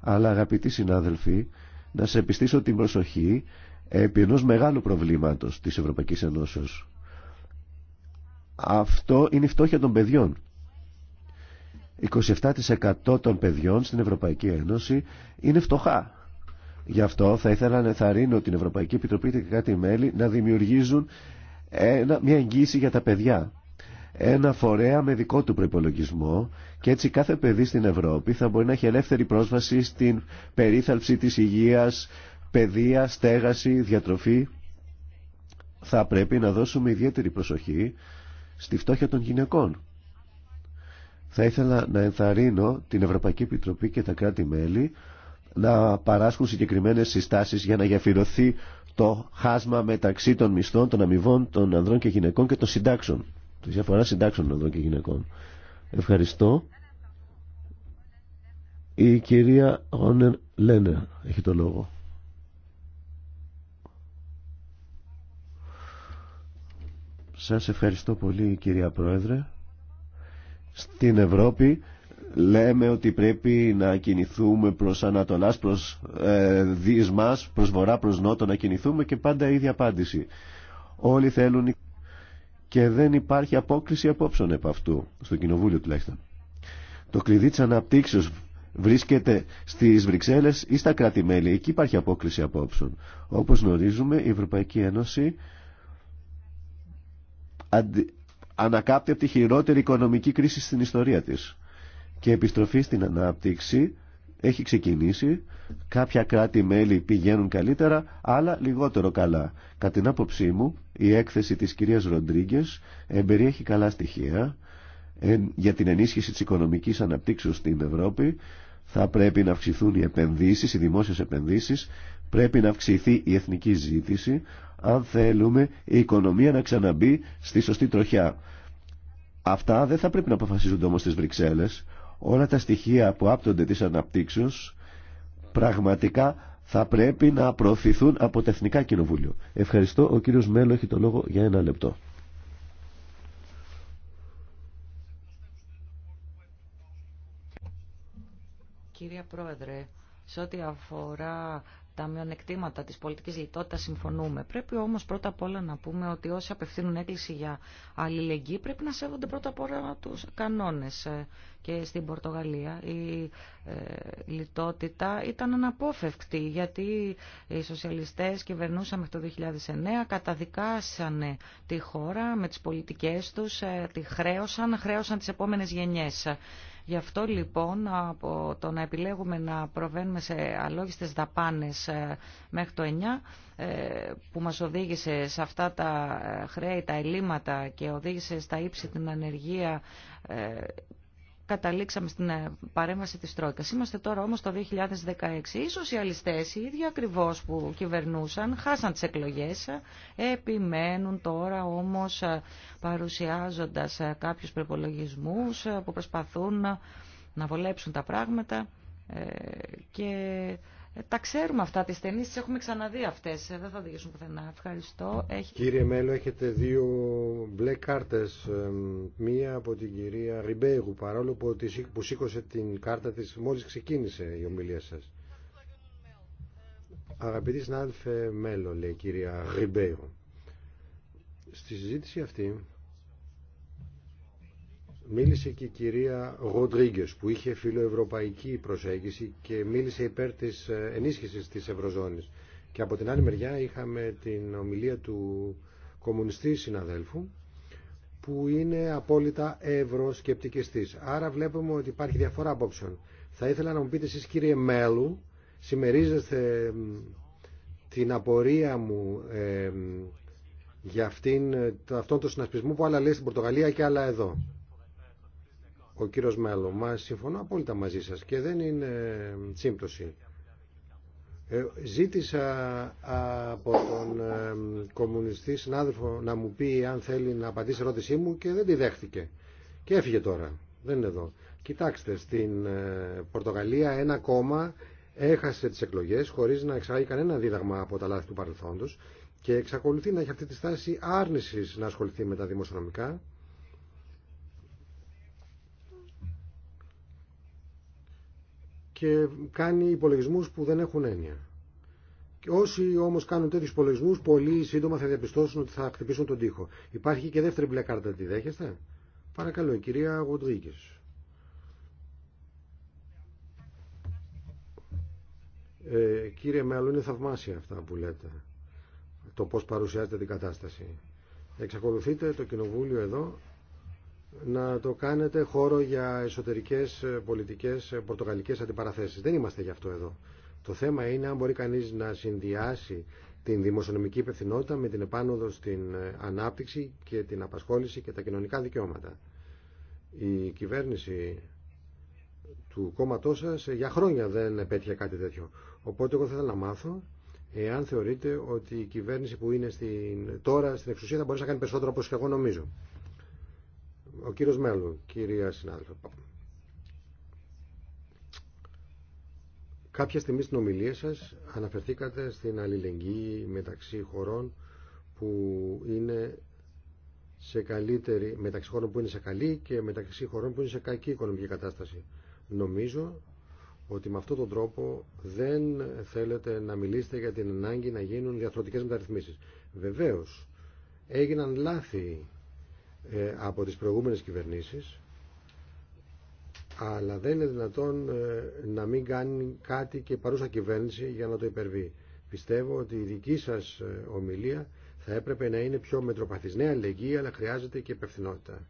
αλλά αγαπητοί συνάδελφοι, να σε επιστήσω την προσοχή επί ενός μεγάλου προβλήματος της Ευρωπαϊκής Ενώσεως. Αυτό είναι η φτώχεια των παιδιών. 27% των παιδιών στην Ευρωπαϊκή Ένωση είναι φτωχά. Γι' αυτό θα ήθελα να εθαρρύνω την Ευρωπαϊκή Επιτροπή και κάτι μέλη να δημιουργήσουν μια εγγύηση για τα παιδιά. Ένα φορέα με δικό του προπολογισμό και έτσι κάθε παιδί στην Ευρώπη θα μπορεί να έχει ελεύθερη πρόσβαση στην περίθαλψη της υγείας, παιδεία, στέγαση, διατροφή. Θα πρέπει να δώσουμε ιδιαίτερη προσοχή στη φτώχεια των γυναικών θα ήθελα να ενθαρρύνω την Ευρωπαϊκή Επιτροπή και τα κράτη-μέλη να παράσχουν συγκεκριμένες συστάσεις για να γεφυρωθεί το χάσμα μεταξύ των μισθών, των αμοιβών των ανδρών και γυναικών και των συντάξεων. Τη διαφορά συντάξεων ανδρών και γυναικών. Ευχαριστώ. Η κυρία Όνερ Λένερ έχει το λόγο. Σας ευχαριστώ πολύ κυρία Πρόεδρε. Στην Ευρώπη λέμε ότι πρέπει να κινηθούμε προς Ανατολάς, προς ε, προς Βορρά, προς Νότο να κινηθούμε και πάντα η ίδια απάντηση. Όλοι θέλουν και δεν υπάρχει απόκριση απόψεων επ' αυτού, στο Κοινοβούλιο τουλάχιστον. Το κλειδί της αναπτύξεως βρίσκεται στις Βρυξέλλες ή στα κράτη-μέλη. Εκεί υπάρχει απόκληση απόψεων. Όπως γνωρίζουμε, η Ευρωπαϊκή Ένωση ανακάπτει από τη χειρότερη οικονομική κρίση στην ιστορία της. Και η επιστροφή στην ανάπτυξη έχει ξεκινήσει. Κάποια κράτη-μέλη πηγαίνουν καλύτερα, άλλα λιγότερο καλά. Κατά την άποψή μου, η έκθεση της κυρίας Ροντρίγκε εμπεριέχει καλά στοιχεία για την ενίσχυση της οικονομικής αναπτύξεως στην Ευρώπη. Θα πρέπει να αυξηθούν οι επενδύσεις, οι δημόσιες επενδύσεις, Πρέπει να αυξηθεί η εθνική ζήτηση αν θέλουμε η οικονομία να ξαναμπεί στη σωστή τροχιά. Αυτά δεν θα πρέπει να αποφασίζονται όμως στις Βρυξέλλες. Όλα τα στοιχεία που άπτονται της αναπτύξεως πραγματικά θα πρέπει να προωθηθούν από το Εθνικά Κοινοβούλιο. Ευχαριστώ. Ο κύριος Μέλο έχει το λόγο για ένα λεπτό. Κύριε Πρόεδρε, σε ό,τι αφορά τα μειονεκτήματα της πολιτικής λιτότητας συμφωνούμε. Πρέπει όμως πρώτα απ' όλα να πούμε ότι όσοι απευθύνουν έκκληση για αλληλεγγύη πρέπει να σέβονται πρώτα απ' όλα τους κανόνες. Ε, και στην Πορτογαλία η ε, λιτότητα ήταν αναπόφευκτη γιατί οι σοσιαλιστές κυβερνούσαν μέχρι το 2009, καταδικάσανε τη χώρα με τις πολιτικές τους, ε, τη χρέωσαν, χρέωσαν τις επόμενες γενιές. Γι' αυτό λοιπόν από το να επιλέγουμε να προβαίνουμε σε αλόγιστες δαπάνες ε, μέχρι το 9 ε, που μας οδήγησε σε αυτά τα ε, χρέη, τα ελλείμματα και οδήγησε στα ύψη την ανεργία καταλήξαμε στην ε, παρέμβαση της Τρόικας. Είμαστε τώρα όμως το 2016. Οι σοσιαλιστές, οι ίδιοι ακριβώς που κυβερνούσαν, χάσαν τις εκλογές, επιμένουν τώρα όμως ε, παρουσιάζοντας ε, κάποιους προπολογισμού που προσπαθούν να βολέψουν τα πράγματα και ε, τα ξέρουμε αυτά τις ταινίες, τις έχουμε ξαναδεί αυτές. Ε, δεν θα οδηγήσουν πουθενά. Ευχαριστώ. Έχει... Κύριε Μέλο, έχετε δύο μπλε κάρτες. Μία από την κυρία Ριμπέγου, παρόλο που, που σήκωσε την κάρτα της μόλις ξεκίνησε η ομιλία σας. Αγαπητή συνάδελφε Μέλο, λέει η κυρία Ριμπέγου. Στη συζήτηση αυτή Μίλησε και η κυρία Ροντρίγκε που είχε φιλοευρωπαϊκή προσέγγιση και μίλησε υπέρ τη ε, ενίσχυση τη Ευρωζώνη. Και από την άλλη μεριά είχαμε την ομιλία του κομμουνιστή συναδέλφου που είναι απόλυτα ευρωσκεπτικιστής. Άρα βλέπουμε ότι υπάρχει διαφορά απόψεων. Θα ήθελα να μου πείτε εσεί κύριε Μέλου, συμμερίζεστε την απορία μου ε, για ε, αυτόν τον συνασπισμό που άλλα λέει στην Πορτογαλία και άλλα εδώ ο κύριος μα συμφωνώ απόλυτα μαζί σας και δεν είναι σύμπτωση. Ε, ζήτησα από τον ε, κομμουνιστή συνάδελφο να μου πει αν θέλει να απαντήσει ερώτησή μου και δεν τη δέχτηκε. Και έφυγε τώρα. Δεν είναι εδώ. Κοιτάξτε, στην ε, Πορτογαλία ένα κόμμα έχασε τις εκλογές χωρίς να εξάγει κανένα δίδαγμα από τα λάθη του παρελθόντος και εξακολουθεί να έχει αυτή τη στάση άρνησης να ασχοληθεί με τα δημοσιονομικά και κάνει υπολογισμού που δεν έχουν έννοια. όσοι όμω κάνουν τέτοιου υπολογισμού, πολύ σύντομα θα διαπιστώσουν ότι θα χτυπήσουν τον τοίχο. Υπάρχει και δεύτερη μπλε κάρτα, τη δέχεστε. Παρακαλώ, η κυρία Γοντρίγκε. Ε, κύριε Μέλλον, είναι θαυμάσια αυτά που λέτε. Το πώς παρουσιάζετε την κατάσταση. Εξακολουθείτε το κοινοβούλιο εδώ να το κάνετε χώρο για εσωτερικές πολιτικές πορτογαλικές αντιπαραθέσεις. Δεν είμαστε γι' αυτό εδώ. Το θέμα είναι αν μπορεί κανείς να συνδυάσει την δημοσιονομική υπευθυνότητα με την επάνωδο στην ανάπτυξη και την απασχόληση και τα κοινωνικά δικαιώματα. Η κυβέρνηση του κόμματό σα για χρόνια δεν επέτυχε κάτι τέτοιο. Οπότε εγώ θα ήθελα να μάθω εάν θεωρείτε ότι η κυβέρνηση που είναι στην, τώρα στην εξουσία θα μπορέσει να κάνει περισσότερο όπως και εγώ νομίζω. Ο κύριος Μέλλον, κυρία συνάδελφα. Κάποια στιγμή στην ομιλία σας αναφερθήκατε στην αλληλεγγύη μεταξύ χωρών που είναι σε καλύτερη, μεταξύ χωρών που είναι σε καλή και μεταξύ χωρών που είναι σε κακή οικονομική κατάσταση. Νομίζω ότι με αυτόν τον τρόπο δεν θέλετε να μιλήσετε για την ανάγκη να γίνουν διαφορετικέ μεταρρυθμίσεις. Βεβαίως, έγιναν λάθη ε, από τις προηγούμενες κυβερνήσεις αλλά δεν είναι δυνατόν ε, να μην κάνει κάτι και παρούσα κυβέρνηση για να το υπερβεί. Πιστεύω ότι η δική σας ε, ομιλία θα έπρεπε να είναι πιο μετροπαθής. Ναι, αλληλεγγύη, αλλά χρειάζεται και υπευθυνότητα.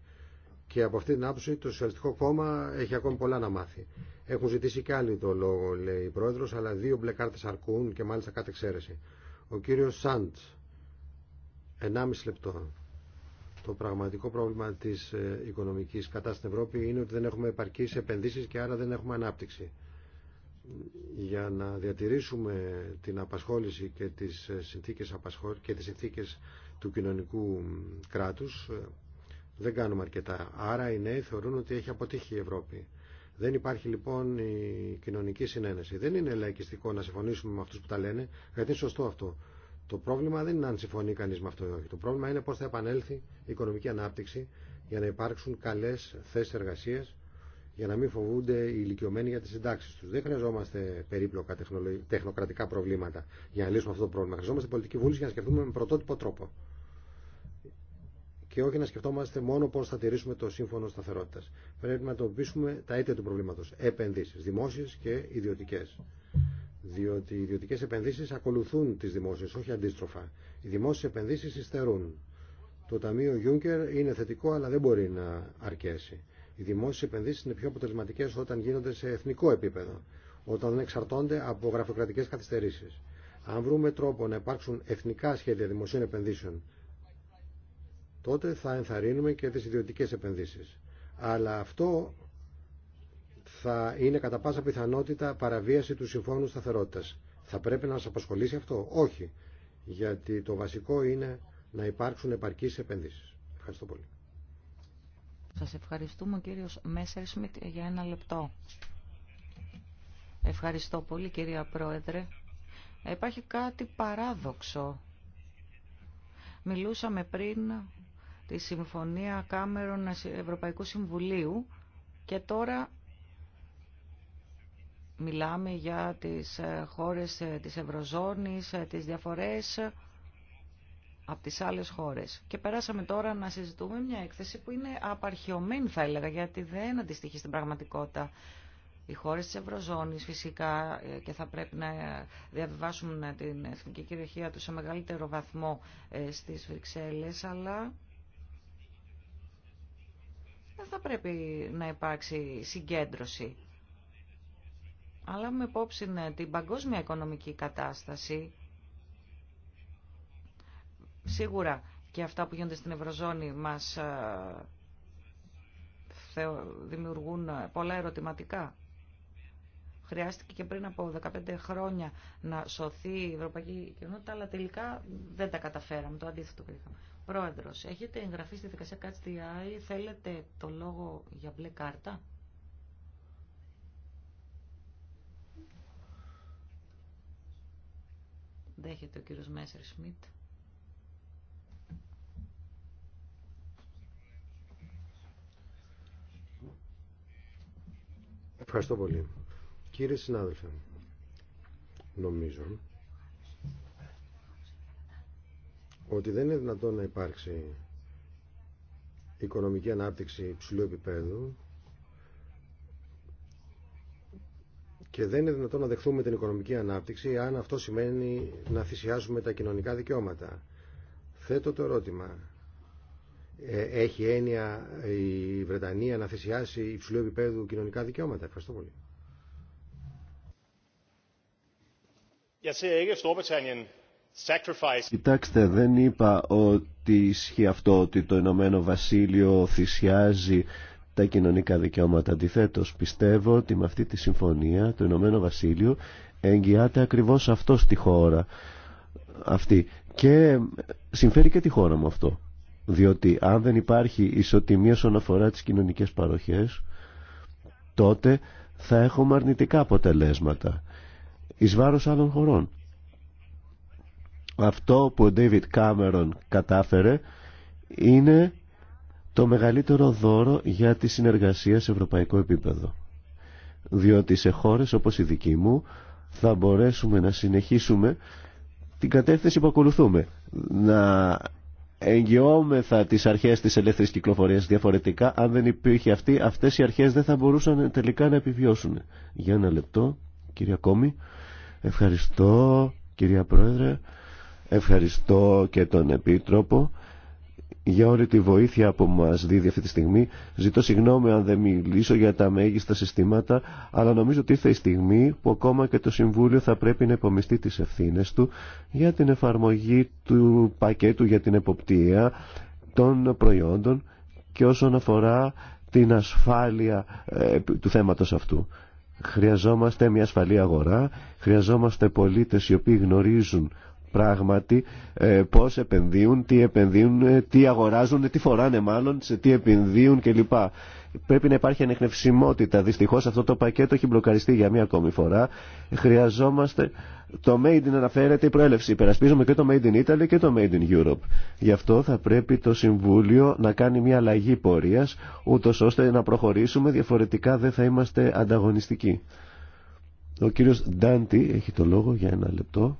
Και από αυτή την άποψη το Σοσιαλιστικό Κόμμα έχει ακόμη πολλά να μάθει. Έχουν ζητήσει και άλλοι το λόγο, λέει η πρόεδρος, αλλά δύο μπλε κάρτες αρκούν και μάλιστα κάθε εξαίρεση. Ο κύριος Σάντ, 1,5 λεπτό. Το πραγματικό πρόβλημα της ε, οικονομική κατάστασης στην Ευρώπη είναι ότι δεν έχουμε επαρκείς επενδύσει και άρα δεν έχουμε ανάπτυξη. Για να διατηρήσουμε την απασχόληση και τι ε, συνθήκε και του κοινωνικού κράτους ε, δεν κάνουμε αρκετά. Άρα οι νέοι θεωρούν ότι έχει αποτύχει η Ευρώπη. Δεν υπάρχει λοιπόν η κοινωνική συνένεση. Δεν είναι λαϊκιστικό να συμφωνήσουμε με αυτού που τα λένε, γιατί είναι σωστό αυτό. Το πρόβλημα δεν είναι αν συμφωνεί κανεί με αυτό ή όχι. Το πρόβλημα είναι πώ θα επανέλθει η οικονομική ανάπτυξη για να υπάρξουν καλέ θέσει εργασία, για να μην φοβούνται οι ηλικιωμένοι για τι συντάξει του. Δεν χρειαζόμαστε περίπλοκα τεχνοκρατικά προβλήματα για να λύσουμε αυτό το πρόβλημα. Χρειαζόμαστε πολιτική βούληση για να σκεφτούμε με πρωτότυπο τρόπο. Και όχι να σκεφτόμαστε μόνο πώ θα τηρήσουμε το σύμφωνο σταθερότητα. Πρέπει να αντιμετωπίσουμε τα αίτια του προβλήματο. Επενδύσει, δημόσιε και ιδιωτικέ διότι οι ιδιωτικές επενδύσεις ακολουθούν τις δημόσιες, όχι αντίστροφα. Οι δημόσιες επενδύσεις υστερούν. Το Ταμείο Juncker είναι θετικό, αλλά δεν μπορεί να αρκέσει. Οι δημόσιες επενδύσεις είναι πιο αποτελεσματικές όταν γίνονται σε εθνικό επίπεδο, όταν δεν εξαρτώνται από γραφειοκρατικές καθυστερήσεις. Αν βρούμε τρόπο να υπάρξουν εθνικά σχέδια δημοσίων επενδύσεων, τότε θα ενθαρρύνουμε και τις ιδιωτικές επενδύσεις. Αλλά αυτό θα είναι κατά πάσα πιθανότητα παραβίαση του Συμφώνου σταθερότητα. Θα πρέπει να σα απασχολήσει αυτό. Όχι. Γιατί το βασικό είναι να υπάρξουν επαρκείς επενδύσει. Ευχαριστώ πολύ. Σας ευχαριστούμε κύριος για ένα λεπτό. Ευχαριστώ πολύ κυρία Πρόεδρε. Υπάρχει κάτι παράδοξο. Μιλούσαμε πριν τη Συμφωνία Κάμερον Ευρωπαϊκού Συμβουλίου και τώρα Μιλάμε για τις ε, χώρες ε, της Ευρωζώνης, ε, τις διαφορές από τις άλλες χώρες. Και περάσαμε τώρα να συζητούμε μια έκθεση που είναι απαρχιωμένη θα έλεγα, γιατί δεν αντιστοιχεί στην πραγματικότητα. Οι χώρες της Ευρωζώνης φυσικά και θα πρέπει να διαβιβάσουν την εθνική κυριαρχία του σε μεγαλύτερο βαθμό στις Βρυξέλλες, αλλά δεν θα πρέπει να υπάρξει συγκέντρωση αλλά με υπόψη ναι, την παγκόσμια οικονομική κατάσταση, σίγουρα και αυτά που γίνονται στην Ευρωζώνη μας ε, δημιουργούν πολλά ερωτηματικά. Χρειάστηκε και πριν από 15 χρόνια να σωθεί η Ευρωπαϊκή Κοινότητα, αλλά τελικά δεν τα καταφέραμε, το αντίθετο είχαμε. Πρόεδρος, έχετε εγγραφεί στη δικασία ΚΑΤΣΤΙΑΗ, θέλετε το λόγο για μπλε κάρτα. Δέχεται ο κύριος Μέσερ Σμιτ. Ευχαριστώ πολύ. Κύριε συνάδελφε, νομίζω ότι δεν είναι δυνατόν να υπάρξει οικονομική ανάπτυξη υψηλού επίπεδου Και δεν είναι δυνατόν να δεχθούμε την οικονομική ανάπτυξη αν αυτό σημαίνει να θυσιάσουμε τα κοινωνικά δικαιώματα. Θέτω το ερώτημα. Ε, έχει έννοια η Βρετανία να θυσιάσει υψηλού επίπεδου κοινωνικά δικαιώματα. Ευχαριστώ πολύ. Κοιτάξτε, δεν είπα ότι ισχύει αυτό ότι το Ηνωμένο Βασίλειο θυσιάζει τα κοινωνικά δικαιώματα. Αντιθέτω, πιστεύω ότι με αυτή τη συμφωνία το Ηνωμένο Βασίλειο εγγυάται ακριβώς αυτό στη χώρα αυτή. Και συμφέρει και τη χώρα μου αυτό. Διότι αν δεν υπάρχει ισοτιμία όσον αφορά τι κοινωνικέ παροχές, τότε θα έχουμε αρνητικά αποτελέσματα εις βάρος άλλων χωρών. Αυτό που ο Ντέιβιτ Κάμερον κατάφερε είναι το μεγαλύτερο δώρο για τη συνεργασία σε ευρωπαϊκό επίπεδο. Διότι σε χώρες όπως η δική μου θα μπορέσουμε να συνεχίσουμε την κατεύθυνση που ακολουθούμε. Να εγγυόμεθα τις αρχές της ελεύθερης κυκλοφορίας διαφορετικά. Αν δεν υπήρχε αυτή, αυτές οι αρχές δεν θα μπορούσαν τελικά να επιβιώσουν. Για ένα λεπτό, κυρία Κόμη. Ευχαριστώ, κυρία Πρόεδρε. Ευχαριστώ και τον Επίτροπο για όλη τη βοήθεια που μας δίδει αυτή τη στιγμή. Ζητώ συγγνώμη αν δεν μιλήσω για τα μέγιστα συστήματα, αλλά νομίζω ότι ήρθε η στιγμή που ακόμα και το Συμβούλιο θα πρέπει να υπομειστεί τις ευθύνες του για την εφαρμογή του πακέτου για την εποπτεία των προϊόντων και όσον αφορά την ασφάλεια ε, του θέματος αυτού. Χρειαζόμαστε μια ασφαλή αγορά, χρειαζόμαστε πολίτες οι οποίοι γνωρίζουν πράγματι ε, πώς επενδύουν, τι επενδύουν, ε, τι αγοράζουν, ε, τι φοράνε μάλλον, σε τι επενδύουν κλπ. Πρέπει να υπάρχει ανεχνευσιμότητα. Δυστυχώς αυτό το πακέτο έχει μπλοκαριστεί για μία ακόμη φορά. Χρειαζόμαστε το Made in αναφέρεται η προέλευση. Υπερασπίζουμε και το Made in Italy και το Made in Europe. Γι' αυτό θα πρέπει το Συμβούλιο να κάνει μια αλλαγή πορείας, ούτως ώστε να προχωρήσουμε, διαφορετικά δεν θα είμαστε ανταγωνιστικοί. Ο κύριος Ντάντι έχει το λόγο για ένα λεπτό.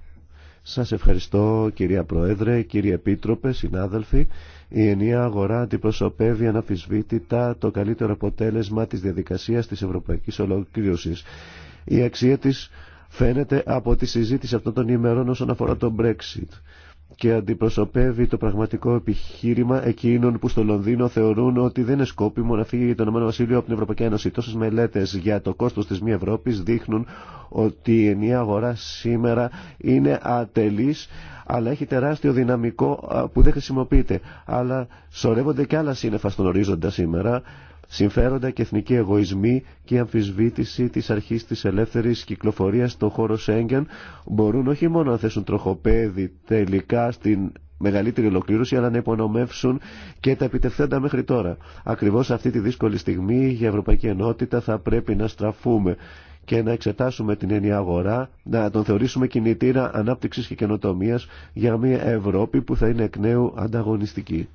Σας ευχαριστώ κυρία Προέδρε, κύριε Επίτροπε, συνάδελφοι. Η ενιαία αγορά αντιπροσωπεύει αναφυσβήτητα το καλύτερο αποτέλεσμα της διαδικασίας της ευρωπαϊκής ολοκλήρωσης. Η αξία της φαίνεται από τη συζήτηση αυτών των ημερών όσον αφορά τον Brexit και αντιπροσωπεύει το πραγματικό επιχείρημα εκείνων που στο Λονδίνο θεωρούν ότι δεν είναι σκόπιμο να φύγει το ΕΒ από την Ευρωπαϊκή Ένωση. Τόσε μελέτε για το κόστο τη μη Ευρώπη δείχνουν ότι η ενιαία αγορά σήμερα είναι ατελή, αλλά έχει τεράστιο δυναμικό που δεν χρησιμοποιείται. Αλλά σωρεύονται και άλλα σύννεφα στον ορίζοντα σήμερα συμφέροντα και εθνικοί εγωισμοί και η αμφισβήτηση της αρχής της ελεύθερης κυκλοφορίας στον χώρο Σέγγεν μπορούν όχι μόνο να θέσουν τροχοπέδι τελικά στην μεγαλύτερη ολοκλήρωση αλλά να υπονομεύσουν και τα επιτευθέντα μέχρι τώρα. Ακριβώς αυτή τη δύσκολη στιγμή για Ευρωπαϊκή Ενότητα θα πρέπει να στραφούμε και να εξετάσουμε την έννοια αγορά, να τον θεωρήσουμε κινητήρα ανάπτυξης και καινοτομίας για μια Ευρώπη που θα είναι εκ νέου ανταγωνιστική.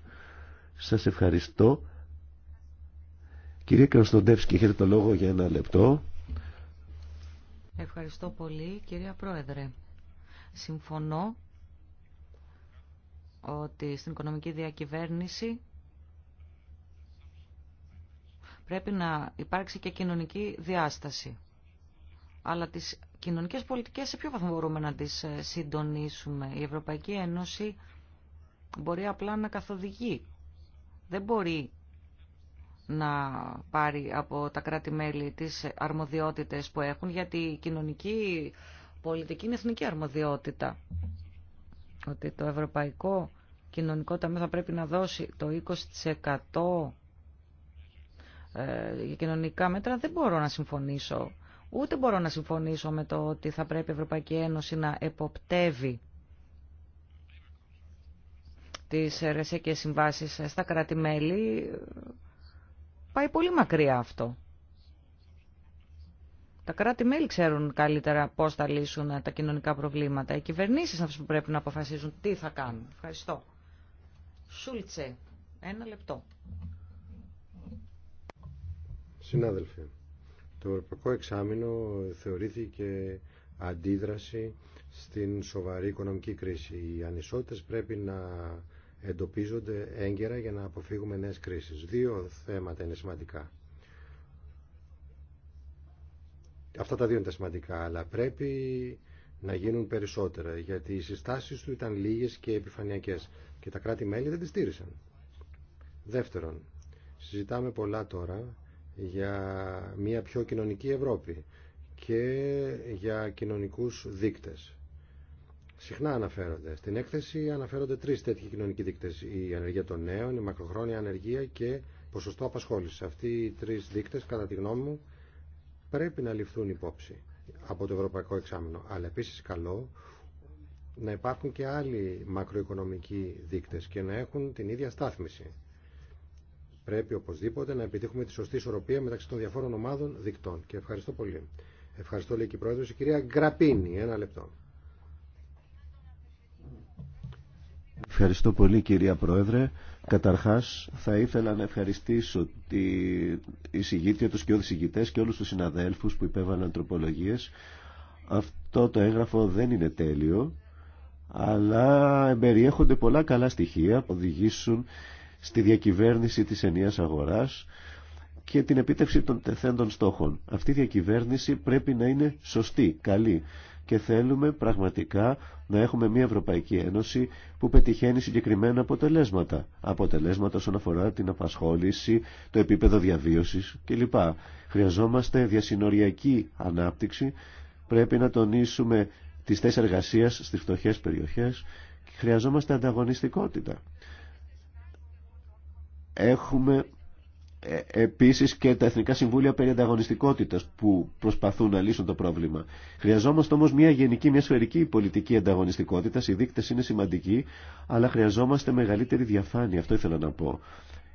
Σας ευχαριστώ. Κύριε Κραστοντεύσκη, έχετε το λόγο για ένα λεπτό. Ευχαριστώ πολύ, κυρία Πρόεδρε. Συμφωνώ ότι στην οικονομική διακυβέρνηση πρέπει να υπάρξει και κοινωνική διάσταση. Αλλά τις κοινωνικές πολιτικές σε ποιο βαθμό μπορούμε να τις ε, συντονίσουμε. Η Ευρωπαϊκή Ένωση μπορεί απλά να καθοδηγεί. Δεν μπορεί να πάρει από τα κράτη-μέλη τις αρμοδιότητες που έχουν, γιατί η κοινωνική πολιτική είναι εθνική αρμοδιότητα. Ότι το Ευρωπαϊκό Κοινωνικό Ταμείο θα πρέπει να δώσει το 20% ε, για κοινωνικά μέτρα, δεν μπορώ να συμφωνήσω. Ούτε μπορώ να συμφωνήσω με το ότι θα πρέπει η Ευρωπαϊκή Ένωση να εποπτεύει τις και συμβάσεις στα κράτη-μέλη Πάει πολύ μακριά αυτό. Τα κράτη-μέλη ξέρουν καλύτερα πώ θα λύσουν τα κοινωνικά προβλήματα. Οι κυβερνήσει αυτέ που πρέπει να αποφασίζουν τι θα κάνουν. Ευχαριστώ. Σούλτσε, ένα λεπτό. Συνάδελφοι, το Ευρωπαϊκό Εξάμεινο θεωρήθηκε αντίδραση στην σοβαρή οικονομική κρίση. Οι ανισότητες πρέπει να εντοπίζονται έγκαιρα για να αποφύγουμε νέες κρίσεις. Δύο θέματα είναι σημαντικά. Αυτά τα δύο είναι τα σημαντικά, αλλά πρέπει να γίνουν περισσότερα, γιατί οι συστάσεις του ήταν λίγες και επιφανειακές και τα κράτη-μέλη δεν τις στήρισαν. Δεύτερον, συζητάμε πολλά τώρα για μια πιο κοινωνική Ευρώπη και για κοινωνικούς δείκτες συχνά αναφέρονται. Στην έκθεση αναφέρονται τρει τέτοιοι κοινωνικοί δείκτε. Η ανεργία των νέων, η μακροχρόνια ανεργία και ποσοστό απασχόληση. Αυτοί οι τρει δείκτε, κατά τη γνώμη μου, πρέπει να ληφθούν υπόψη από το Ευρωπαϊκό Εξάμεινο. Αλλά επίση καλό να υπάρχουν και άλλοι μακροοικονομικοί δείκτε και να έχουν την ίδια στάθμιση. Πρέπει οπωσδήποτε να επιτύχουμε τη σωστή ισορροπία μεταξύ των διαφόρων ομάδων δικτών. Και ευχαριστώ πολύ. Ευχαριστώ, λέει και η Η κυρία Γκραπίνη, ένα λεπτό. Ευχαριστώ πολύ κυρία Πρόεδρε. Καταρχάς θα ήθελα να ευχαριστήσω τη εισηγήτρια, τους και οδησηγητές και όλους τους συναδέλφους που υπέβαλαν ανθρωπολογίες, Αυτό το έγγραφο δεν είναι τέλειο, αλλά εμπεριέχονται πολλά καλά στοιχεία που οδηγήσουν στη διακυβέρνηση της ενίας αγοράς και την επίτευξη των τεθέντων στόχων. Αυτή η διακυβέρνηση πρέπει να είναι σωστή, καλή και θέλουμε πραγματικά να έχουμε μια Ευρωπαϊκή Ένωση που πετυχαίνει συγκεκριμένα αποτελέσματα. Αποτελέσματα όσον αφορά την απασχόληση, το επίπεδο διαβίωσης κλπ. Χρειαζόμαστε διασυνοριακή ανάπτυξη, πρέπει να τονίσουμε τις θέσεις εργασίας στις φτωχές περιοχές χρειαζόμαστε ανταγωνιστικότητα. Έχουμε ε, επίσης και τα Εθνικά Συμβούλια περί ανταγωνιστικότητας που προσπαθούν να λύσουν το πρόβλημα. Χρειαζόμαστε όμως μια γενική, μια σφαιρική πολιτική ανταγωνιστικότητας, οι δείκτες είναι σημαντικοί, αλλά χρειαζόμαστε μεγαλύτερη διαφάνεια, αυτό ήθελα να πω.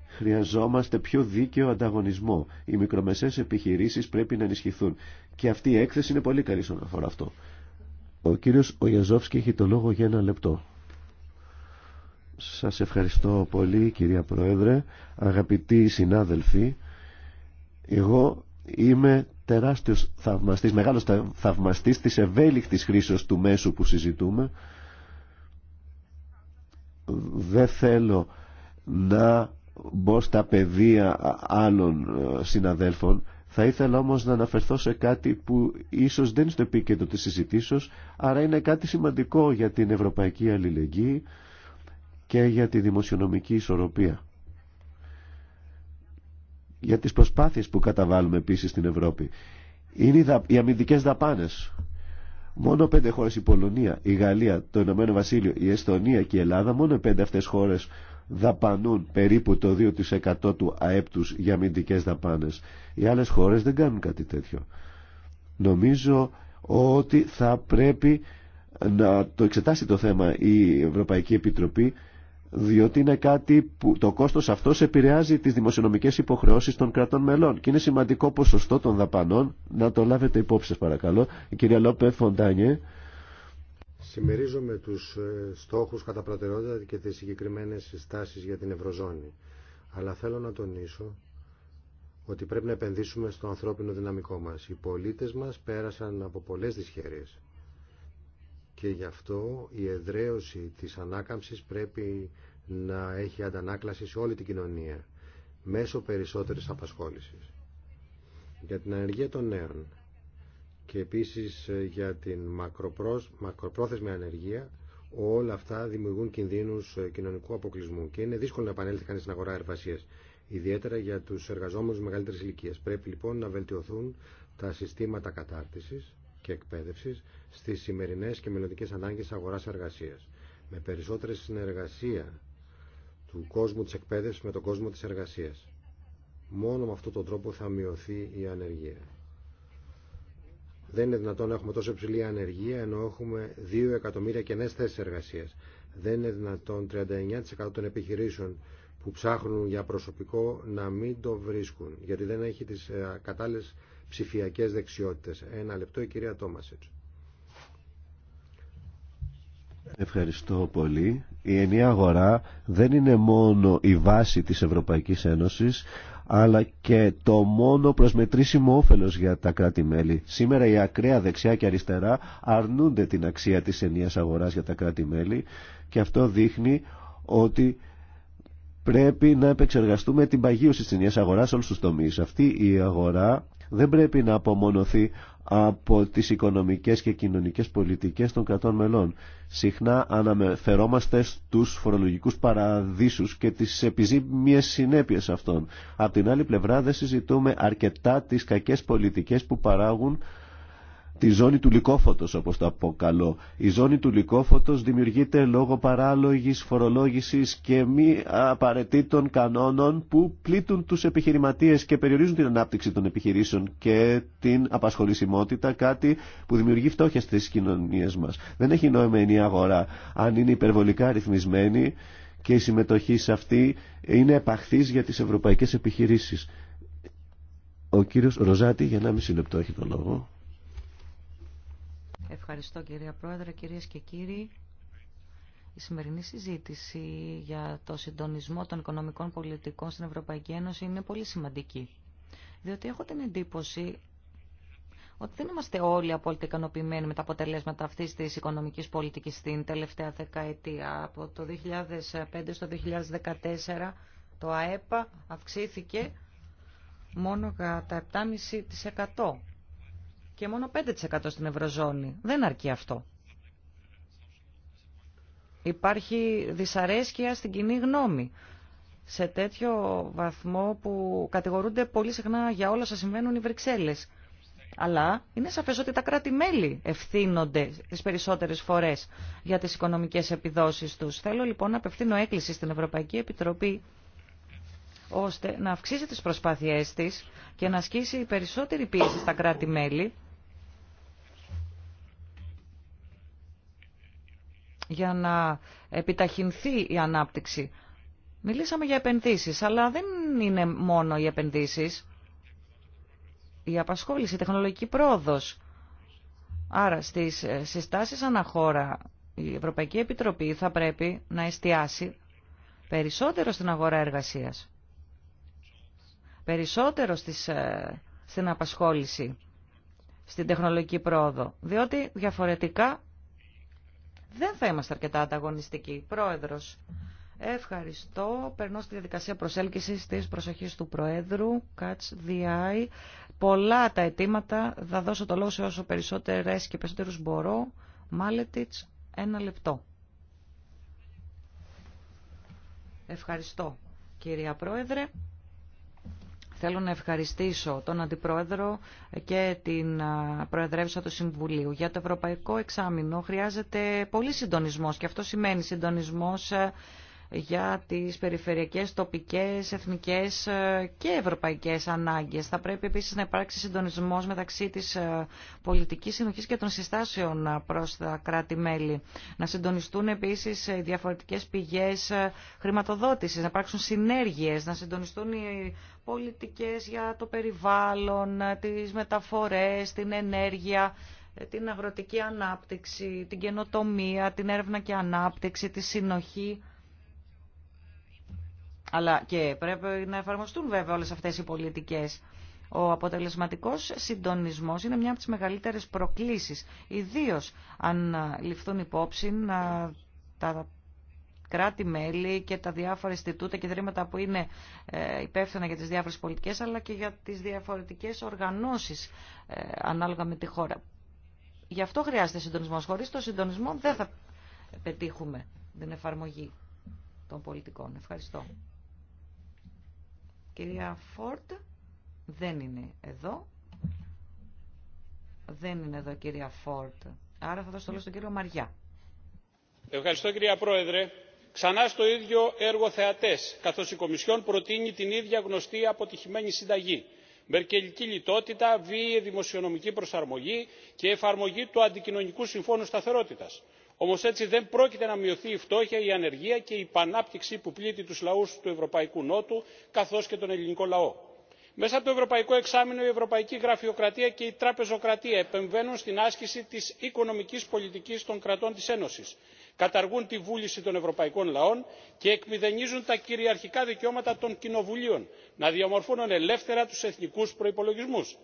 Χρειαζόμαστε πιο δίκαιο ανταγωνισμό. Οι μικρομεσαίες επιχειρήσεις πρέπει να ενισχυθούν. Και αυτή η έκθεση είναι πολύ καλή στον αφορά αυτό. Ο κύριος Ογιαζόφσκι έχει το λόγο για ένα λεπτό. Σας ευχαριστώ πολύ κυρία Πρόεδρε, αγαπητοί συνάδελφοι. Εγώ είμαι τεράστιος θαυμαστής, μεγάλος θαυμαστής της ευέλικτης χρήσεως του μέσου που συζητούμε. Δεν θέλω να μπω στα πεδία άλλων ε, συναδέλφων. Θα ήθελα όμως να αναφερθώ σε κάτι που ίσως δεν είναι στο επίκεντρο της συζητήσεως, άρα είναι κάτι σημαντικό για την ευρωπαϊκή αλληλεγγύη και για τη δημοσιονομική ισορροπία. Για τις προσπάθειες που καταβάλουμε επίσης στην Ευρώπη. Είναι οι αμυντικές δαπάνες. Μόνο πέντε χώρες, η Πολωνία, η Γαλλία, το Ηνωμένο Βασίλειο, η Εστονία και η Ελλάδα, μόνο πέντε αυτές χώρες δαπανούν περίπου το 2% του ΑΕΠ τους για αμυντικές δαπάνες. Οι άλλες χώρες δεν κάνουν κάτι τέτοιο. Νομίζω ότι θα πρέπει να το εξετάσει το θέμα η Ευρωπαϊκή Επιτροπή διότι είναι κάτι που το κόστος αυτός επηρεάζει τις δημοσιονομικές υποχρεώσεις των κρατών μελών και είναι σημαντικό ποσοστό των δαπανών να το λάβετε υπόψη σας παρακαλώ. Η κυρία Λόπε Φοντάνιε. Συμμερίζομαι τους ε, στόχους κατά προτεραιότητα και τις συγκεκριμένες συστάσεις για την Ευρωζώνη. Αλλά θέλω να τονίσω ότι πρέπει να επενδύσουμε στο ανθρώπινο δυναμικό μας. Οι πολίτες μας πέρασαν από πολλές δυσχέρειες και γι' αυτό η εδραίωση της ανάκαμψης πρέπει να έχει αντανάκλαση σε όλη την κοινωνία μέσω περισσότερης απασχόλησης. Για την ανεργία των νέων και επίσης ε, για την μακροπρόθεσμη ανεργία όλα αυτά δημιουργούν κινδύνους ε, κοινωνικού αποκλεισμού και είναι δύσκολο να επανέλθει κανείς στην αγορά εργασίας ιδιαίτερα για τους εργαζόμενους μεγαλύτερης ηλικίας. Πρέπει λοιπόν να βελτιωθούν τα συστήματα κατάρτισης και εκπαίδευση στις σημερινέ και μελλοντικέ ανάγκες αγοράς εργασία, Με περισσότερη συνεργασία του κόσμου της εκπαίδευση με τον κόσμο της εργασία. Μόνο με αυτόν τον τρόπο θα μειωθεί η ανεργία. Δεν είναι δυνατόν να έχουμε τόσο υψηλή ανεργία ενώ έχουμε 2 εκατομμύρια κενέ θέσει εργασία. Δεν είναι δυνατόν 39% των επιχειρήσεων που ψάχνουν για προσωπικό να μην το βρίσκουν γιατί δεν έχει τις ε, κατάλληλες ψηφιακές δεξιότητες. Ένα λεπτό η κυρία Τόμασιτς. Ευχαριστώ πολύ. Η ενιαία αγορά δεν είναι μόνο η βάση της Ευρωπαϊκής Ένωσης, αλλά και το μόνο προσμετρήσιμο όφελος για τα κράτη-μέλη. Σήμερα η ακραία δεξιά και αριστερά αρνούνται την αξία της ενιαίας αγοράς για τα κράτη-μέλη και αυτό δείχνει ότι πρέπει να επεξεργαστούμε την παγίωση της ενιαίας αγοράς σε όλους τους τομείς. Αυτή η αγορά δεν πρέπει να απομονωθεί από τις οικονομικές και κοινωνικές πολιτικές των κρατών μελών. Συχνά αναφερόμαστε στους φορολογικούς παραδείσους και τις επιζήμιες συνέπειες αυτών. Απ' την άλλη πλευρά δεν συζητούμε αρκετά τις κακές πολιτικές που παράγουν τη ζώνη του λικόφωτος όπως το αποκαλώ. Η ζώνη του λικόφωτος δημιουργείται λόγω παράλογης φορολόγησης και μη απαραίτητων κανόνων που πλήττουν τους επιχειρηματίες και περιορίζουν την ανάπτυξη των επιχειρήσεων και την απασχολησιμότητα, κάτι που δημιουργεί φτώχεια στις κοινωνίες μας. Δεν έχει νόημα η αγορά αν είναι υπερβολικά αριθμισμένη και η συμμετοχή σε αυτή είναι επαχθής για τις ευρωπαϊκές επιχειρήσεις. Ο κύριος Ροζάτη για 1,5 λεπτό έχει το λόγο. Ευχαριστώ κυρία Πρόεδρε, κυρίες και κύριοι. Η σημερινή συζήτηση για το συντονισμό των οικονομικών πολιτικών στην Ευρωπαϊκή Ένωση είναι πολύ σημαντική. Διότι έχω την εντύπωση ότι δεν είμαστε όλοι απόλυτα ικανοποιημένοι με τα αποτελέσματα αυτή τη οικονομική πολιτική στην τελευταία δεκαετία. Από το 2005 στο 2014 το ΑΕΠΑ αυξήθηκε μόνο κατά 7,5% και μόνο 5% στην Ευρωζώνη. Δεν αρκεί αυτό. Υπάρχει δυσαρέσκεια στην κοινή γνώμη σε τέτοιο βαθμό που κατηγορούνται πολύ συχνά για όλα όσα συμβαίνουν οι Βρυξέλλες. Αλλά είναι σαφές ότι τα κράτη-μέλη ευθύνονται τις περισσότερες φορές για τις οικονομικές επιδόσεις τους. Θέλω λοιπόν να απευθύνω έκκληση στην Ευρωπαϊκή Επιτροπή ώστε να αυξήσει τις προσπάθειές της και να ασκήσει περισσότερη πίεση στα κράτη-μέλη για να επιταχυνθεί η ανάπτυξη. Μιλήσαμε για επενδύσεις, αλλά δεν είναι μόνο οι επενδύσεις. Η απασχόληση, η τεχνολογική πρόοδος. Άρα στις συστάσεις αναχώρα η Ευρωπαϊκή Επιτροπή θα πρέπει να εστιάσει περισσότερο στην αγορά εργασίας. Περισσότερο στις, ε, στην απασχόληση, στην τεχνολογική πρόοδο. Διότι διαφορετικά δεν θα είμαστε αρκετά ανταγωνιστικοί. Πρόεδρος, ευχαριστώ. Περνώ στη διαδικασία προσέλκυσης της προσοχής του Προέδρου, Catch the Πολλά τα αιτήματα, θα δώσω το λόγο σε όσο περισσότερες και περισσότερους μπορώ. Μάλετιτς, ένα λεπτό. Ευχαριστώ, κυρία Πρόεδρε. Θέλω να ευχαριστήσω τον Αντιπρόεδρο και την Προεδρεύουσα του Συμβουλίου. Για το Ευρωπαϊκό Εξάμεινο χρειάζεται πολύ συντονισμός και αυτό σημαίνει συντονισμός ε, για τις περιφερειακές, τοπικές, εθνικές ε, και ευρωπαϊκές ανάγκες. Θα πρέπει επίσης να υπάρξει συντονισμός μεταξύ της ε, πολιτικής συνοχής και των συστάσεων ε, προς τα κράτη-μέλη. Να συντονιστούν επίσης οι διαφορετικές πηγές χρηματοδότησης, να υπάρξουν συνέργειες, να συντονιστούν οι πολιτικές για το περιβάλλον, τις μεταφορές, την ενέργεια, την αγροτική ανάπτυξη, την καινοτομία, την έρευνα και ανάπτυξη, τη συνοχή. Αλλά και πρέπει να εφαρμοστούν βέβαια όλες αυτές οι πολιτικές. Ο αποτελεσματικός συντονισμός είναι μια από τις μεγαλύτερες προκλήσεις, ιδίως αν ληφθούν υπόψη να τα κράτη-μέλη και τα διάφορα αισθητούτα και ιδρύματα που είναι ε, υπεύθυνα για τις διάφορες πολιτικές αλλά και για τις διαφορετικές οργανώσεις ε, ανάλογα με τη χώρα. Γι' αυτό χρειάζεται συντονισμός. Χωρίς το συντονισμό δεν θα πετύχουμε την εφαρμογή των πολιτικών. Ευχαριστώ. Κυρία Φόρτ δεν είναι εδώ. Δεν είναι εδώ κυρία Φόρτ. Άρα θα δώσω το λόγο στον κύριο Μαριά. Ευχαριστώ κυρία Πρόεδρε. Ξανά στο ίδιο έργο θεατές, καθώς η Κομισιόν προτείνει την ίδια γνωστή αποτυχημένη συνταγή. Μερκελική λιτότητα, βίαιη δημοσιονομική προσαρμογή και εφαρμογή του αντικοινωνικού συμφώνου σταθερότητα όμως έτσι δεν πρόκειται να μειωθεί η φτώχεια η ανεργία και η πανάπτυξη που πλήττει τους λαούς του ευρωπαϊκού νότου καθώς και τον ελληνικό λαό. μέσα από το ευρωπαϊκό εξάμεινο η ευρωπαϊκή γραφειοκρατία και η τραπεζοκρατία επεμβαίνουν στην άσκηση της οικονομικής πολιτικής των κρατών της ένωσης καταργούν τη βούληση των ευρωπαϊκών λαών και εκμηδενίζουν τα κυριαρχικά δικαιώματα των κοινοβουλίων να διαμορφώνουν ελεύθερα τους εθνικούς προϋπολογισμούς.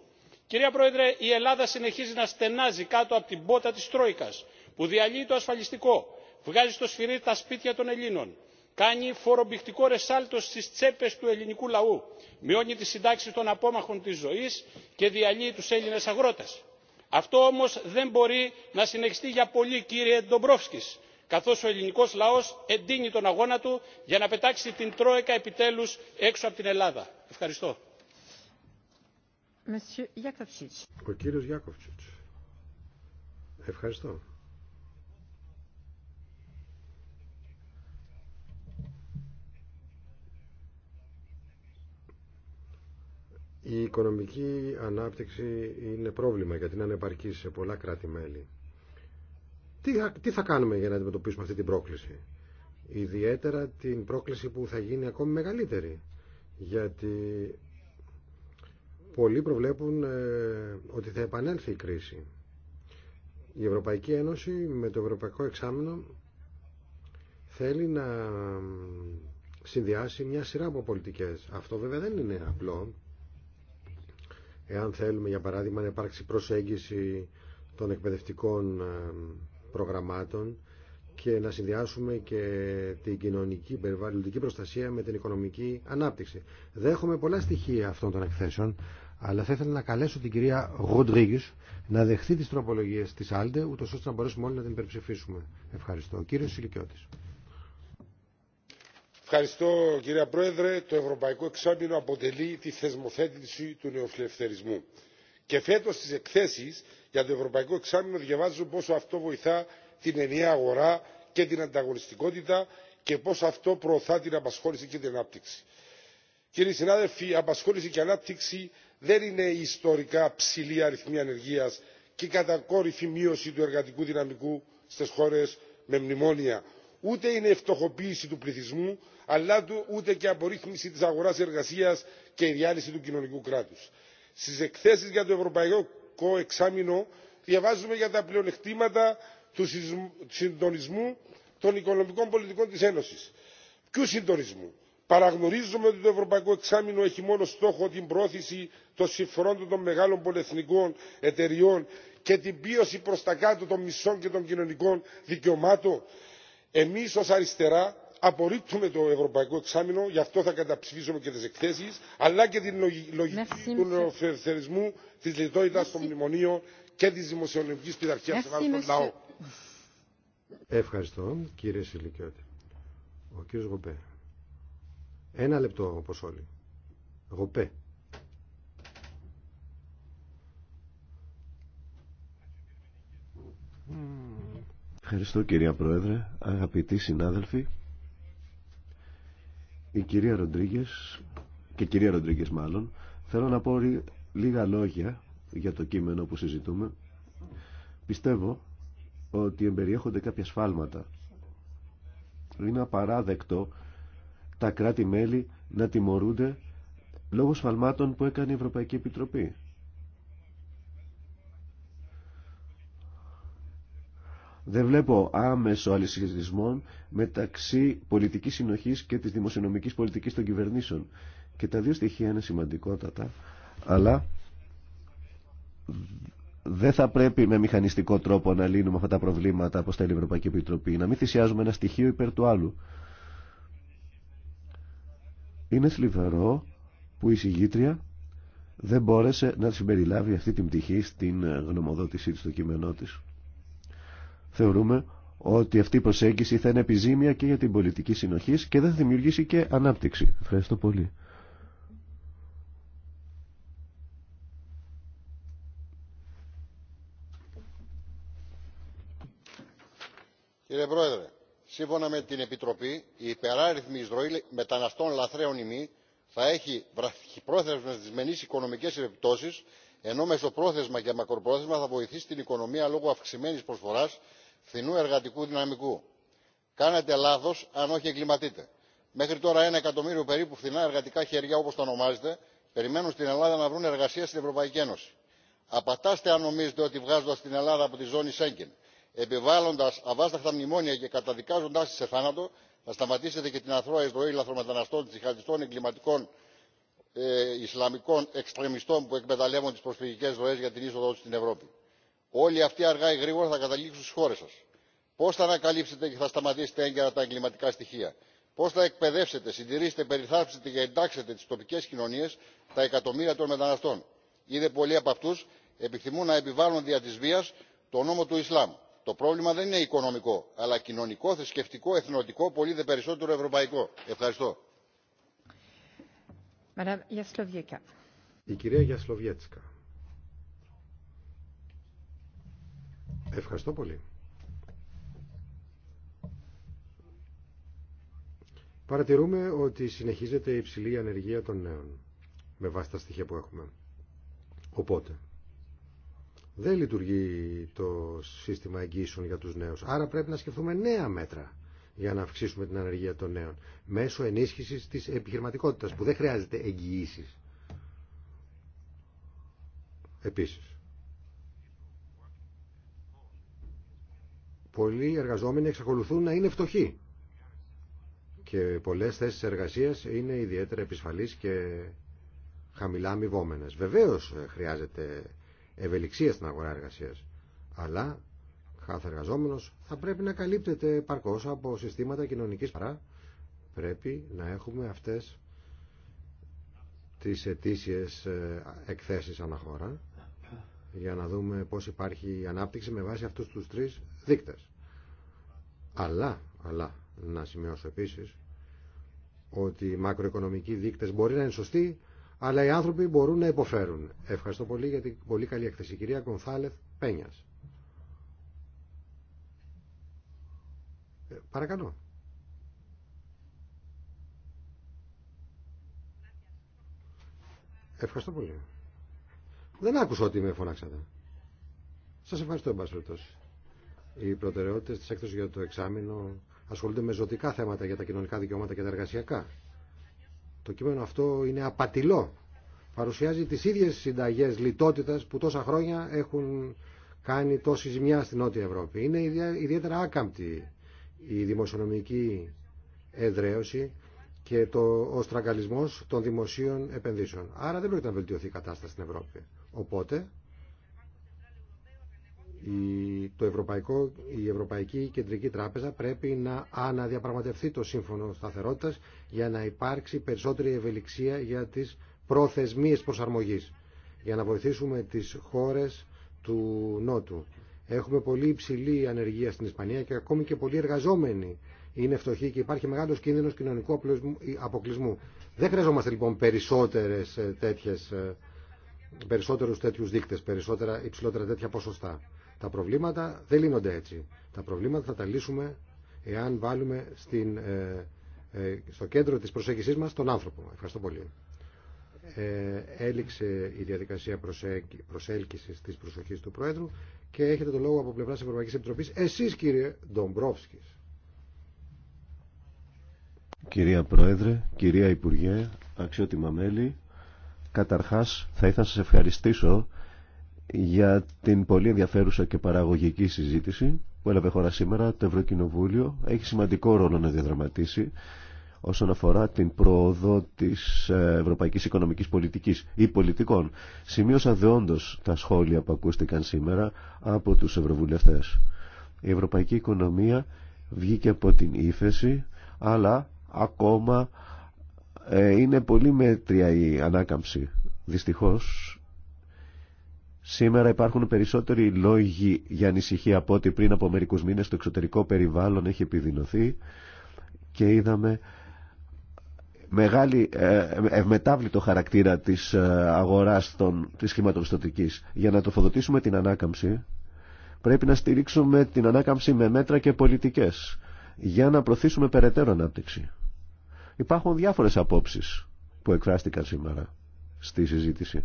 κυρία πρόεδρε η ελλάδα συνεχίζει να στενάζει κάτω από την πότα της τρόικας που διαλύει το ασφαλιστικό βγάζει στο σφυρί τα σπίτια των ελλήνων κάνει φορομπηχτικό ρεσάλτο στις τσέπες του ελληνικού λαού μειώνει τι συντάξει των απόμαχων της ζωής και διαλύει τους έλληνες αγρότες. αυτό όμως δεν μπορεί να συνεχιστεί για πολύ κύριε Ντομπρόφσκης, καθώς ο ελληνικός λαός εντείνει τον αγώνα του για να πετάξει την τρόικα επιτέλους έξω από την ελλάδα. ευχαριστώ. Ευχαριστώ. Η οικονομική ανάπτυξη είναι πρόβλημα γιατί είναι ανεπαρκή σε πολλά κράτη-μέλη. Τι θα κάνουμε για να αντιμετωπίσουμε αυτή την πρόκληση. Ιδιαίτερα την πρόκληση που θα γίνει ακόμη μεγαλύτερη. Γιατί πολλοί προβλέπουν ε, ότι θα επανέλθει η κρίση. Η Ευρωπαϊκή Ένωση με το Ευρωπαϊκό Εξάμεινο θέλει να συνδυάσει μια σειρά από πολιτικές. Αυτό βέβαια δεν είναι απλό Εάν θέλουμε, για παράδειγμα, να υπάρξει προσέγγιση των εκπαιδευτικών ε, προγραμμάτων και να συνδυάσουμε και την κοινωνική περιβαλλοντική προστασία με την οικονομική ανάπτυξη. Δέχομαι πολλά στοιχεία αυτών των εκθέσεων, αλλά θα ήθελα να καλέσω την κυρία Ροντρίγκη να δεχθεί τι τροπολογίε τη Άλντε, ούτω ώστε να μπορέσουμε όλοι να την υπερψηφίσουμε. Ευχαριστώ. Κύριο Σιλικιώτη. Ευχαριστώ κύριε Πρόεδρε. Το Ευρωπαϊκό Εξάμεινο αποτελεί τη θεσμοθέτηση του νεοφιλελευθερισμού. Και φέτο στι εκθέσει για το Ευρωπαϊκό Εξάμεινο διαβάζω πόσο αυτό βοηθά την ενιαία αγορά και την ανταγωνιστικότητα και πόσο αυτό προωθά την απασχόληση και την ανάπτυξη. Κύριοι συνάδελφοι, απασχόληση και ανάπτυξη δεν είναι η ιστορικά ψηλή αριθμή ανεργία και η κατακόρυφη μείωση του εργατικού δυναμικού στι χώρε με μνημόνια ούτε είναι φτωχοποίηση του πληθυσμού αλλά ούτε και απορρίθμιση της αγοράς εργασίας και η διάλυση του κοινωνικού κράτους. Στις εκθέσεις για το Ευρωπαϊκό Εξάμεινο διαβάζουμε για τα πλεονεκτήματα του συντονισμού των οικονομικών πολιτικών της Ένωσης. Ποιου συντονισμού. Παραγνωρίζουμε ότι το Ευρωπαϊκό Εξάμεινο έχει μόνο στόχο την πρόθεση των συμφερόντων των μεγάλων πολυεθνικών εταιριών και την πίωση προς τα κάτω των μισών και των κοινωνικών δικαιωμάτων εμεί ω αριστερά απορρίπτουμε το ευρωπαϊκό εξάμεινο γι' αυτό θα καταψηφίσουμε και τις εκθέσει αλλά και την λογική του νεοφιλελευθερισμού της λιτότητα των μνημονίων και τη δημοσιονομική πειθαρχία των λαών. Ευχαριστώ κύριε Σιλικιώτη. Ο κύριος Γοπέ. Ένα λεπτό όπως όλοι. Γοπέ. Mm. Ευχαριστώ κυρία Πρόεδρε, αγαπητοί συνάδελφοι. Η κυρία Ροντρίγκε και κυρία Ροντρίγκε μάλλον θέλω να πω λίγα λόγια για το κείμενο που συζητούμε. Πιστεύω ότι εμπεριέχονται κάποια σφάλματα. Είναι απαράδεκτο τα κράτη-μέλη να τιμωρούνται λόγω σφαλμάτων που έκανε η Ευρωπαϊκή Επιτροπή. Δεν βλέπω άμεσο αλυσχετισμό μεταξύ πολιτικής συνοχής και της δημοσιονομικής πολιτικής των κυβερνήσεων. Και τα δύο στοιχεία είναι σημαντικότατα, αλλά δεν θα πρέπει με μηχανιστικό τρόπο να λύνουμε αυτά τα προβλήματα όπω θέλει η Ευρωπαϊκή Επιτροπή. Να μην θυσιάζουμε ένα στοιχείο υπέρ του άλλου. Είναι θλιβερό που η συγγήτρια δεν μπόρεσε να συμπεριλάβει αυτή την πτυχή στην γνωμοδότησή τη στο κείμενό της θεωρούμε ότι αυτή η προσέγγιση θα είναι επιζήμια και για την πολιτική συνοχή και δεν θα δημιουργήσει και ανάπτυξη. Ευχαριστώ πολύ. Κύριε Πρόεδρε, σύμφωνα με την Επιτροπή, η υπεράριθμη εισρωή μεταναστών λαθρέων ημί θα έχει βραχυπρόθεσμες δυσμενείς οικονομικές επιπτώσεις, ενώ μεσοπρόθεσμα και μακροπρόθεσμα θα βοηθήσει την οικονομία λόγω αυξημένης προσφοράς φθηνού εργατικού δυναμικού. κάνετε λάθο αν όχι εγκληματείτε. μέχρι τώρα ένα εκατομμύριο περίπου φθηνά εργατικά χέρια όπω τα ονομάζετε περιμένουν στην ελλάδα να βρουν εργασία στην ευρωπαϊκή ένωση. απατάστε αν νομίζετε ότι βγάζοντα την ελλάδα από τη ζώνη σέγγεν επιβάλλοντα αβάσταχτα μνημόνια και καταδικάζοντά τη σε θάνατο θα σταματήσετε και την αθρώα εισρωή λαθρομεταναστών τζιχαντιστών εγκληματικών ε, ισλαμικών εξτρεμιστών που εκμεταλλεύονται τι προσφυγικέ ροέ για την είσοδό στην ευρώπη όλοι αυτοί αργά ή γρήγορα θα καταλήξουν στι χώρε σα. Πώ θα ανακαλύψετε και θα σταματήσετε έγκαιρα τα εγκληματικά στοιχεία, πώ θα εκπαιδεύσετε, συντηρήσετε, περιθάψετε και εντάξετε τι τοπικέ κοινωνίε τα εκατομμύρια των μεταναστών. Είδε πολλοί από αυτού επιθυμούν να επιβάλλουν δια τη βία το νόμο του Ισλάμ. Το πρόβλημα δεν είναι οικονομικό, αλλά κοινωνικό, θρησκευτικό, εθνοτικό, πολύ δε περισσότερο ευρωπαϊκό. Ευχαριστώ. Η κυρία Γιασλοβιέτσκα. Ευχαριστώ πολύ. Παρατηρούμε ότι συνεχίζεται η υψηλή ανεργία των νέων με βάση τα στοιχεία που έχουμε. Οπότε, δεν λειτουργεί το σύστημα εγγύσεων για τους νέους. Άρα πρέπει να σκεφτούμε νέα μέτρα για να αυξήσουμε την ανεργία των νέων μέσω ενίσχυσης της επιχειρηματικότητας που δεν χρειάζεται εγγυήσεις. Επίσης, πολλοί εργαζόμενοι εξακολουθούν να είναι φτωχοί και πολλές θέσεις εργασίας είναι ιδιαίτερα επισφαλείς και χαμηλά αμοιβόμενες. Βεβαίως ε, χρειάζεται ευελιξία στην αγορά εργασίας, αλλά κάθε εργαζόμενος θα πρέπει να καλύπτεται παρκώς από συστήματα κοινωνικής παρά πρέπει να έχουμε αυτές τις ετήσιες ε, εκθέσεις αναχώρα για να δούμε πώς υπάρχει η ανάπτυξη με βάση αυτούς τους τρεις δείκτες. Αλλά, αλλά να σημειώσω επίσης ότι οι μακροοικονομικοί δείκτες μπορεί να είναι σωστοί, αλλά οι άνθρωποι μπορούν να υποφέρουν. Ευχαριστώ πολύ για την πολύ καλή εκθέση. Κυρία Κονθάλεφ Πένιας. Ε, παρακαλώ. Ευχαριστώ πολύ. Δεν άκουσα ότι με φωνάξατε. Σα ευχαριστώ, περιπτώσει. Οι προτεραιότητε τη έκθεσης για το εξάμεινο ασχολούνται με ζωτικά θέματα για τα κοινωνικά δικαιώματα και τα εργασιακά. Το κείμενο αυτό είναι απατηλό. Παρουσιάζει τι ίδιε συνταγέ λιτότητας που τόσα χρόνια έχουν κάνει τόση ζημιά στην Νότια Ευρώπη. Είναι ιδιαίτερα άκαμπτη η δημοσιονομική εδραίωση και το, ο στραγγαλισμός των δημοσίων επενδύσεων. Άρα δεν πρόκειται να βελτιωθεί η κατάσταση στην Ευρώπη. Οπότε η, το Ευρωπαϊκό, η Ευρωπαϊκή Κεντρική Τράπεζα πρέπει να αναδιαπραγματευτεί το σύμφωνο σταθερότητας για να υπάρξει περισσότερη ευελιξία για τις προθεσμίες προσαρμογής για να βοηθήσουμε τις χώρες του Νότου. Έχουμε πολύ υψηλή ανεργία στην Ισπανία και ακόμη και πολλοί εργαζόμενοι είναι φτωχοί και υπάρχει μεγάλος κίνδυνος κοινωνικού αποκλεισμού. Δεν χρειαζόμαστε λοιπόν περισσότερες ε, τέτοιες ε, περισσότερους τέτοιους δείκτες, περισσότερα υψηλότερα τέτοια ποσοστά. Τα προβλήματα δεν λύνονται έτσι. Τα προβλήματα θα τα λύσουμε εάν βάλουμε στην, ε, ε, στο κέντρο της προσέγγισής μας τον άνθρωπο. Ευχαριστώ πολύ. Ε, έληξε η διαδικασία προσέλκυσης της προσοχής του Πρόεδρου και έχετε το λόγο από πλευρά της Ευρωπαϊκής Επιτροπής. Εσείς κύριε Ντομπρόφσκης. Κυρία Πρόεδρε, κυρία Υπουργέ, αξιότιμα μέλη, Καταρχάς θα ήθελα να σας ευχαριστήσω για την πολύ ενδιαφέρουσα και παραγωγική συζήτηση που έλαβε χώρα σήμερα. Το Ευρωκοινοβούλιο έχει σημαντικό ρόλο να διαδραματίσει όσον αφορά την πρόοδο της ε, ευρωπαϊκής οικονομικής πολιτικής ή πολιτικών. Σημείωσα δεόντως τα σχόλια που ακούστηκαν σήμερα από τους ευρωβουλευτές. Η ευρωπαϊκή οικονομία βγήκε από την ύφεση, αλλά ακόμα ε, είναι πολύ μέτρια η ανάκαμψη. Δυστυχώς σήμερα υπάρχουν περισσότεροι λόγοι για ανησυχία από ότι πριν από μερικούς μήνες το εξωτερικό περιβάλλον έχει επιδεινωθεί και είδαμε μεγάλη ε, ε, ευμετάβλητο χαρακτήρα της αγοράς των, της χρηματοπιστωτικής. Για να τροφοδοτήσουμε την ανάκαμψη πρέπει να στηρίξουμε την ανάκαμψη με μέτρα και πολιτικές για να προωθήσουμε περαιτέρω ανάπτυξη. Υπάρχουν διάφορες απόψεις που εκφράστηκαν σήμερα στη συζήτηση.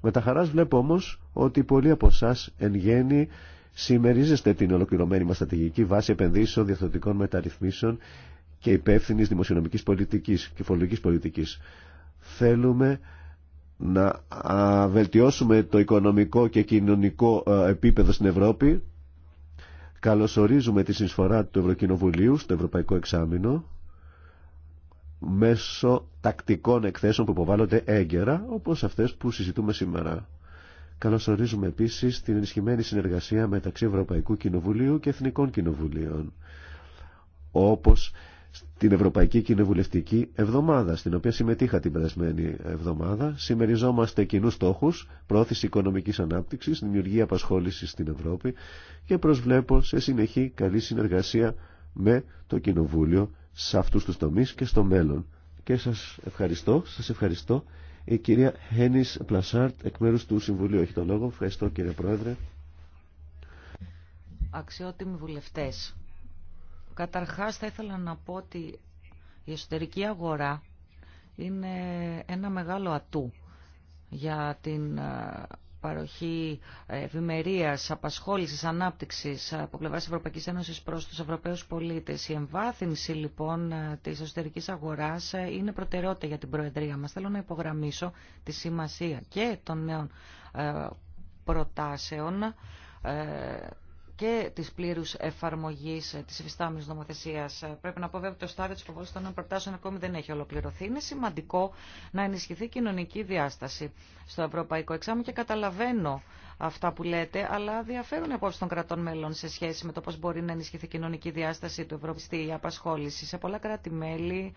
Με τα χαράς βλέπω όμως ότι πολλοί από εσά εν γέννη συμμερίζεστε την ολοκληρωμένη μας στρατηγική βάση επενδύσεων, διαθωτικών μεταρρυθμίσεων και υπεύθυνη δημοσιονομικής πολιτικής και φορολογικής πολιτικής. Θέλουμε να βελτιώσουμε το οικονομικό και κοινωνικό επίπεδο στην Ευρώπη. Καλωσορίζουμε τη συνσφορά του Ευρωκοινοβουλίου στο Ευρωπαϊκό Εξάμεινο μέσω τακτικών εκθέσεων που υποβάλλονται έγκαιρα, όπως αυτές που συζητούμε σήμερα. Καλωσορίζουμε επίσης την ενισχυμένη συνεργασία μεταξύ Ευρωπαϊκού Κοινοβουλίου και Εθνικών Κοινοβουλίων, όπως την Ευρωπαϊκή Κοινοβουλευτική Εβδομάδα, στην οποία συμμετείχα την περασμένη εβδομάδα. Σημεριζόμαστε κοινού στόχου, πρόθεση οικονομική ανάπτυξη, δημιουργία απασχόληση στην Ευρώπη και προσβλέπω σε συνεχή καλή συνεργασία με το Κοινοβούλιο σε αυτούς τους τομείς και στο μέλλον. Και σας ευχαριστώ, σας ευχαριστώ. Η κυρία Χένις Πλασάρτ εκ μέρους του Συμβουλίου έχει τον λόγο. Ευχαριστώ κύριε Πρόεδρε. Αξιότιμοι βουλευτές, καταρχάς θα ήθελα να πω ότι η εσωτερική αγορά είναι ένα μεγάλο ατού για την ε, παροχή ευημερία, απασχόληση, ανάπτυξη από πλευρά Ευρωπαϊκή Ένωση προ του Ευρωπαίου πολίτε. Η εμβάθυνση λοιπόν τη εσωτερική αγορά είναι προτεραιότητα για την Προεδρία μα. Θέλω να υπογραμμίσω τη σημασία και των νέων ε, προτάσεων ε, και τη πλήρου εφαρμογή ε, τη υφιστάμενη νομοθεσία. Ε, πρέπει να πω βέβαια ότι το στάδιο τη υποβολή των προτάσεων ακόμη δεν έχει ολοκληρωθεί. Είναι σημαντικό να ενισχυθεί η κοινωνική διάσταση στο Ευρωπαϊκό Εξάμεινο και καταλαβαίνω αυτά που λέτε, αλλά διαφέρουν οι απόψει των κρατών μέλων σε σχέση με το πώ μπορεί να ενισχυθεί η κοινωνική διάσταση του Ευρώπη στη απασχόληση. Σε πολλά κράτη-μέλη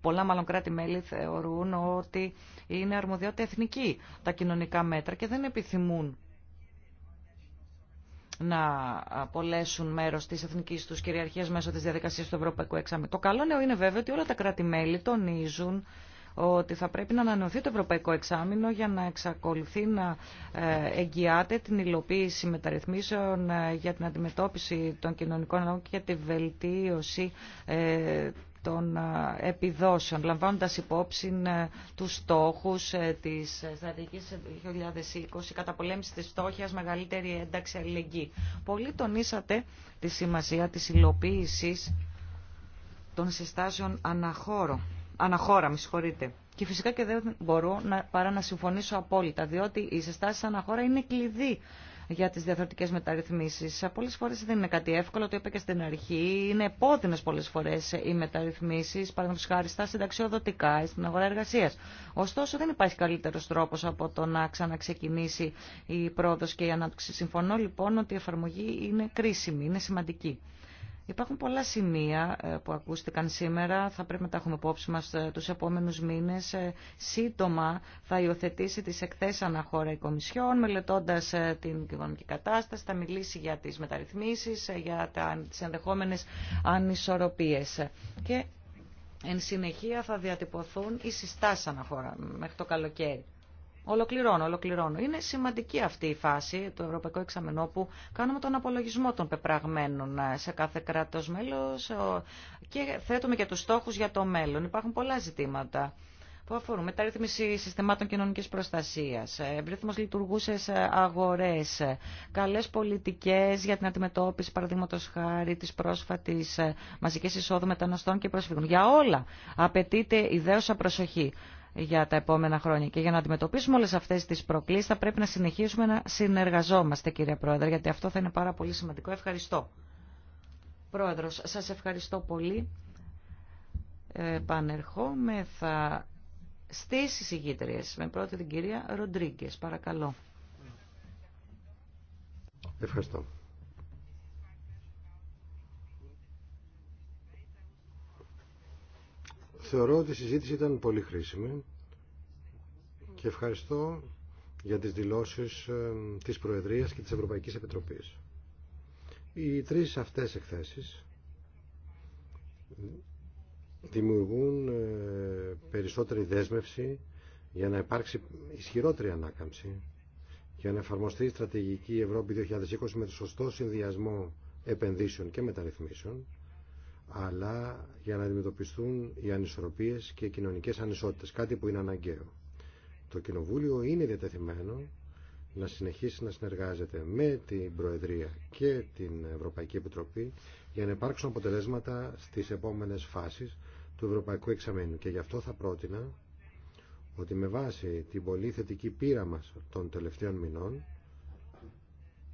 πολλά μάλλον κράτη-μέλη θεωρούν ότι είναι αρμοδιότητα εθνική τα κοινωνικά μέτρα και δεν επιθυμούν να απολέσουν μέρος της εθνικής τους κυριαρχίας μέσω της διαδικασίας του Ευρωπαϊκού Εξάμεινου. Το καλό νέο είναι βέβαια ότι όλα τα κράτη-μέλη τονίζουν ότι θα πρέπει να ανανεωθεί το Ευρωπαϊκό Εξάμεινο για να εξακολουθεί να ε, εγγυάται την υλοποίηση μεταρρυθμίσεων ε, για την αντιμετώπιση των κοινωνικών αναγκών και τη βελτίωση ε, των ε, επιδόσεων, λαμβάνοντας υπόψη ε, τους στόχους ε, της στρατηγικής 2020, καταπολέμηση της φτώχεια, μεγαλύτερη ένταξη αλληλεγγύη. Πολύ τονίσατε τη σημασία της υλοποίηση των συστάσεων αναχώρο. αναχώρα. Με συγχωρείτε. Και φυσικά και δεν μπορώ να, παρά να συμφωνήσω απόλυτα, διότι οι συστάσεις αναχώρα είναι κλειδί για τις διαφορετικέ μεταρρυθμίσεις. Πολλέ φορές δεν είναι κάτι εύκολο, το είπα και στην αρχή. Είναι επώδυνες πολλέ φορές οι μεταρρυθμίσεις, παραδείγματο χάρη στα συνταξιοδοτικά, στην αγορά εργασίας. Ωστόσο δεν υπάρχει καλύτερος τρόπος από το να ξαναξεκινήσει η πρόοδος και η ανάπτυξη. Συμφωνώ λοιπόν ότι η εφαρμογή είναι κρίσιμη, είναι σημαντική. Υπάρχουν πολλά σημεία ε, που ακούστηκαν σήμερα, θα πρέπει να τα έχουμε υπόψη μας ε, τους επόμενους μήνες. Ε, σύντομα θα υιοθετήσει τις εκθέσεις αναχώρα η Κομισιόν, μελετώντας την κοινωνική κατάσταση, θα μιλήσει για τις μεταρρυθμίσεις, για τις ενδεχόμενες ανισορροπίες. Και εν συνεχεία θα διατυπωθούν οι συστάσεις αναχώρα μέχρι το καλοκαίρι. Ολοκληρώνω, ολοκληρώνω. Είναι σημαντική αυτή η φάση του Ευρωπαϊκού Εξαμενού που κάνουμε τον απολογισμό των πεπραγμένων ε, σε κάθε κράτος μέλος και θέτουμε και τους στόχους για το μέλλον. Υπάρχουν πολλά ζητήματα που αφορούν μεταρρύθμιση συστημάτων κοινωνική προστασίας, ε, ρύθμο λειτουργούσε ε, αγορέ, καλέ πολιτικέ για την αντιμετώπιση, παραδείγματο χάρη, της πρόσφατης μαζικής εισόδου μεταναστών και προσφύγων. Για όλα απαιτείται ιδέωσα προσοχή για τα επόμενα χρόνια. Και για να αντιμετωπίσουμε όλες αυτές τις προκλήσεις θα πρέπει να συνεχίσουμε να συνεργαζόμαστε κύριε Πρόεδρε, γιατί αυτό θα είναι πάρα πολύ σημαντικό. Ευχαριστώ. Πρόεδρος, σας ευχαριστώ πολύ. Ε, θα... στις εισηγήτριες, με πρώτη την κυρία Ροντρίγκες, παρακαλώ. Ευχαριστώ. Θεωρώ ότι η συζήτηση ήταν πολύ χρήσιμη και ευχαριστώ για τις δηλώσεις ε, της Προεδρίας και της Ευρωπαϊκής Επιτροπής. Οι τρεις αυτές εκθέσεις δημιουργούν ε, περισσότερη δέσμευση για να υπάρξει ισχυρότερη ανάκαμψη, για να εφαρμοστεί η στρατηγική Ευρώπη 2020 με το σωστό συνδυασμό επενδύσεων και μεταρρυθμίσεων αλλά για να αντιμετωπιστούν οι ανισορροπίες και οι κοινωνικές ανισότητες, κάτι που είναι αναγκαίο. Το Κοινοβούλιο είναι διατεθειμένο να συνεχίσει να συνεργάζεται με την Προεδρία και την Ευρωπαϊκή Επιτροπή για να υπάρξουν αποτελέσματα στις επόμενες φάσεις του Ευρωπαϊκού Εξαμένου. Και γι' αυτό θα πρότεινα ότι με βάση την πολύ θετική πείρα μας των τελευταίων μηνών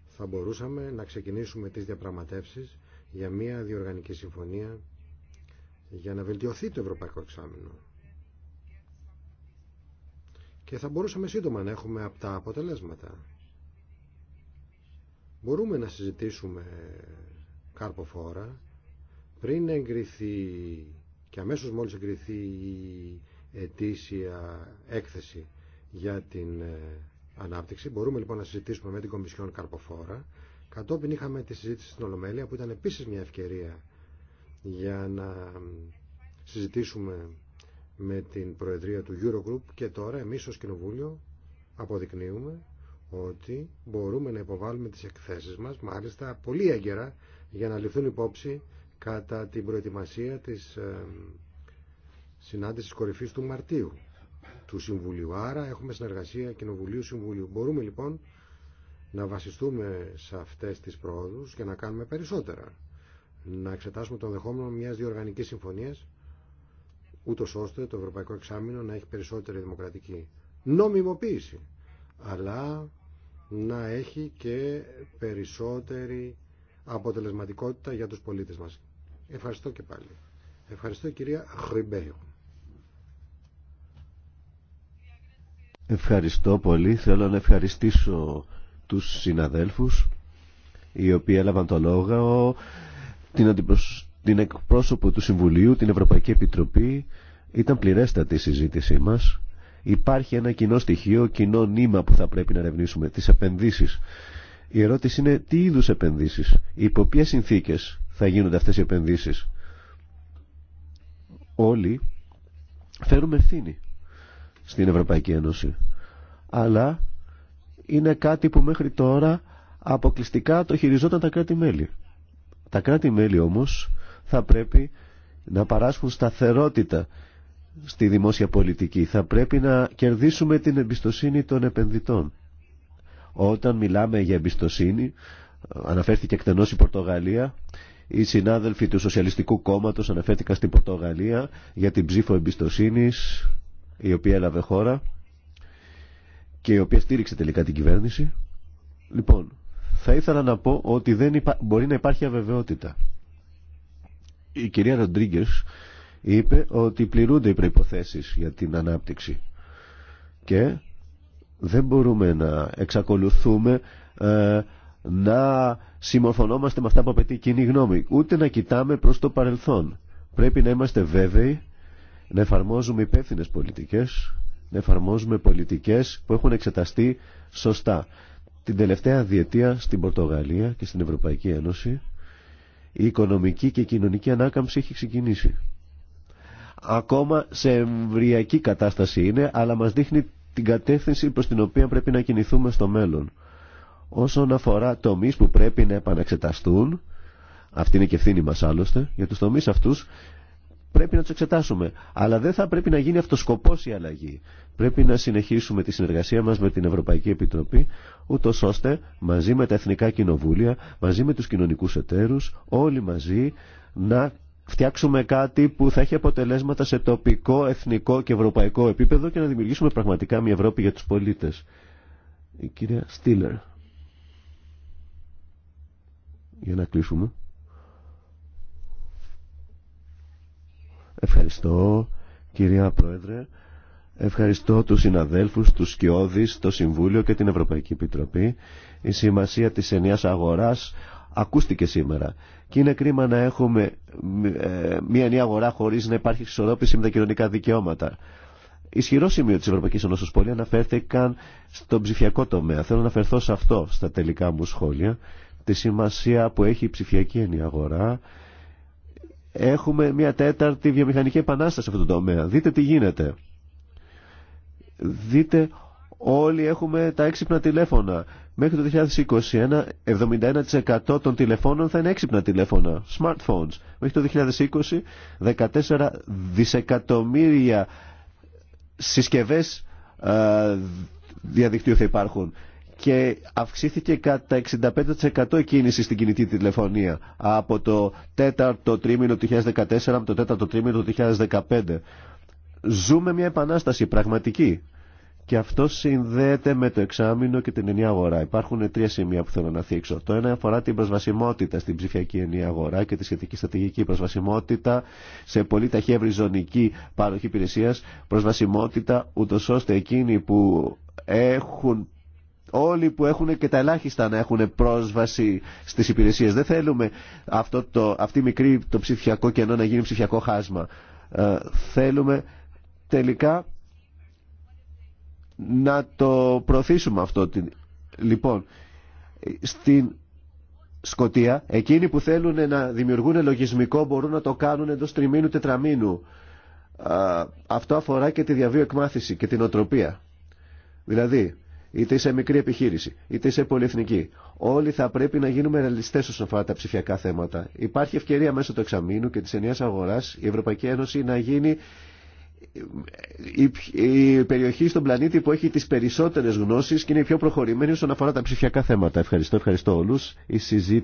θα μπορούσαμε να ξεκινήσουμε τις διαπραγματεύσεις για μια διοργανική συμφωνία για να βελτιωθεί το ευρωπαϊκό εξάμεινο. Και θα μπορούσαμε σύντομα να έχουμε από τα αποτελέσματα. Μπορούμε να συζητήσουμε κάρποφόρα πριν εγκριθεί και αμέσως μόλις εγκριθεί η ετήσια έκθεση για την ε, ανάπτυξη. Μπορούμε λοιπόν να συζητήσουμε με την Κομισιόν Καρποφόρα Κατόπιν είχαμε τη συζήτηση στην Ολομέλεια που ήταν επίσης μια ευκαιρία για να συζητήσουμε με την Προεδρία του Eurogroup και τώρα εμείς ως Κοινοβούλιο αποδεικνύουμε ότι μπορούμε να υποβάλουμε τις εκθέσεις μας μάλιστα πολύ έγκαιρα για να ληφθούν υπόψη κατά την προετοιμασία της ε, συνάντησης κορυφής του Μαρτίου του Συμβουλίου. Άρα έχουμε συνεργασία Κοινοβουλίου-Συμβουλίου. Μπορούμε λοιπόν να βασιστούμε σε αυτές τις προόδους και να κάνουμε περισσότερα. Να εξετάσουμε το δεχόμενο μιας διοργανικής συμφωνίας, ούτως ώστε το Ευρωπαϊκό Εξάμεινο να έχει περισσότερη δημοκρατική νομιμοποίηση, αλλά να έχει και περισσότερη αποτελεσματικότητα για τους πολίτες μας. Ευχαριστώ και πάλι. Ευχαριστώ κυρία Χρυμπέιου. Ευχαριστώ πολύ. Θέλω να ευχαριστήσω τους συναδέλφους οι οποίοι έλαβαν το λόγο την, την εκπρόσωπο του Συμβουλίου, την Ευρωπαϊκή Επιτροπή ήταν πληρέστατη η συζήτησή μας υπάρχει ένα κοινό στοιχείο, κοινό νήμα που θα πρέπει να ερευνήσουμε, τις επενδύσεις. Η ερώτηση είναι τι είδους επενδύσεις, υπό ποιες συνθήκες θα γίνονται αυτές οι επενδύσεις. Όλοι φέρουμε ευθύνη στην Ευρωπαϊκή Ένωση, αλλά είναι κάτι που μέχρι τώρα αποκλειστικά το χειριζόταν τα κράτη-μέλη. Τα κράτη-μέλη όμως θα πρέπει να παράσχουν σταθερότητα στη δημόσια πολιτική. Θα πρέπει να κερδίσουμε την εμπιστοσύνη των επενδυτών. Όταν μιλάμε για εμπιστοσύνη, αναφέρθηκε εκτενώς η Πορτογαλία, οι συνάδελφοι του Σοσιαλιστικού Κόμματος αναφέρθηκαν στην Πορτογαλία για την ψήφο εμπιστοσύνης η οποία έλαβε χώρα και η οποία στήριξε τελικά την κυβέρνηση. Λοιπόν, θα ήθελα να πω ότι δεν μπορεί να υπάρχει αβεβαιότητα. Η κυρία Ροντρίγκε είπε ότι πληρούνται οι προϋποθέσεις για την ανάπτυξη και δεν μπορούμε να εξακολουθούμε ε, να συμμορφωνόμαστε με αυτά που απαιτεί η κοινή γνώμη, ούτε να κοιτάμε προς το παρελθόν. Πρέπει να είμαστε βέβαιοι, να εφαρμόζουμε υπεύθυνε πολιτικές να εφαρμόζουμε πολιτικές που έχουν εξεταστεί σωστά. Την τελευταία διετία στην Πορτογαλία και στην Ευρωπαϊκή Ένωση η οικονομική και η κοινωνική ανάκαμψη έχει ξεκινήσει. Ακόμα σε εμβριακή κατάσταση είναι, αλλά μας δείχνει την κατεύθυνση προς την οποία πρέπει να κινηθούμε στο μέλλον. Όσον αφορά τομείς που πρέπει να επαναξεταστούν, αυτή είναι και ευθύνη μας άλλωστε, για τους τομείς αυτούς πρέπει να του εξετάσουμε. Αλλά δεν θα πρέπει να γίνει αυτοσκοπό η αλλαγή. Πρέπει να συνεχίσουμε τη συνεργασία μα με την Ευρωπαϊκή Επιτροπή, ούτω ώστε μαζί με τα εθνικά κοινοβούλια, μαζί με του κοινωνικού εταίρου, όλοι μαζί να φτιάξουμε κάτι που θα έχει αποτελέσματα σε τοπικό, εθνικό και ευρωπαϊκό επίπεδο και να δημιουργήσουμε πραγματικά μια Ευρώπη για του πολίτε. Η κυρία Στήλερ. Για να κλείσουμε. Ευχαριστώ κυρία Πρόεδρε. Ευχαριστώ τους συναδέλφους, τους Σκιώδης, το Συμβούλιο και την Ευρωπαϊκή Επιτροπή. Η σημασία της ενιαίας αγοράς ακούστηκε σήμερα. Και είναι κρίμα να έχουμε ε, μια ενιαία αγορά χωρίς να υπάρχει εξορρόπηση με τα κοινωνικά δικαιώματα. Ισχυρό σημείο της Ευρωπαϊκής Ενώσης Πολύ αναφέρθηκαν στον ψηφιακό τομέα. Θέλω να αναφερθώ σε αυτό στα τελικά μου σχόλια. Τη σημασία που έχει η ψηφιακή ενιαία αγορά Έχουμε μια τέταρτη βιομηχανική επανάσταση σε αυτό το τομέα. Δείτε τι γίνεται. Δείτε όλοι έχουμε τα έξυπνα τηλέφωνα. Μέχρι το 2021 71% των τηλεφώνων θα είναι έξυπνα τηλέφωνα, smartphones. Μέχρι το 2020 14 δισεκατομμύρια συσκευές ε, διαδικτύου θα υπάρχουν και αυξήθηκε κατά 65% η κίνηση στην κινητή τηλεφωνία από το τέταρτο τρίμηνο του 2014 με το τέταρτο τρίμηνο του 2015. Ζούμε μια επανάσταση πραγματική και αυτό συνδέεται με το εξάμεινο και την ενιαία αγορά. Υπάρχουν τρία σημεία που θέλω να θίξω. Το ένα αφορά την προσβασιμότητα στην ψηφιακή ενιαία αγορά και τη σχετική στρατηγική προσβασιμότητα σε πολύ ταχύευρη ζωνική παροχή υπηρεσία. Προσβασιμότητα ούτω ώστε εκείνοι που έχουν όλοι που έχουν και τα ελάχιστα να έχουν πρόσβαση στις υπηρεσίες. Δεν θέλουμε αυτό το, αυτή μικρή το ψηφιακό κενό να γίνει ψηφιακό χάσμα. Ε, θέλουμε τελικά να το προωθήσουμε αυτό. Λοιπόν, στην Σκοτία, εκείνοι που θέλουν να δημιουργούν λογισμικό μπορούν να το κάνουν εντός τριμήνου, τετραμήνου. Ε, αυτό αφορά και τη διαβίω εκμάθηση και την οτροπία. Δηλαδή, είτε σε μικρή επιχείρηση, είτε σε πολυεθνική. Όλοι θα πρέπει να γίνουμε ρεαλιστέ όσον αφορά τα ψηφιακά θέματα. Υπάρχει ευκαιρία μέσω του εξαμήνου και τη ενιαία αγορά η Ευρωπαϊκή Ένωση να γίνει η περιοχή στον πλανήτη που έχει τις περισσότερες γνώσεις και είναι η πιο προχωρημένη όσον αφορά τα ψηφιακά θέματα. Ευχαριστώ, ευχαριστώ όλου. Η συζήτηση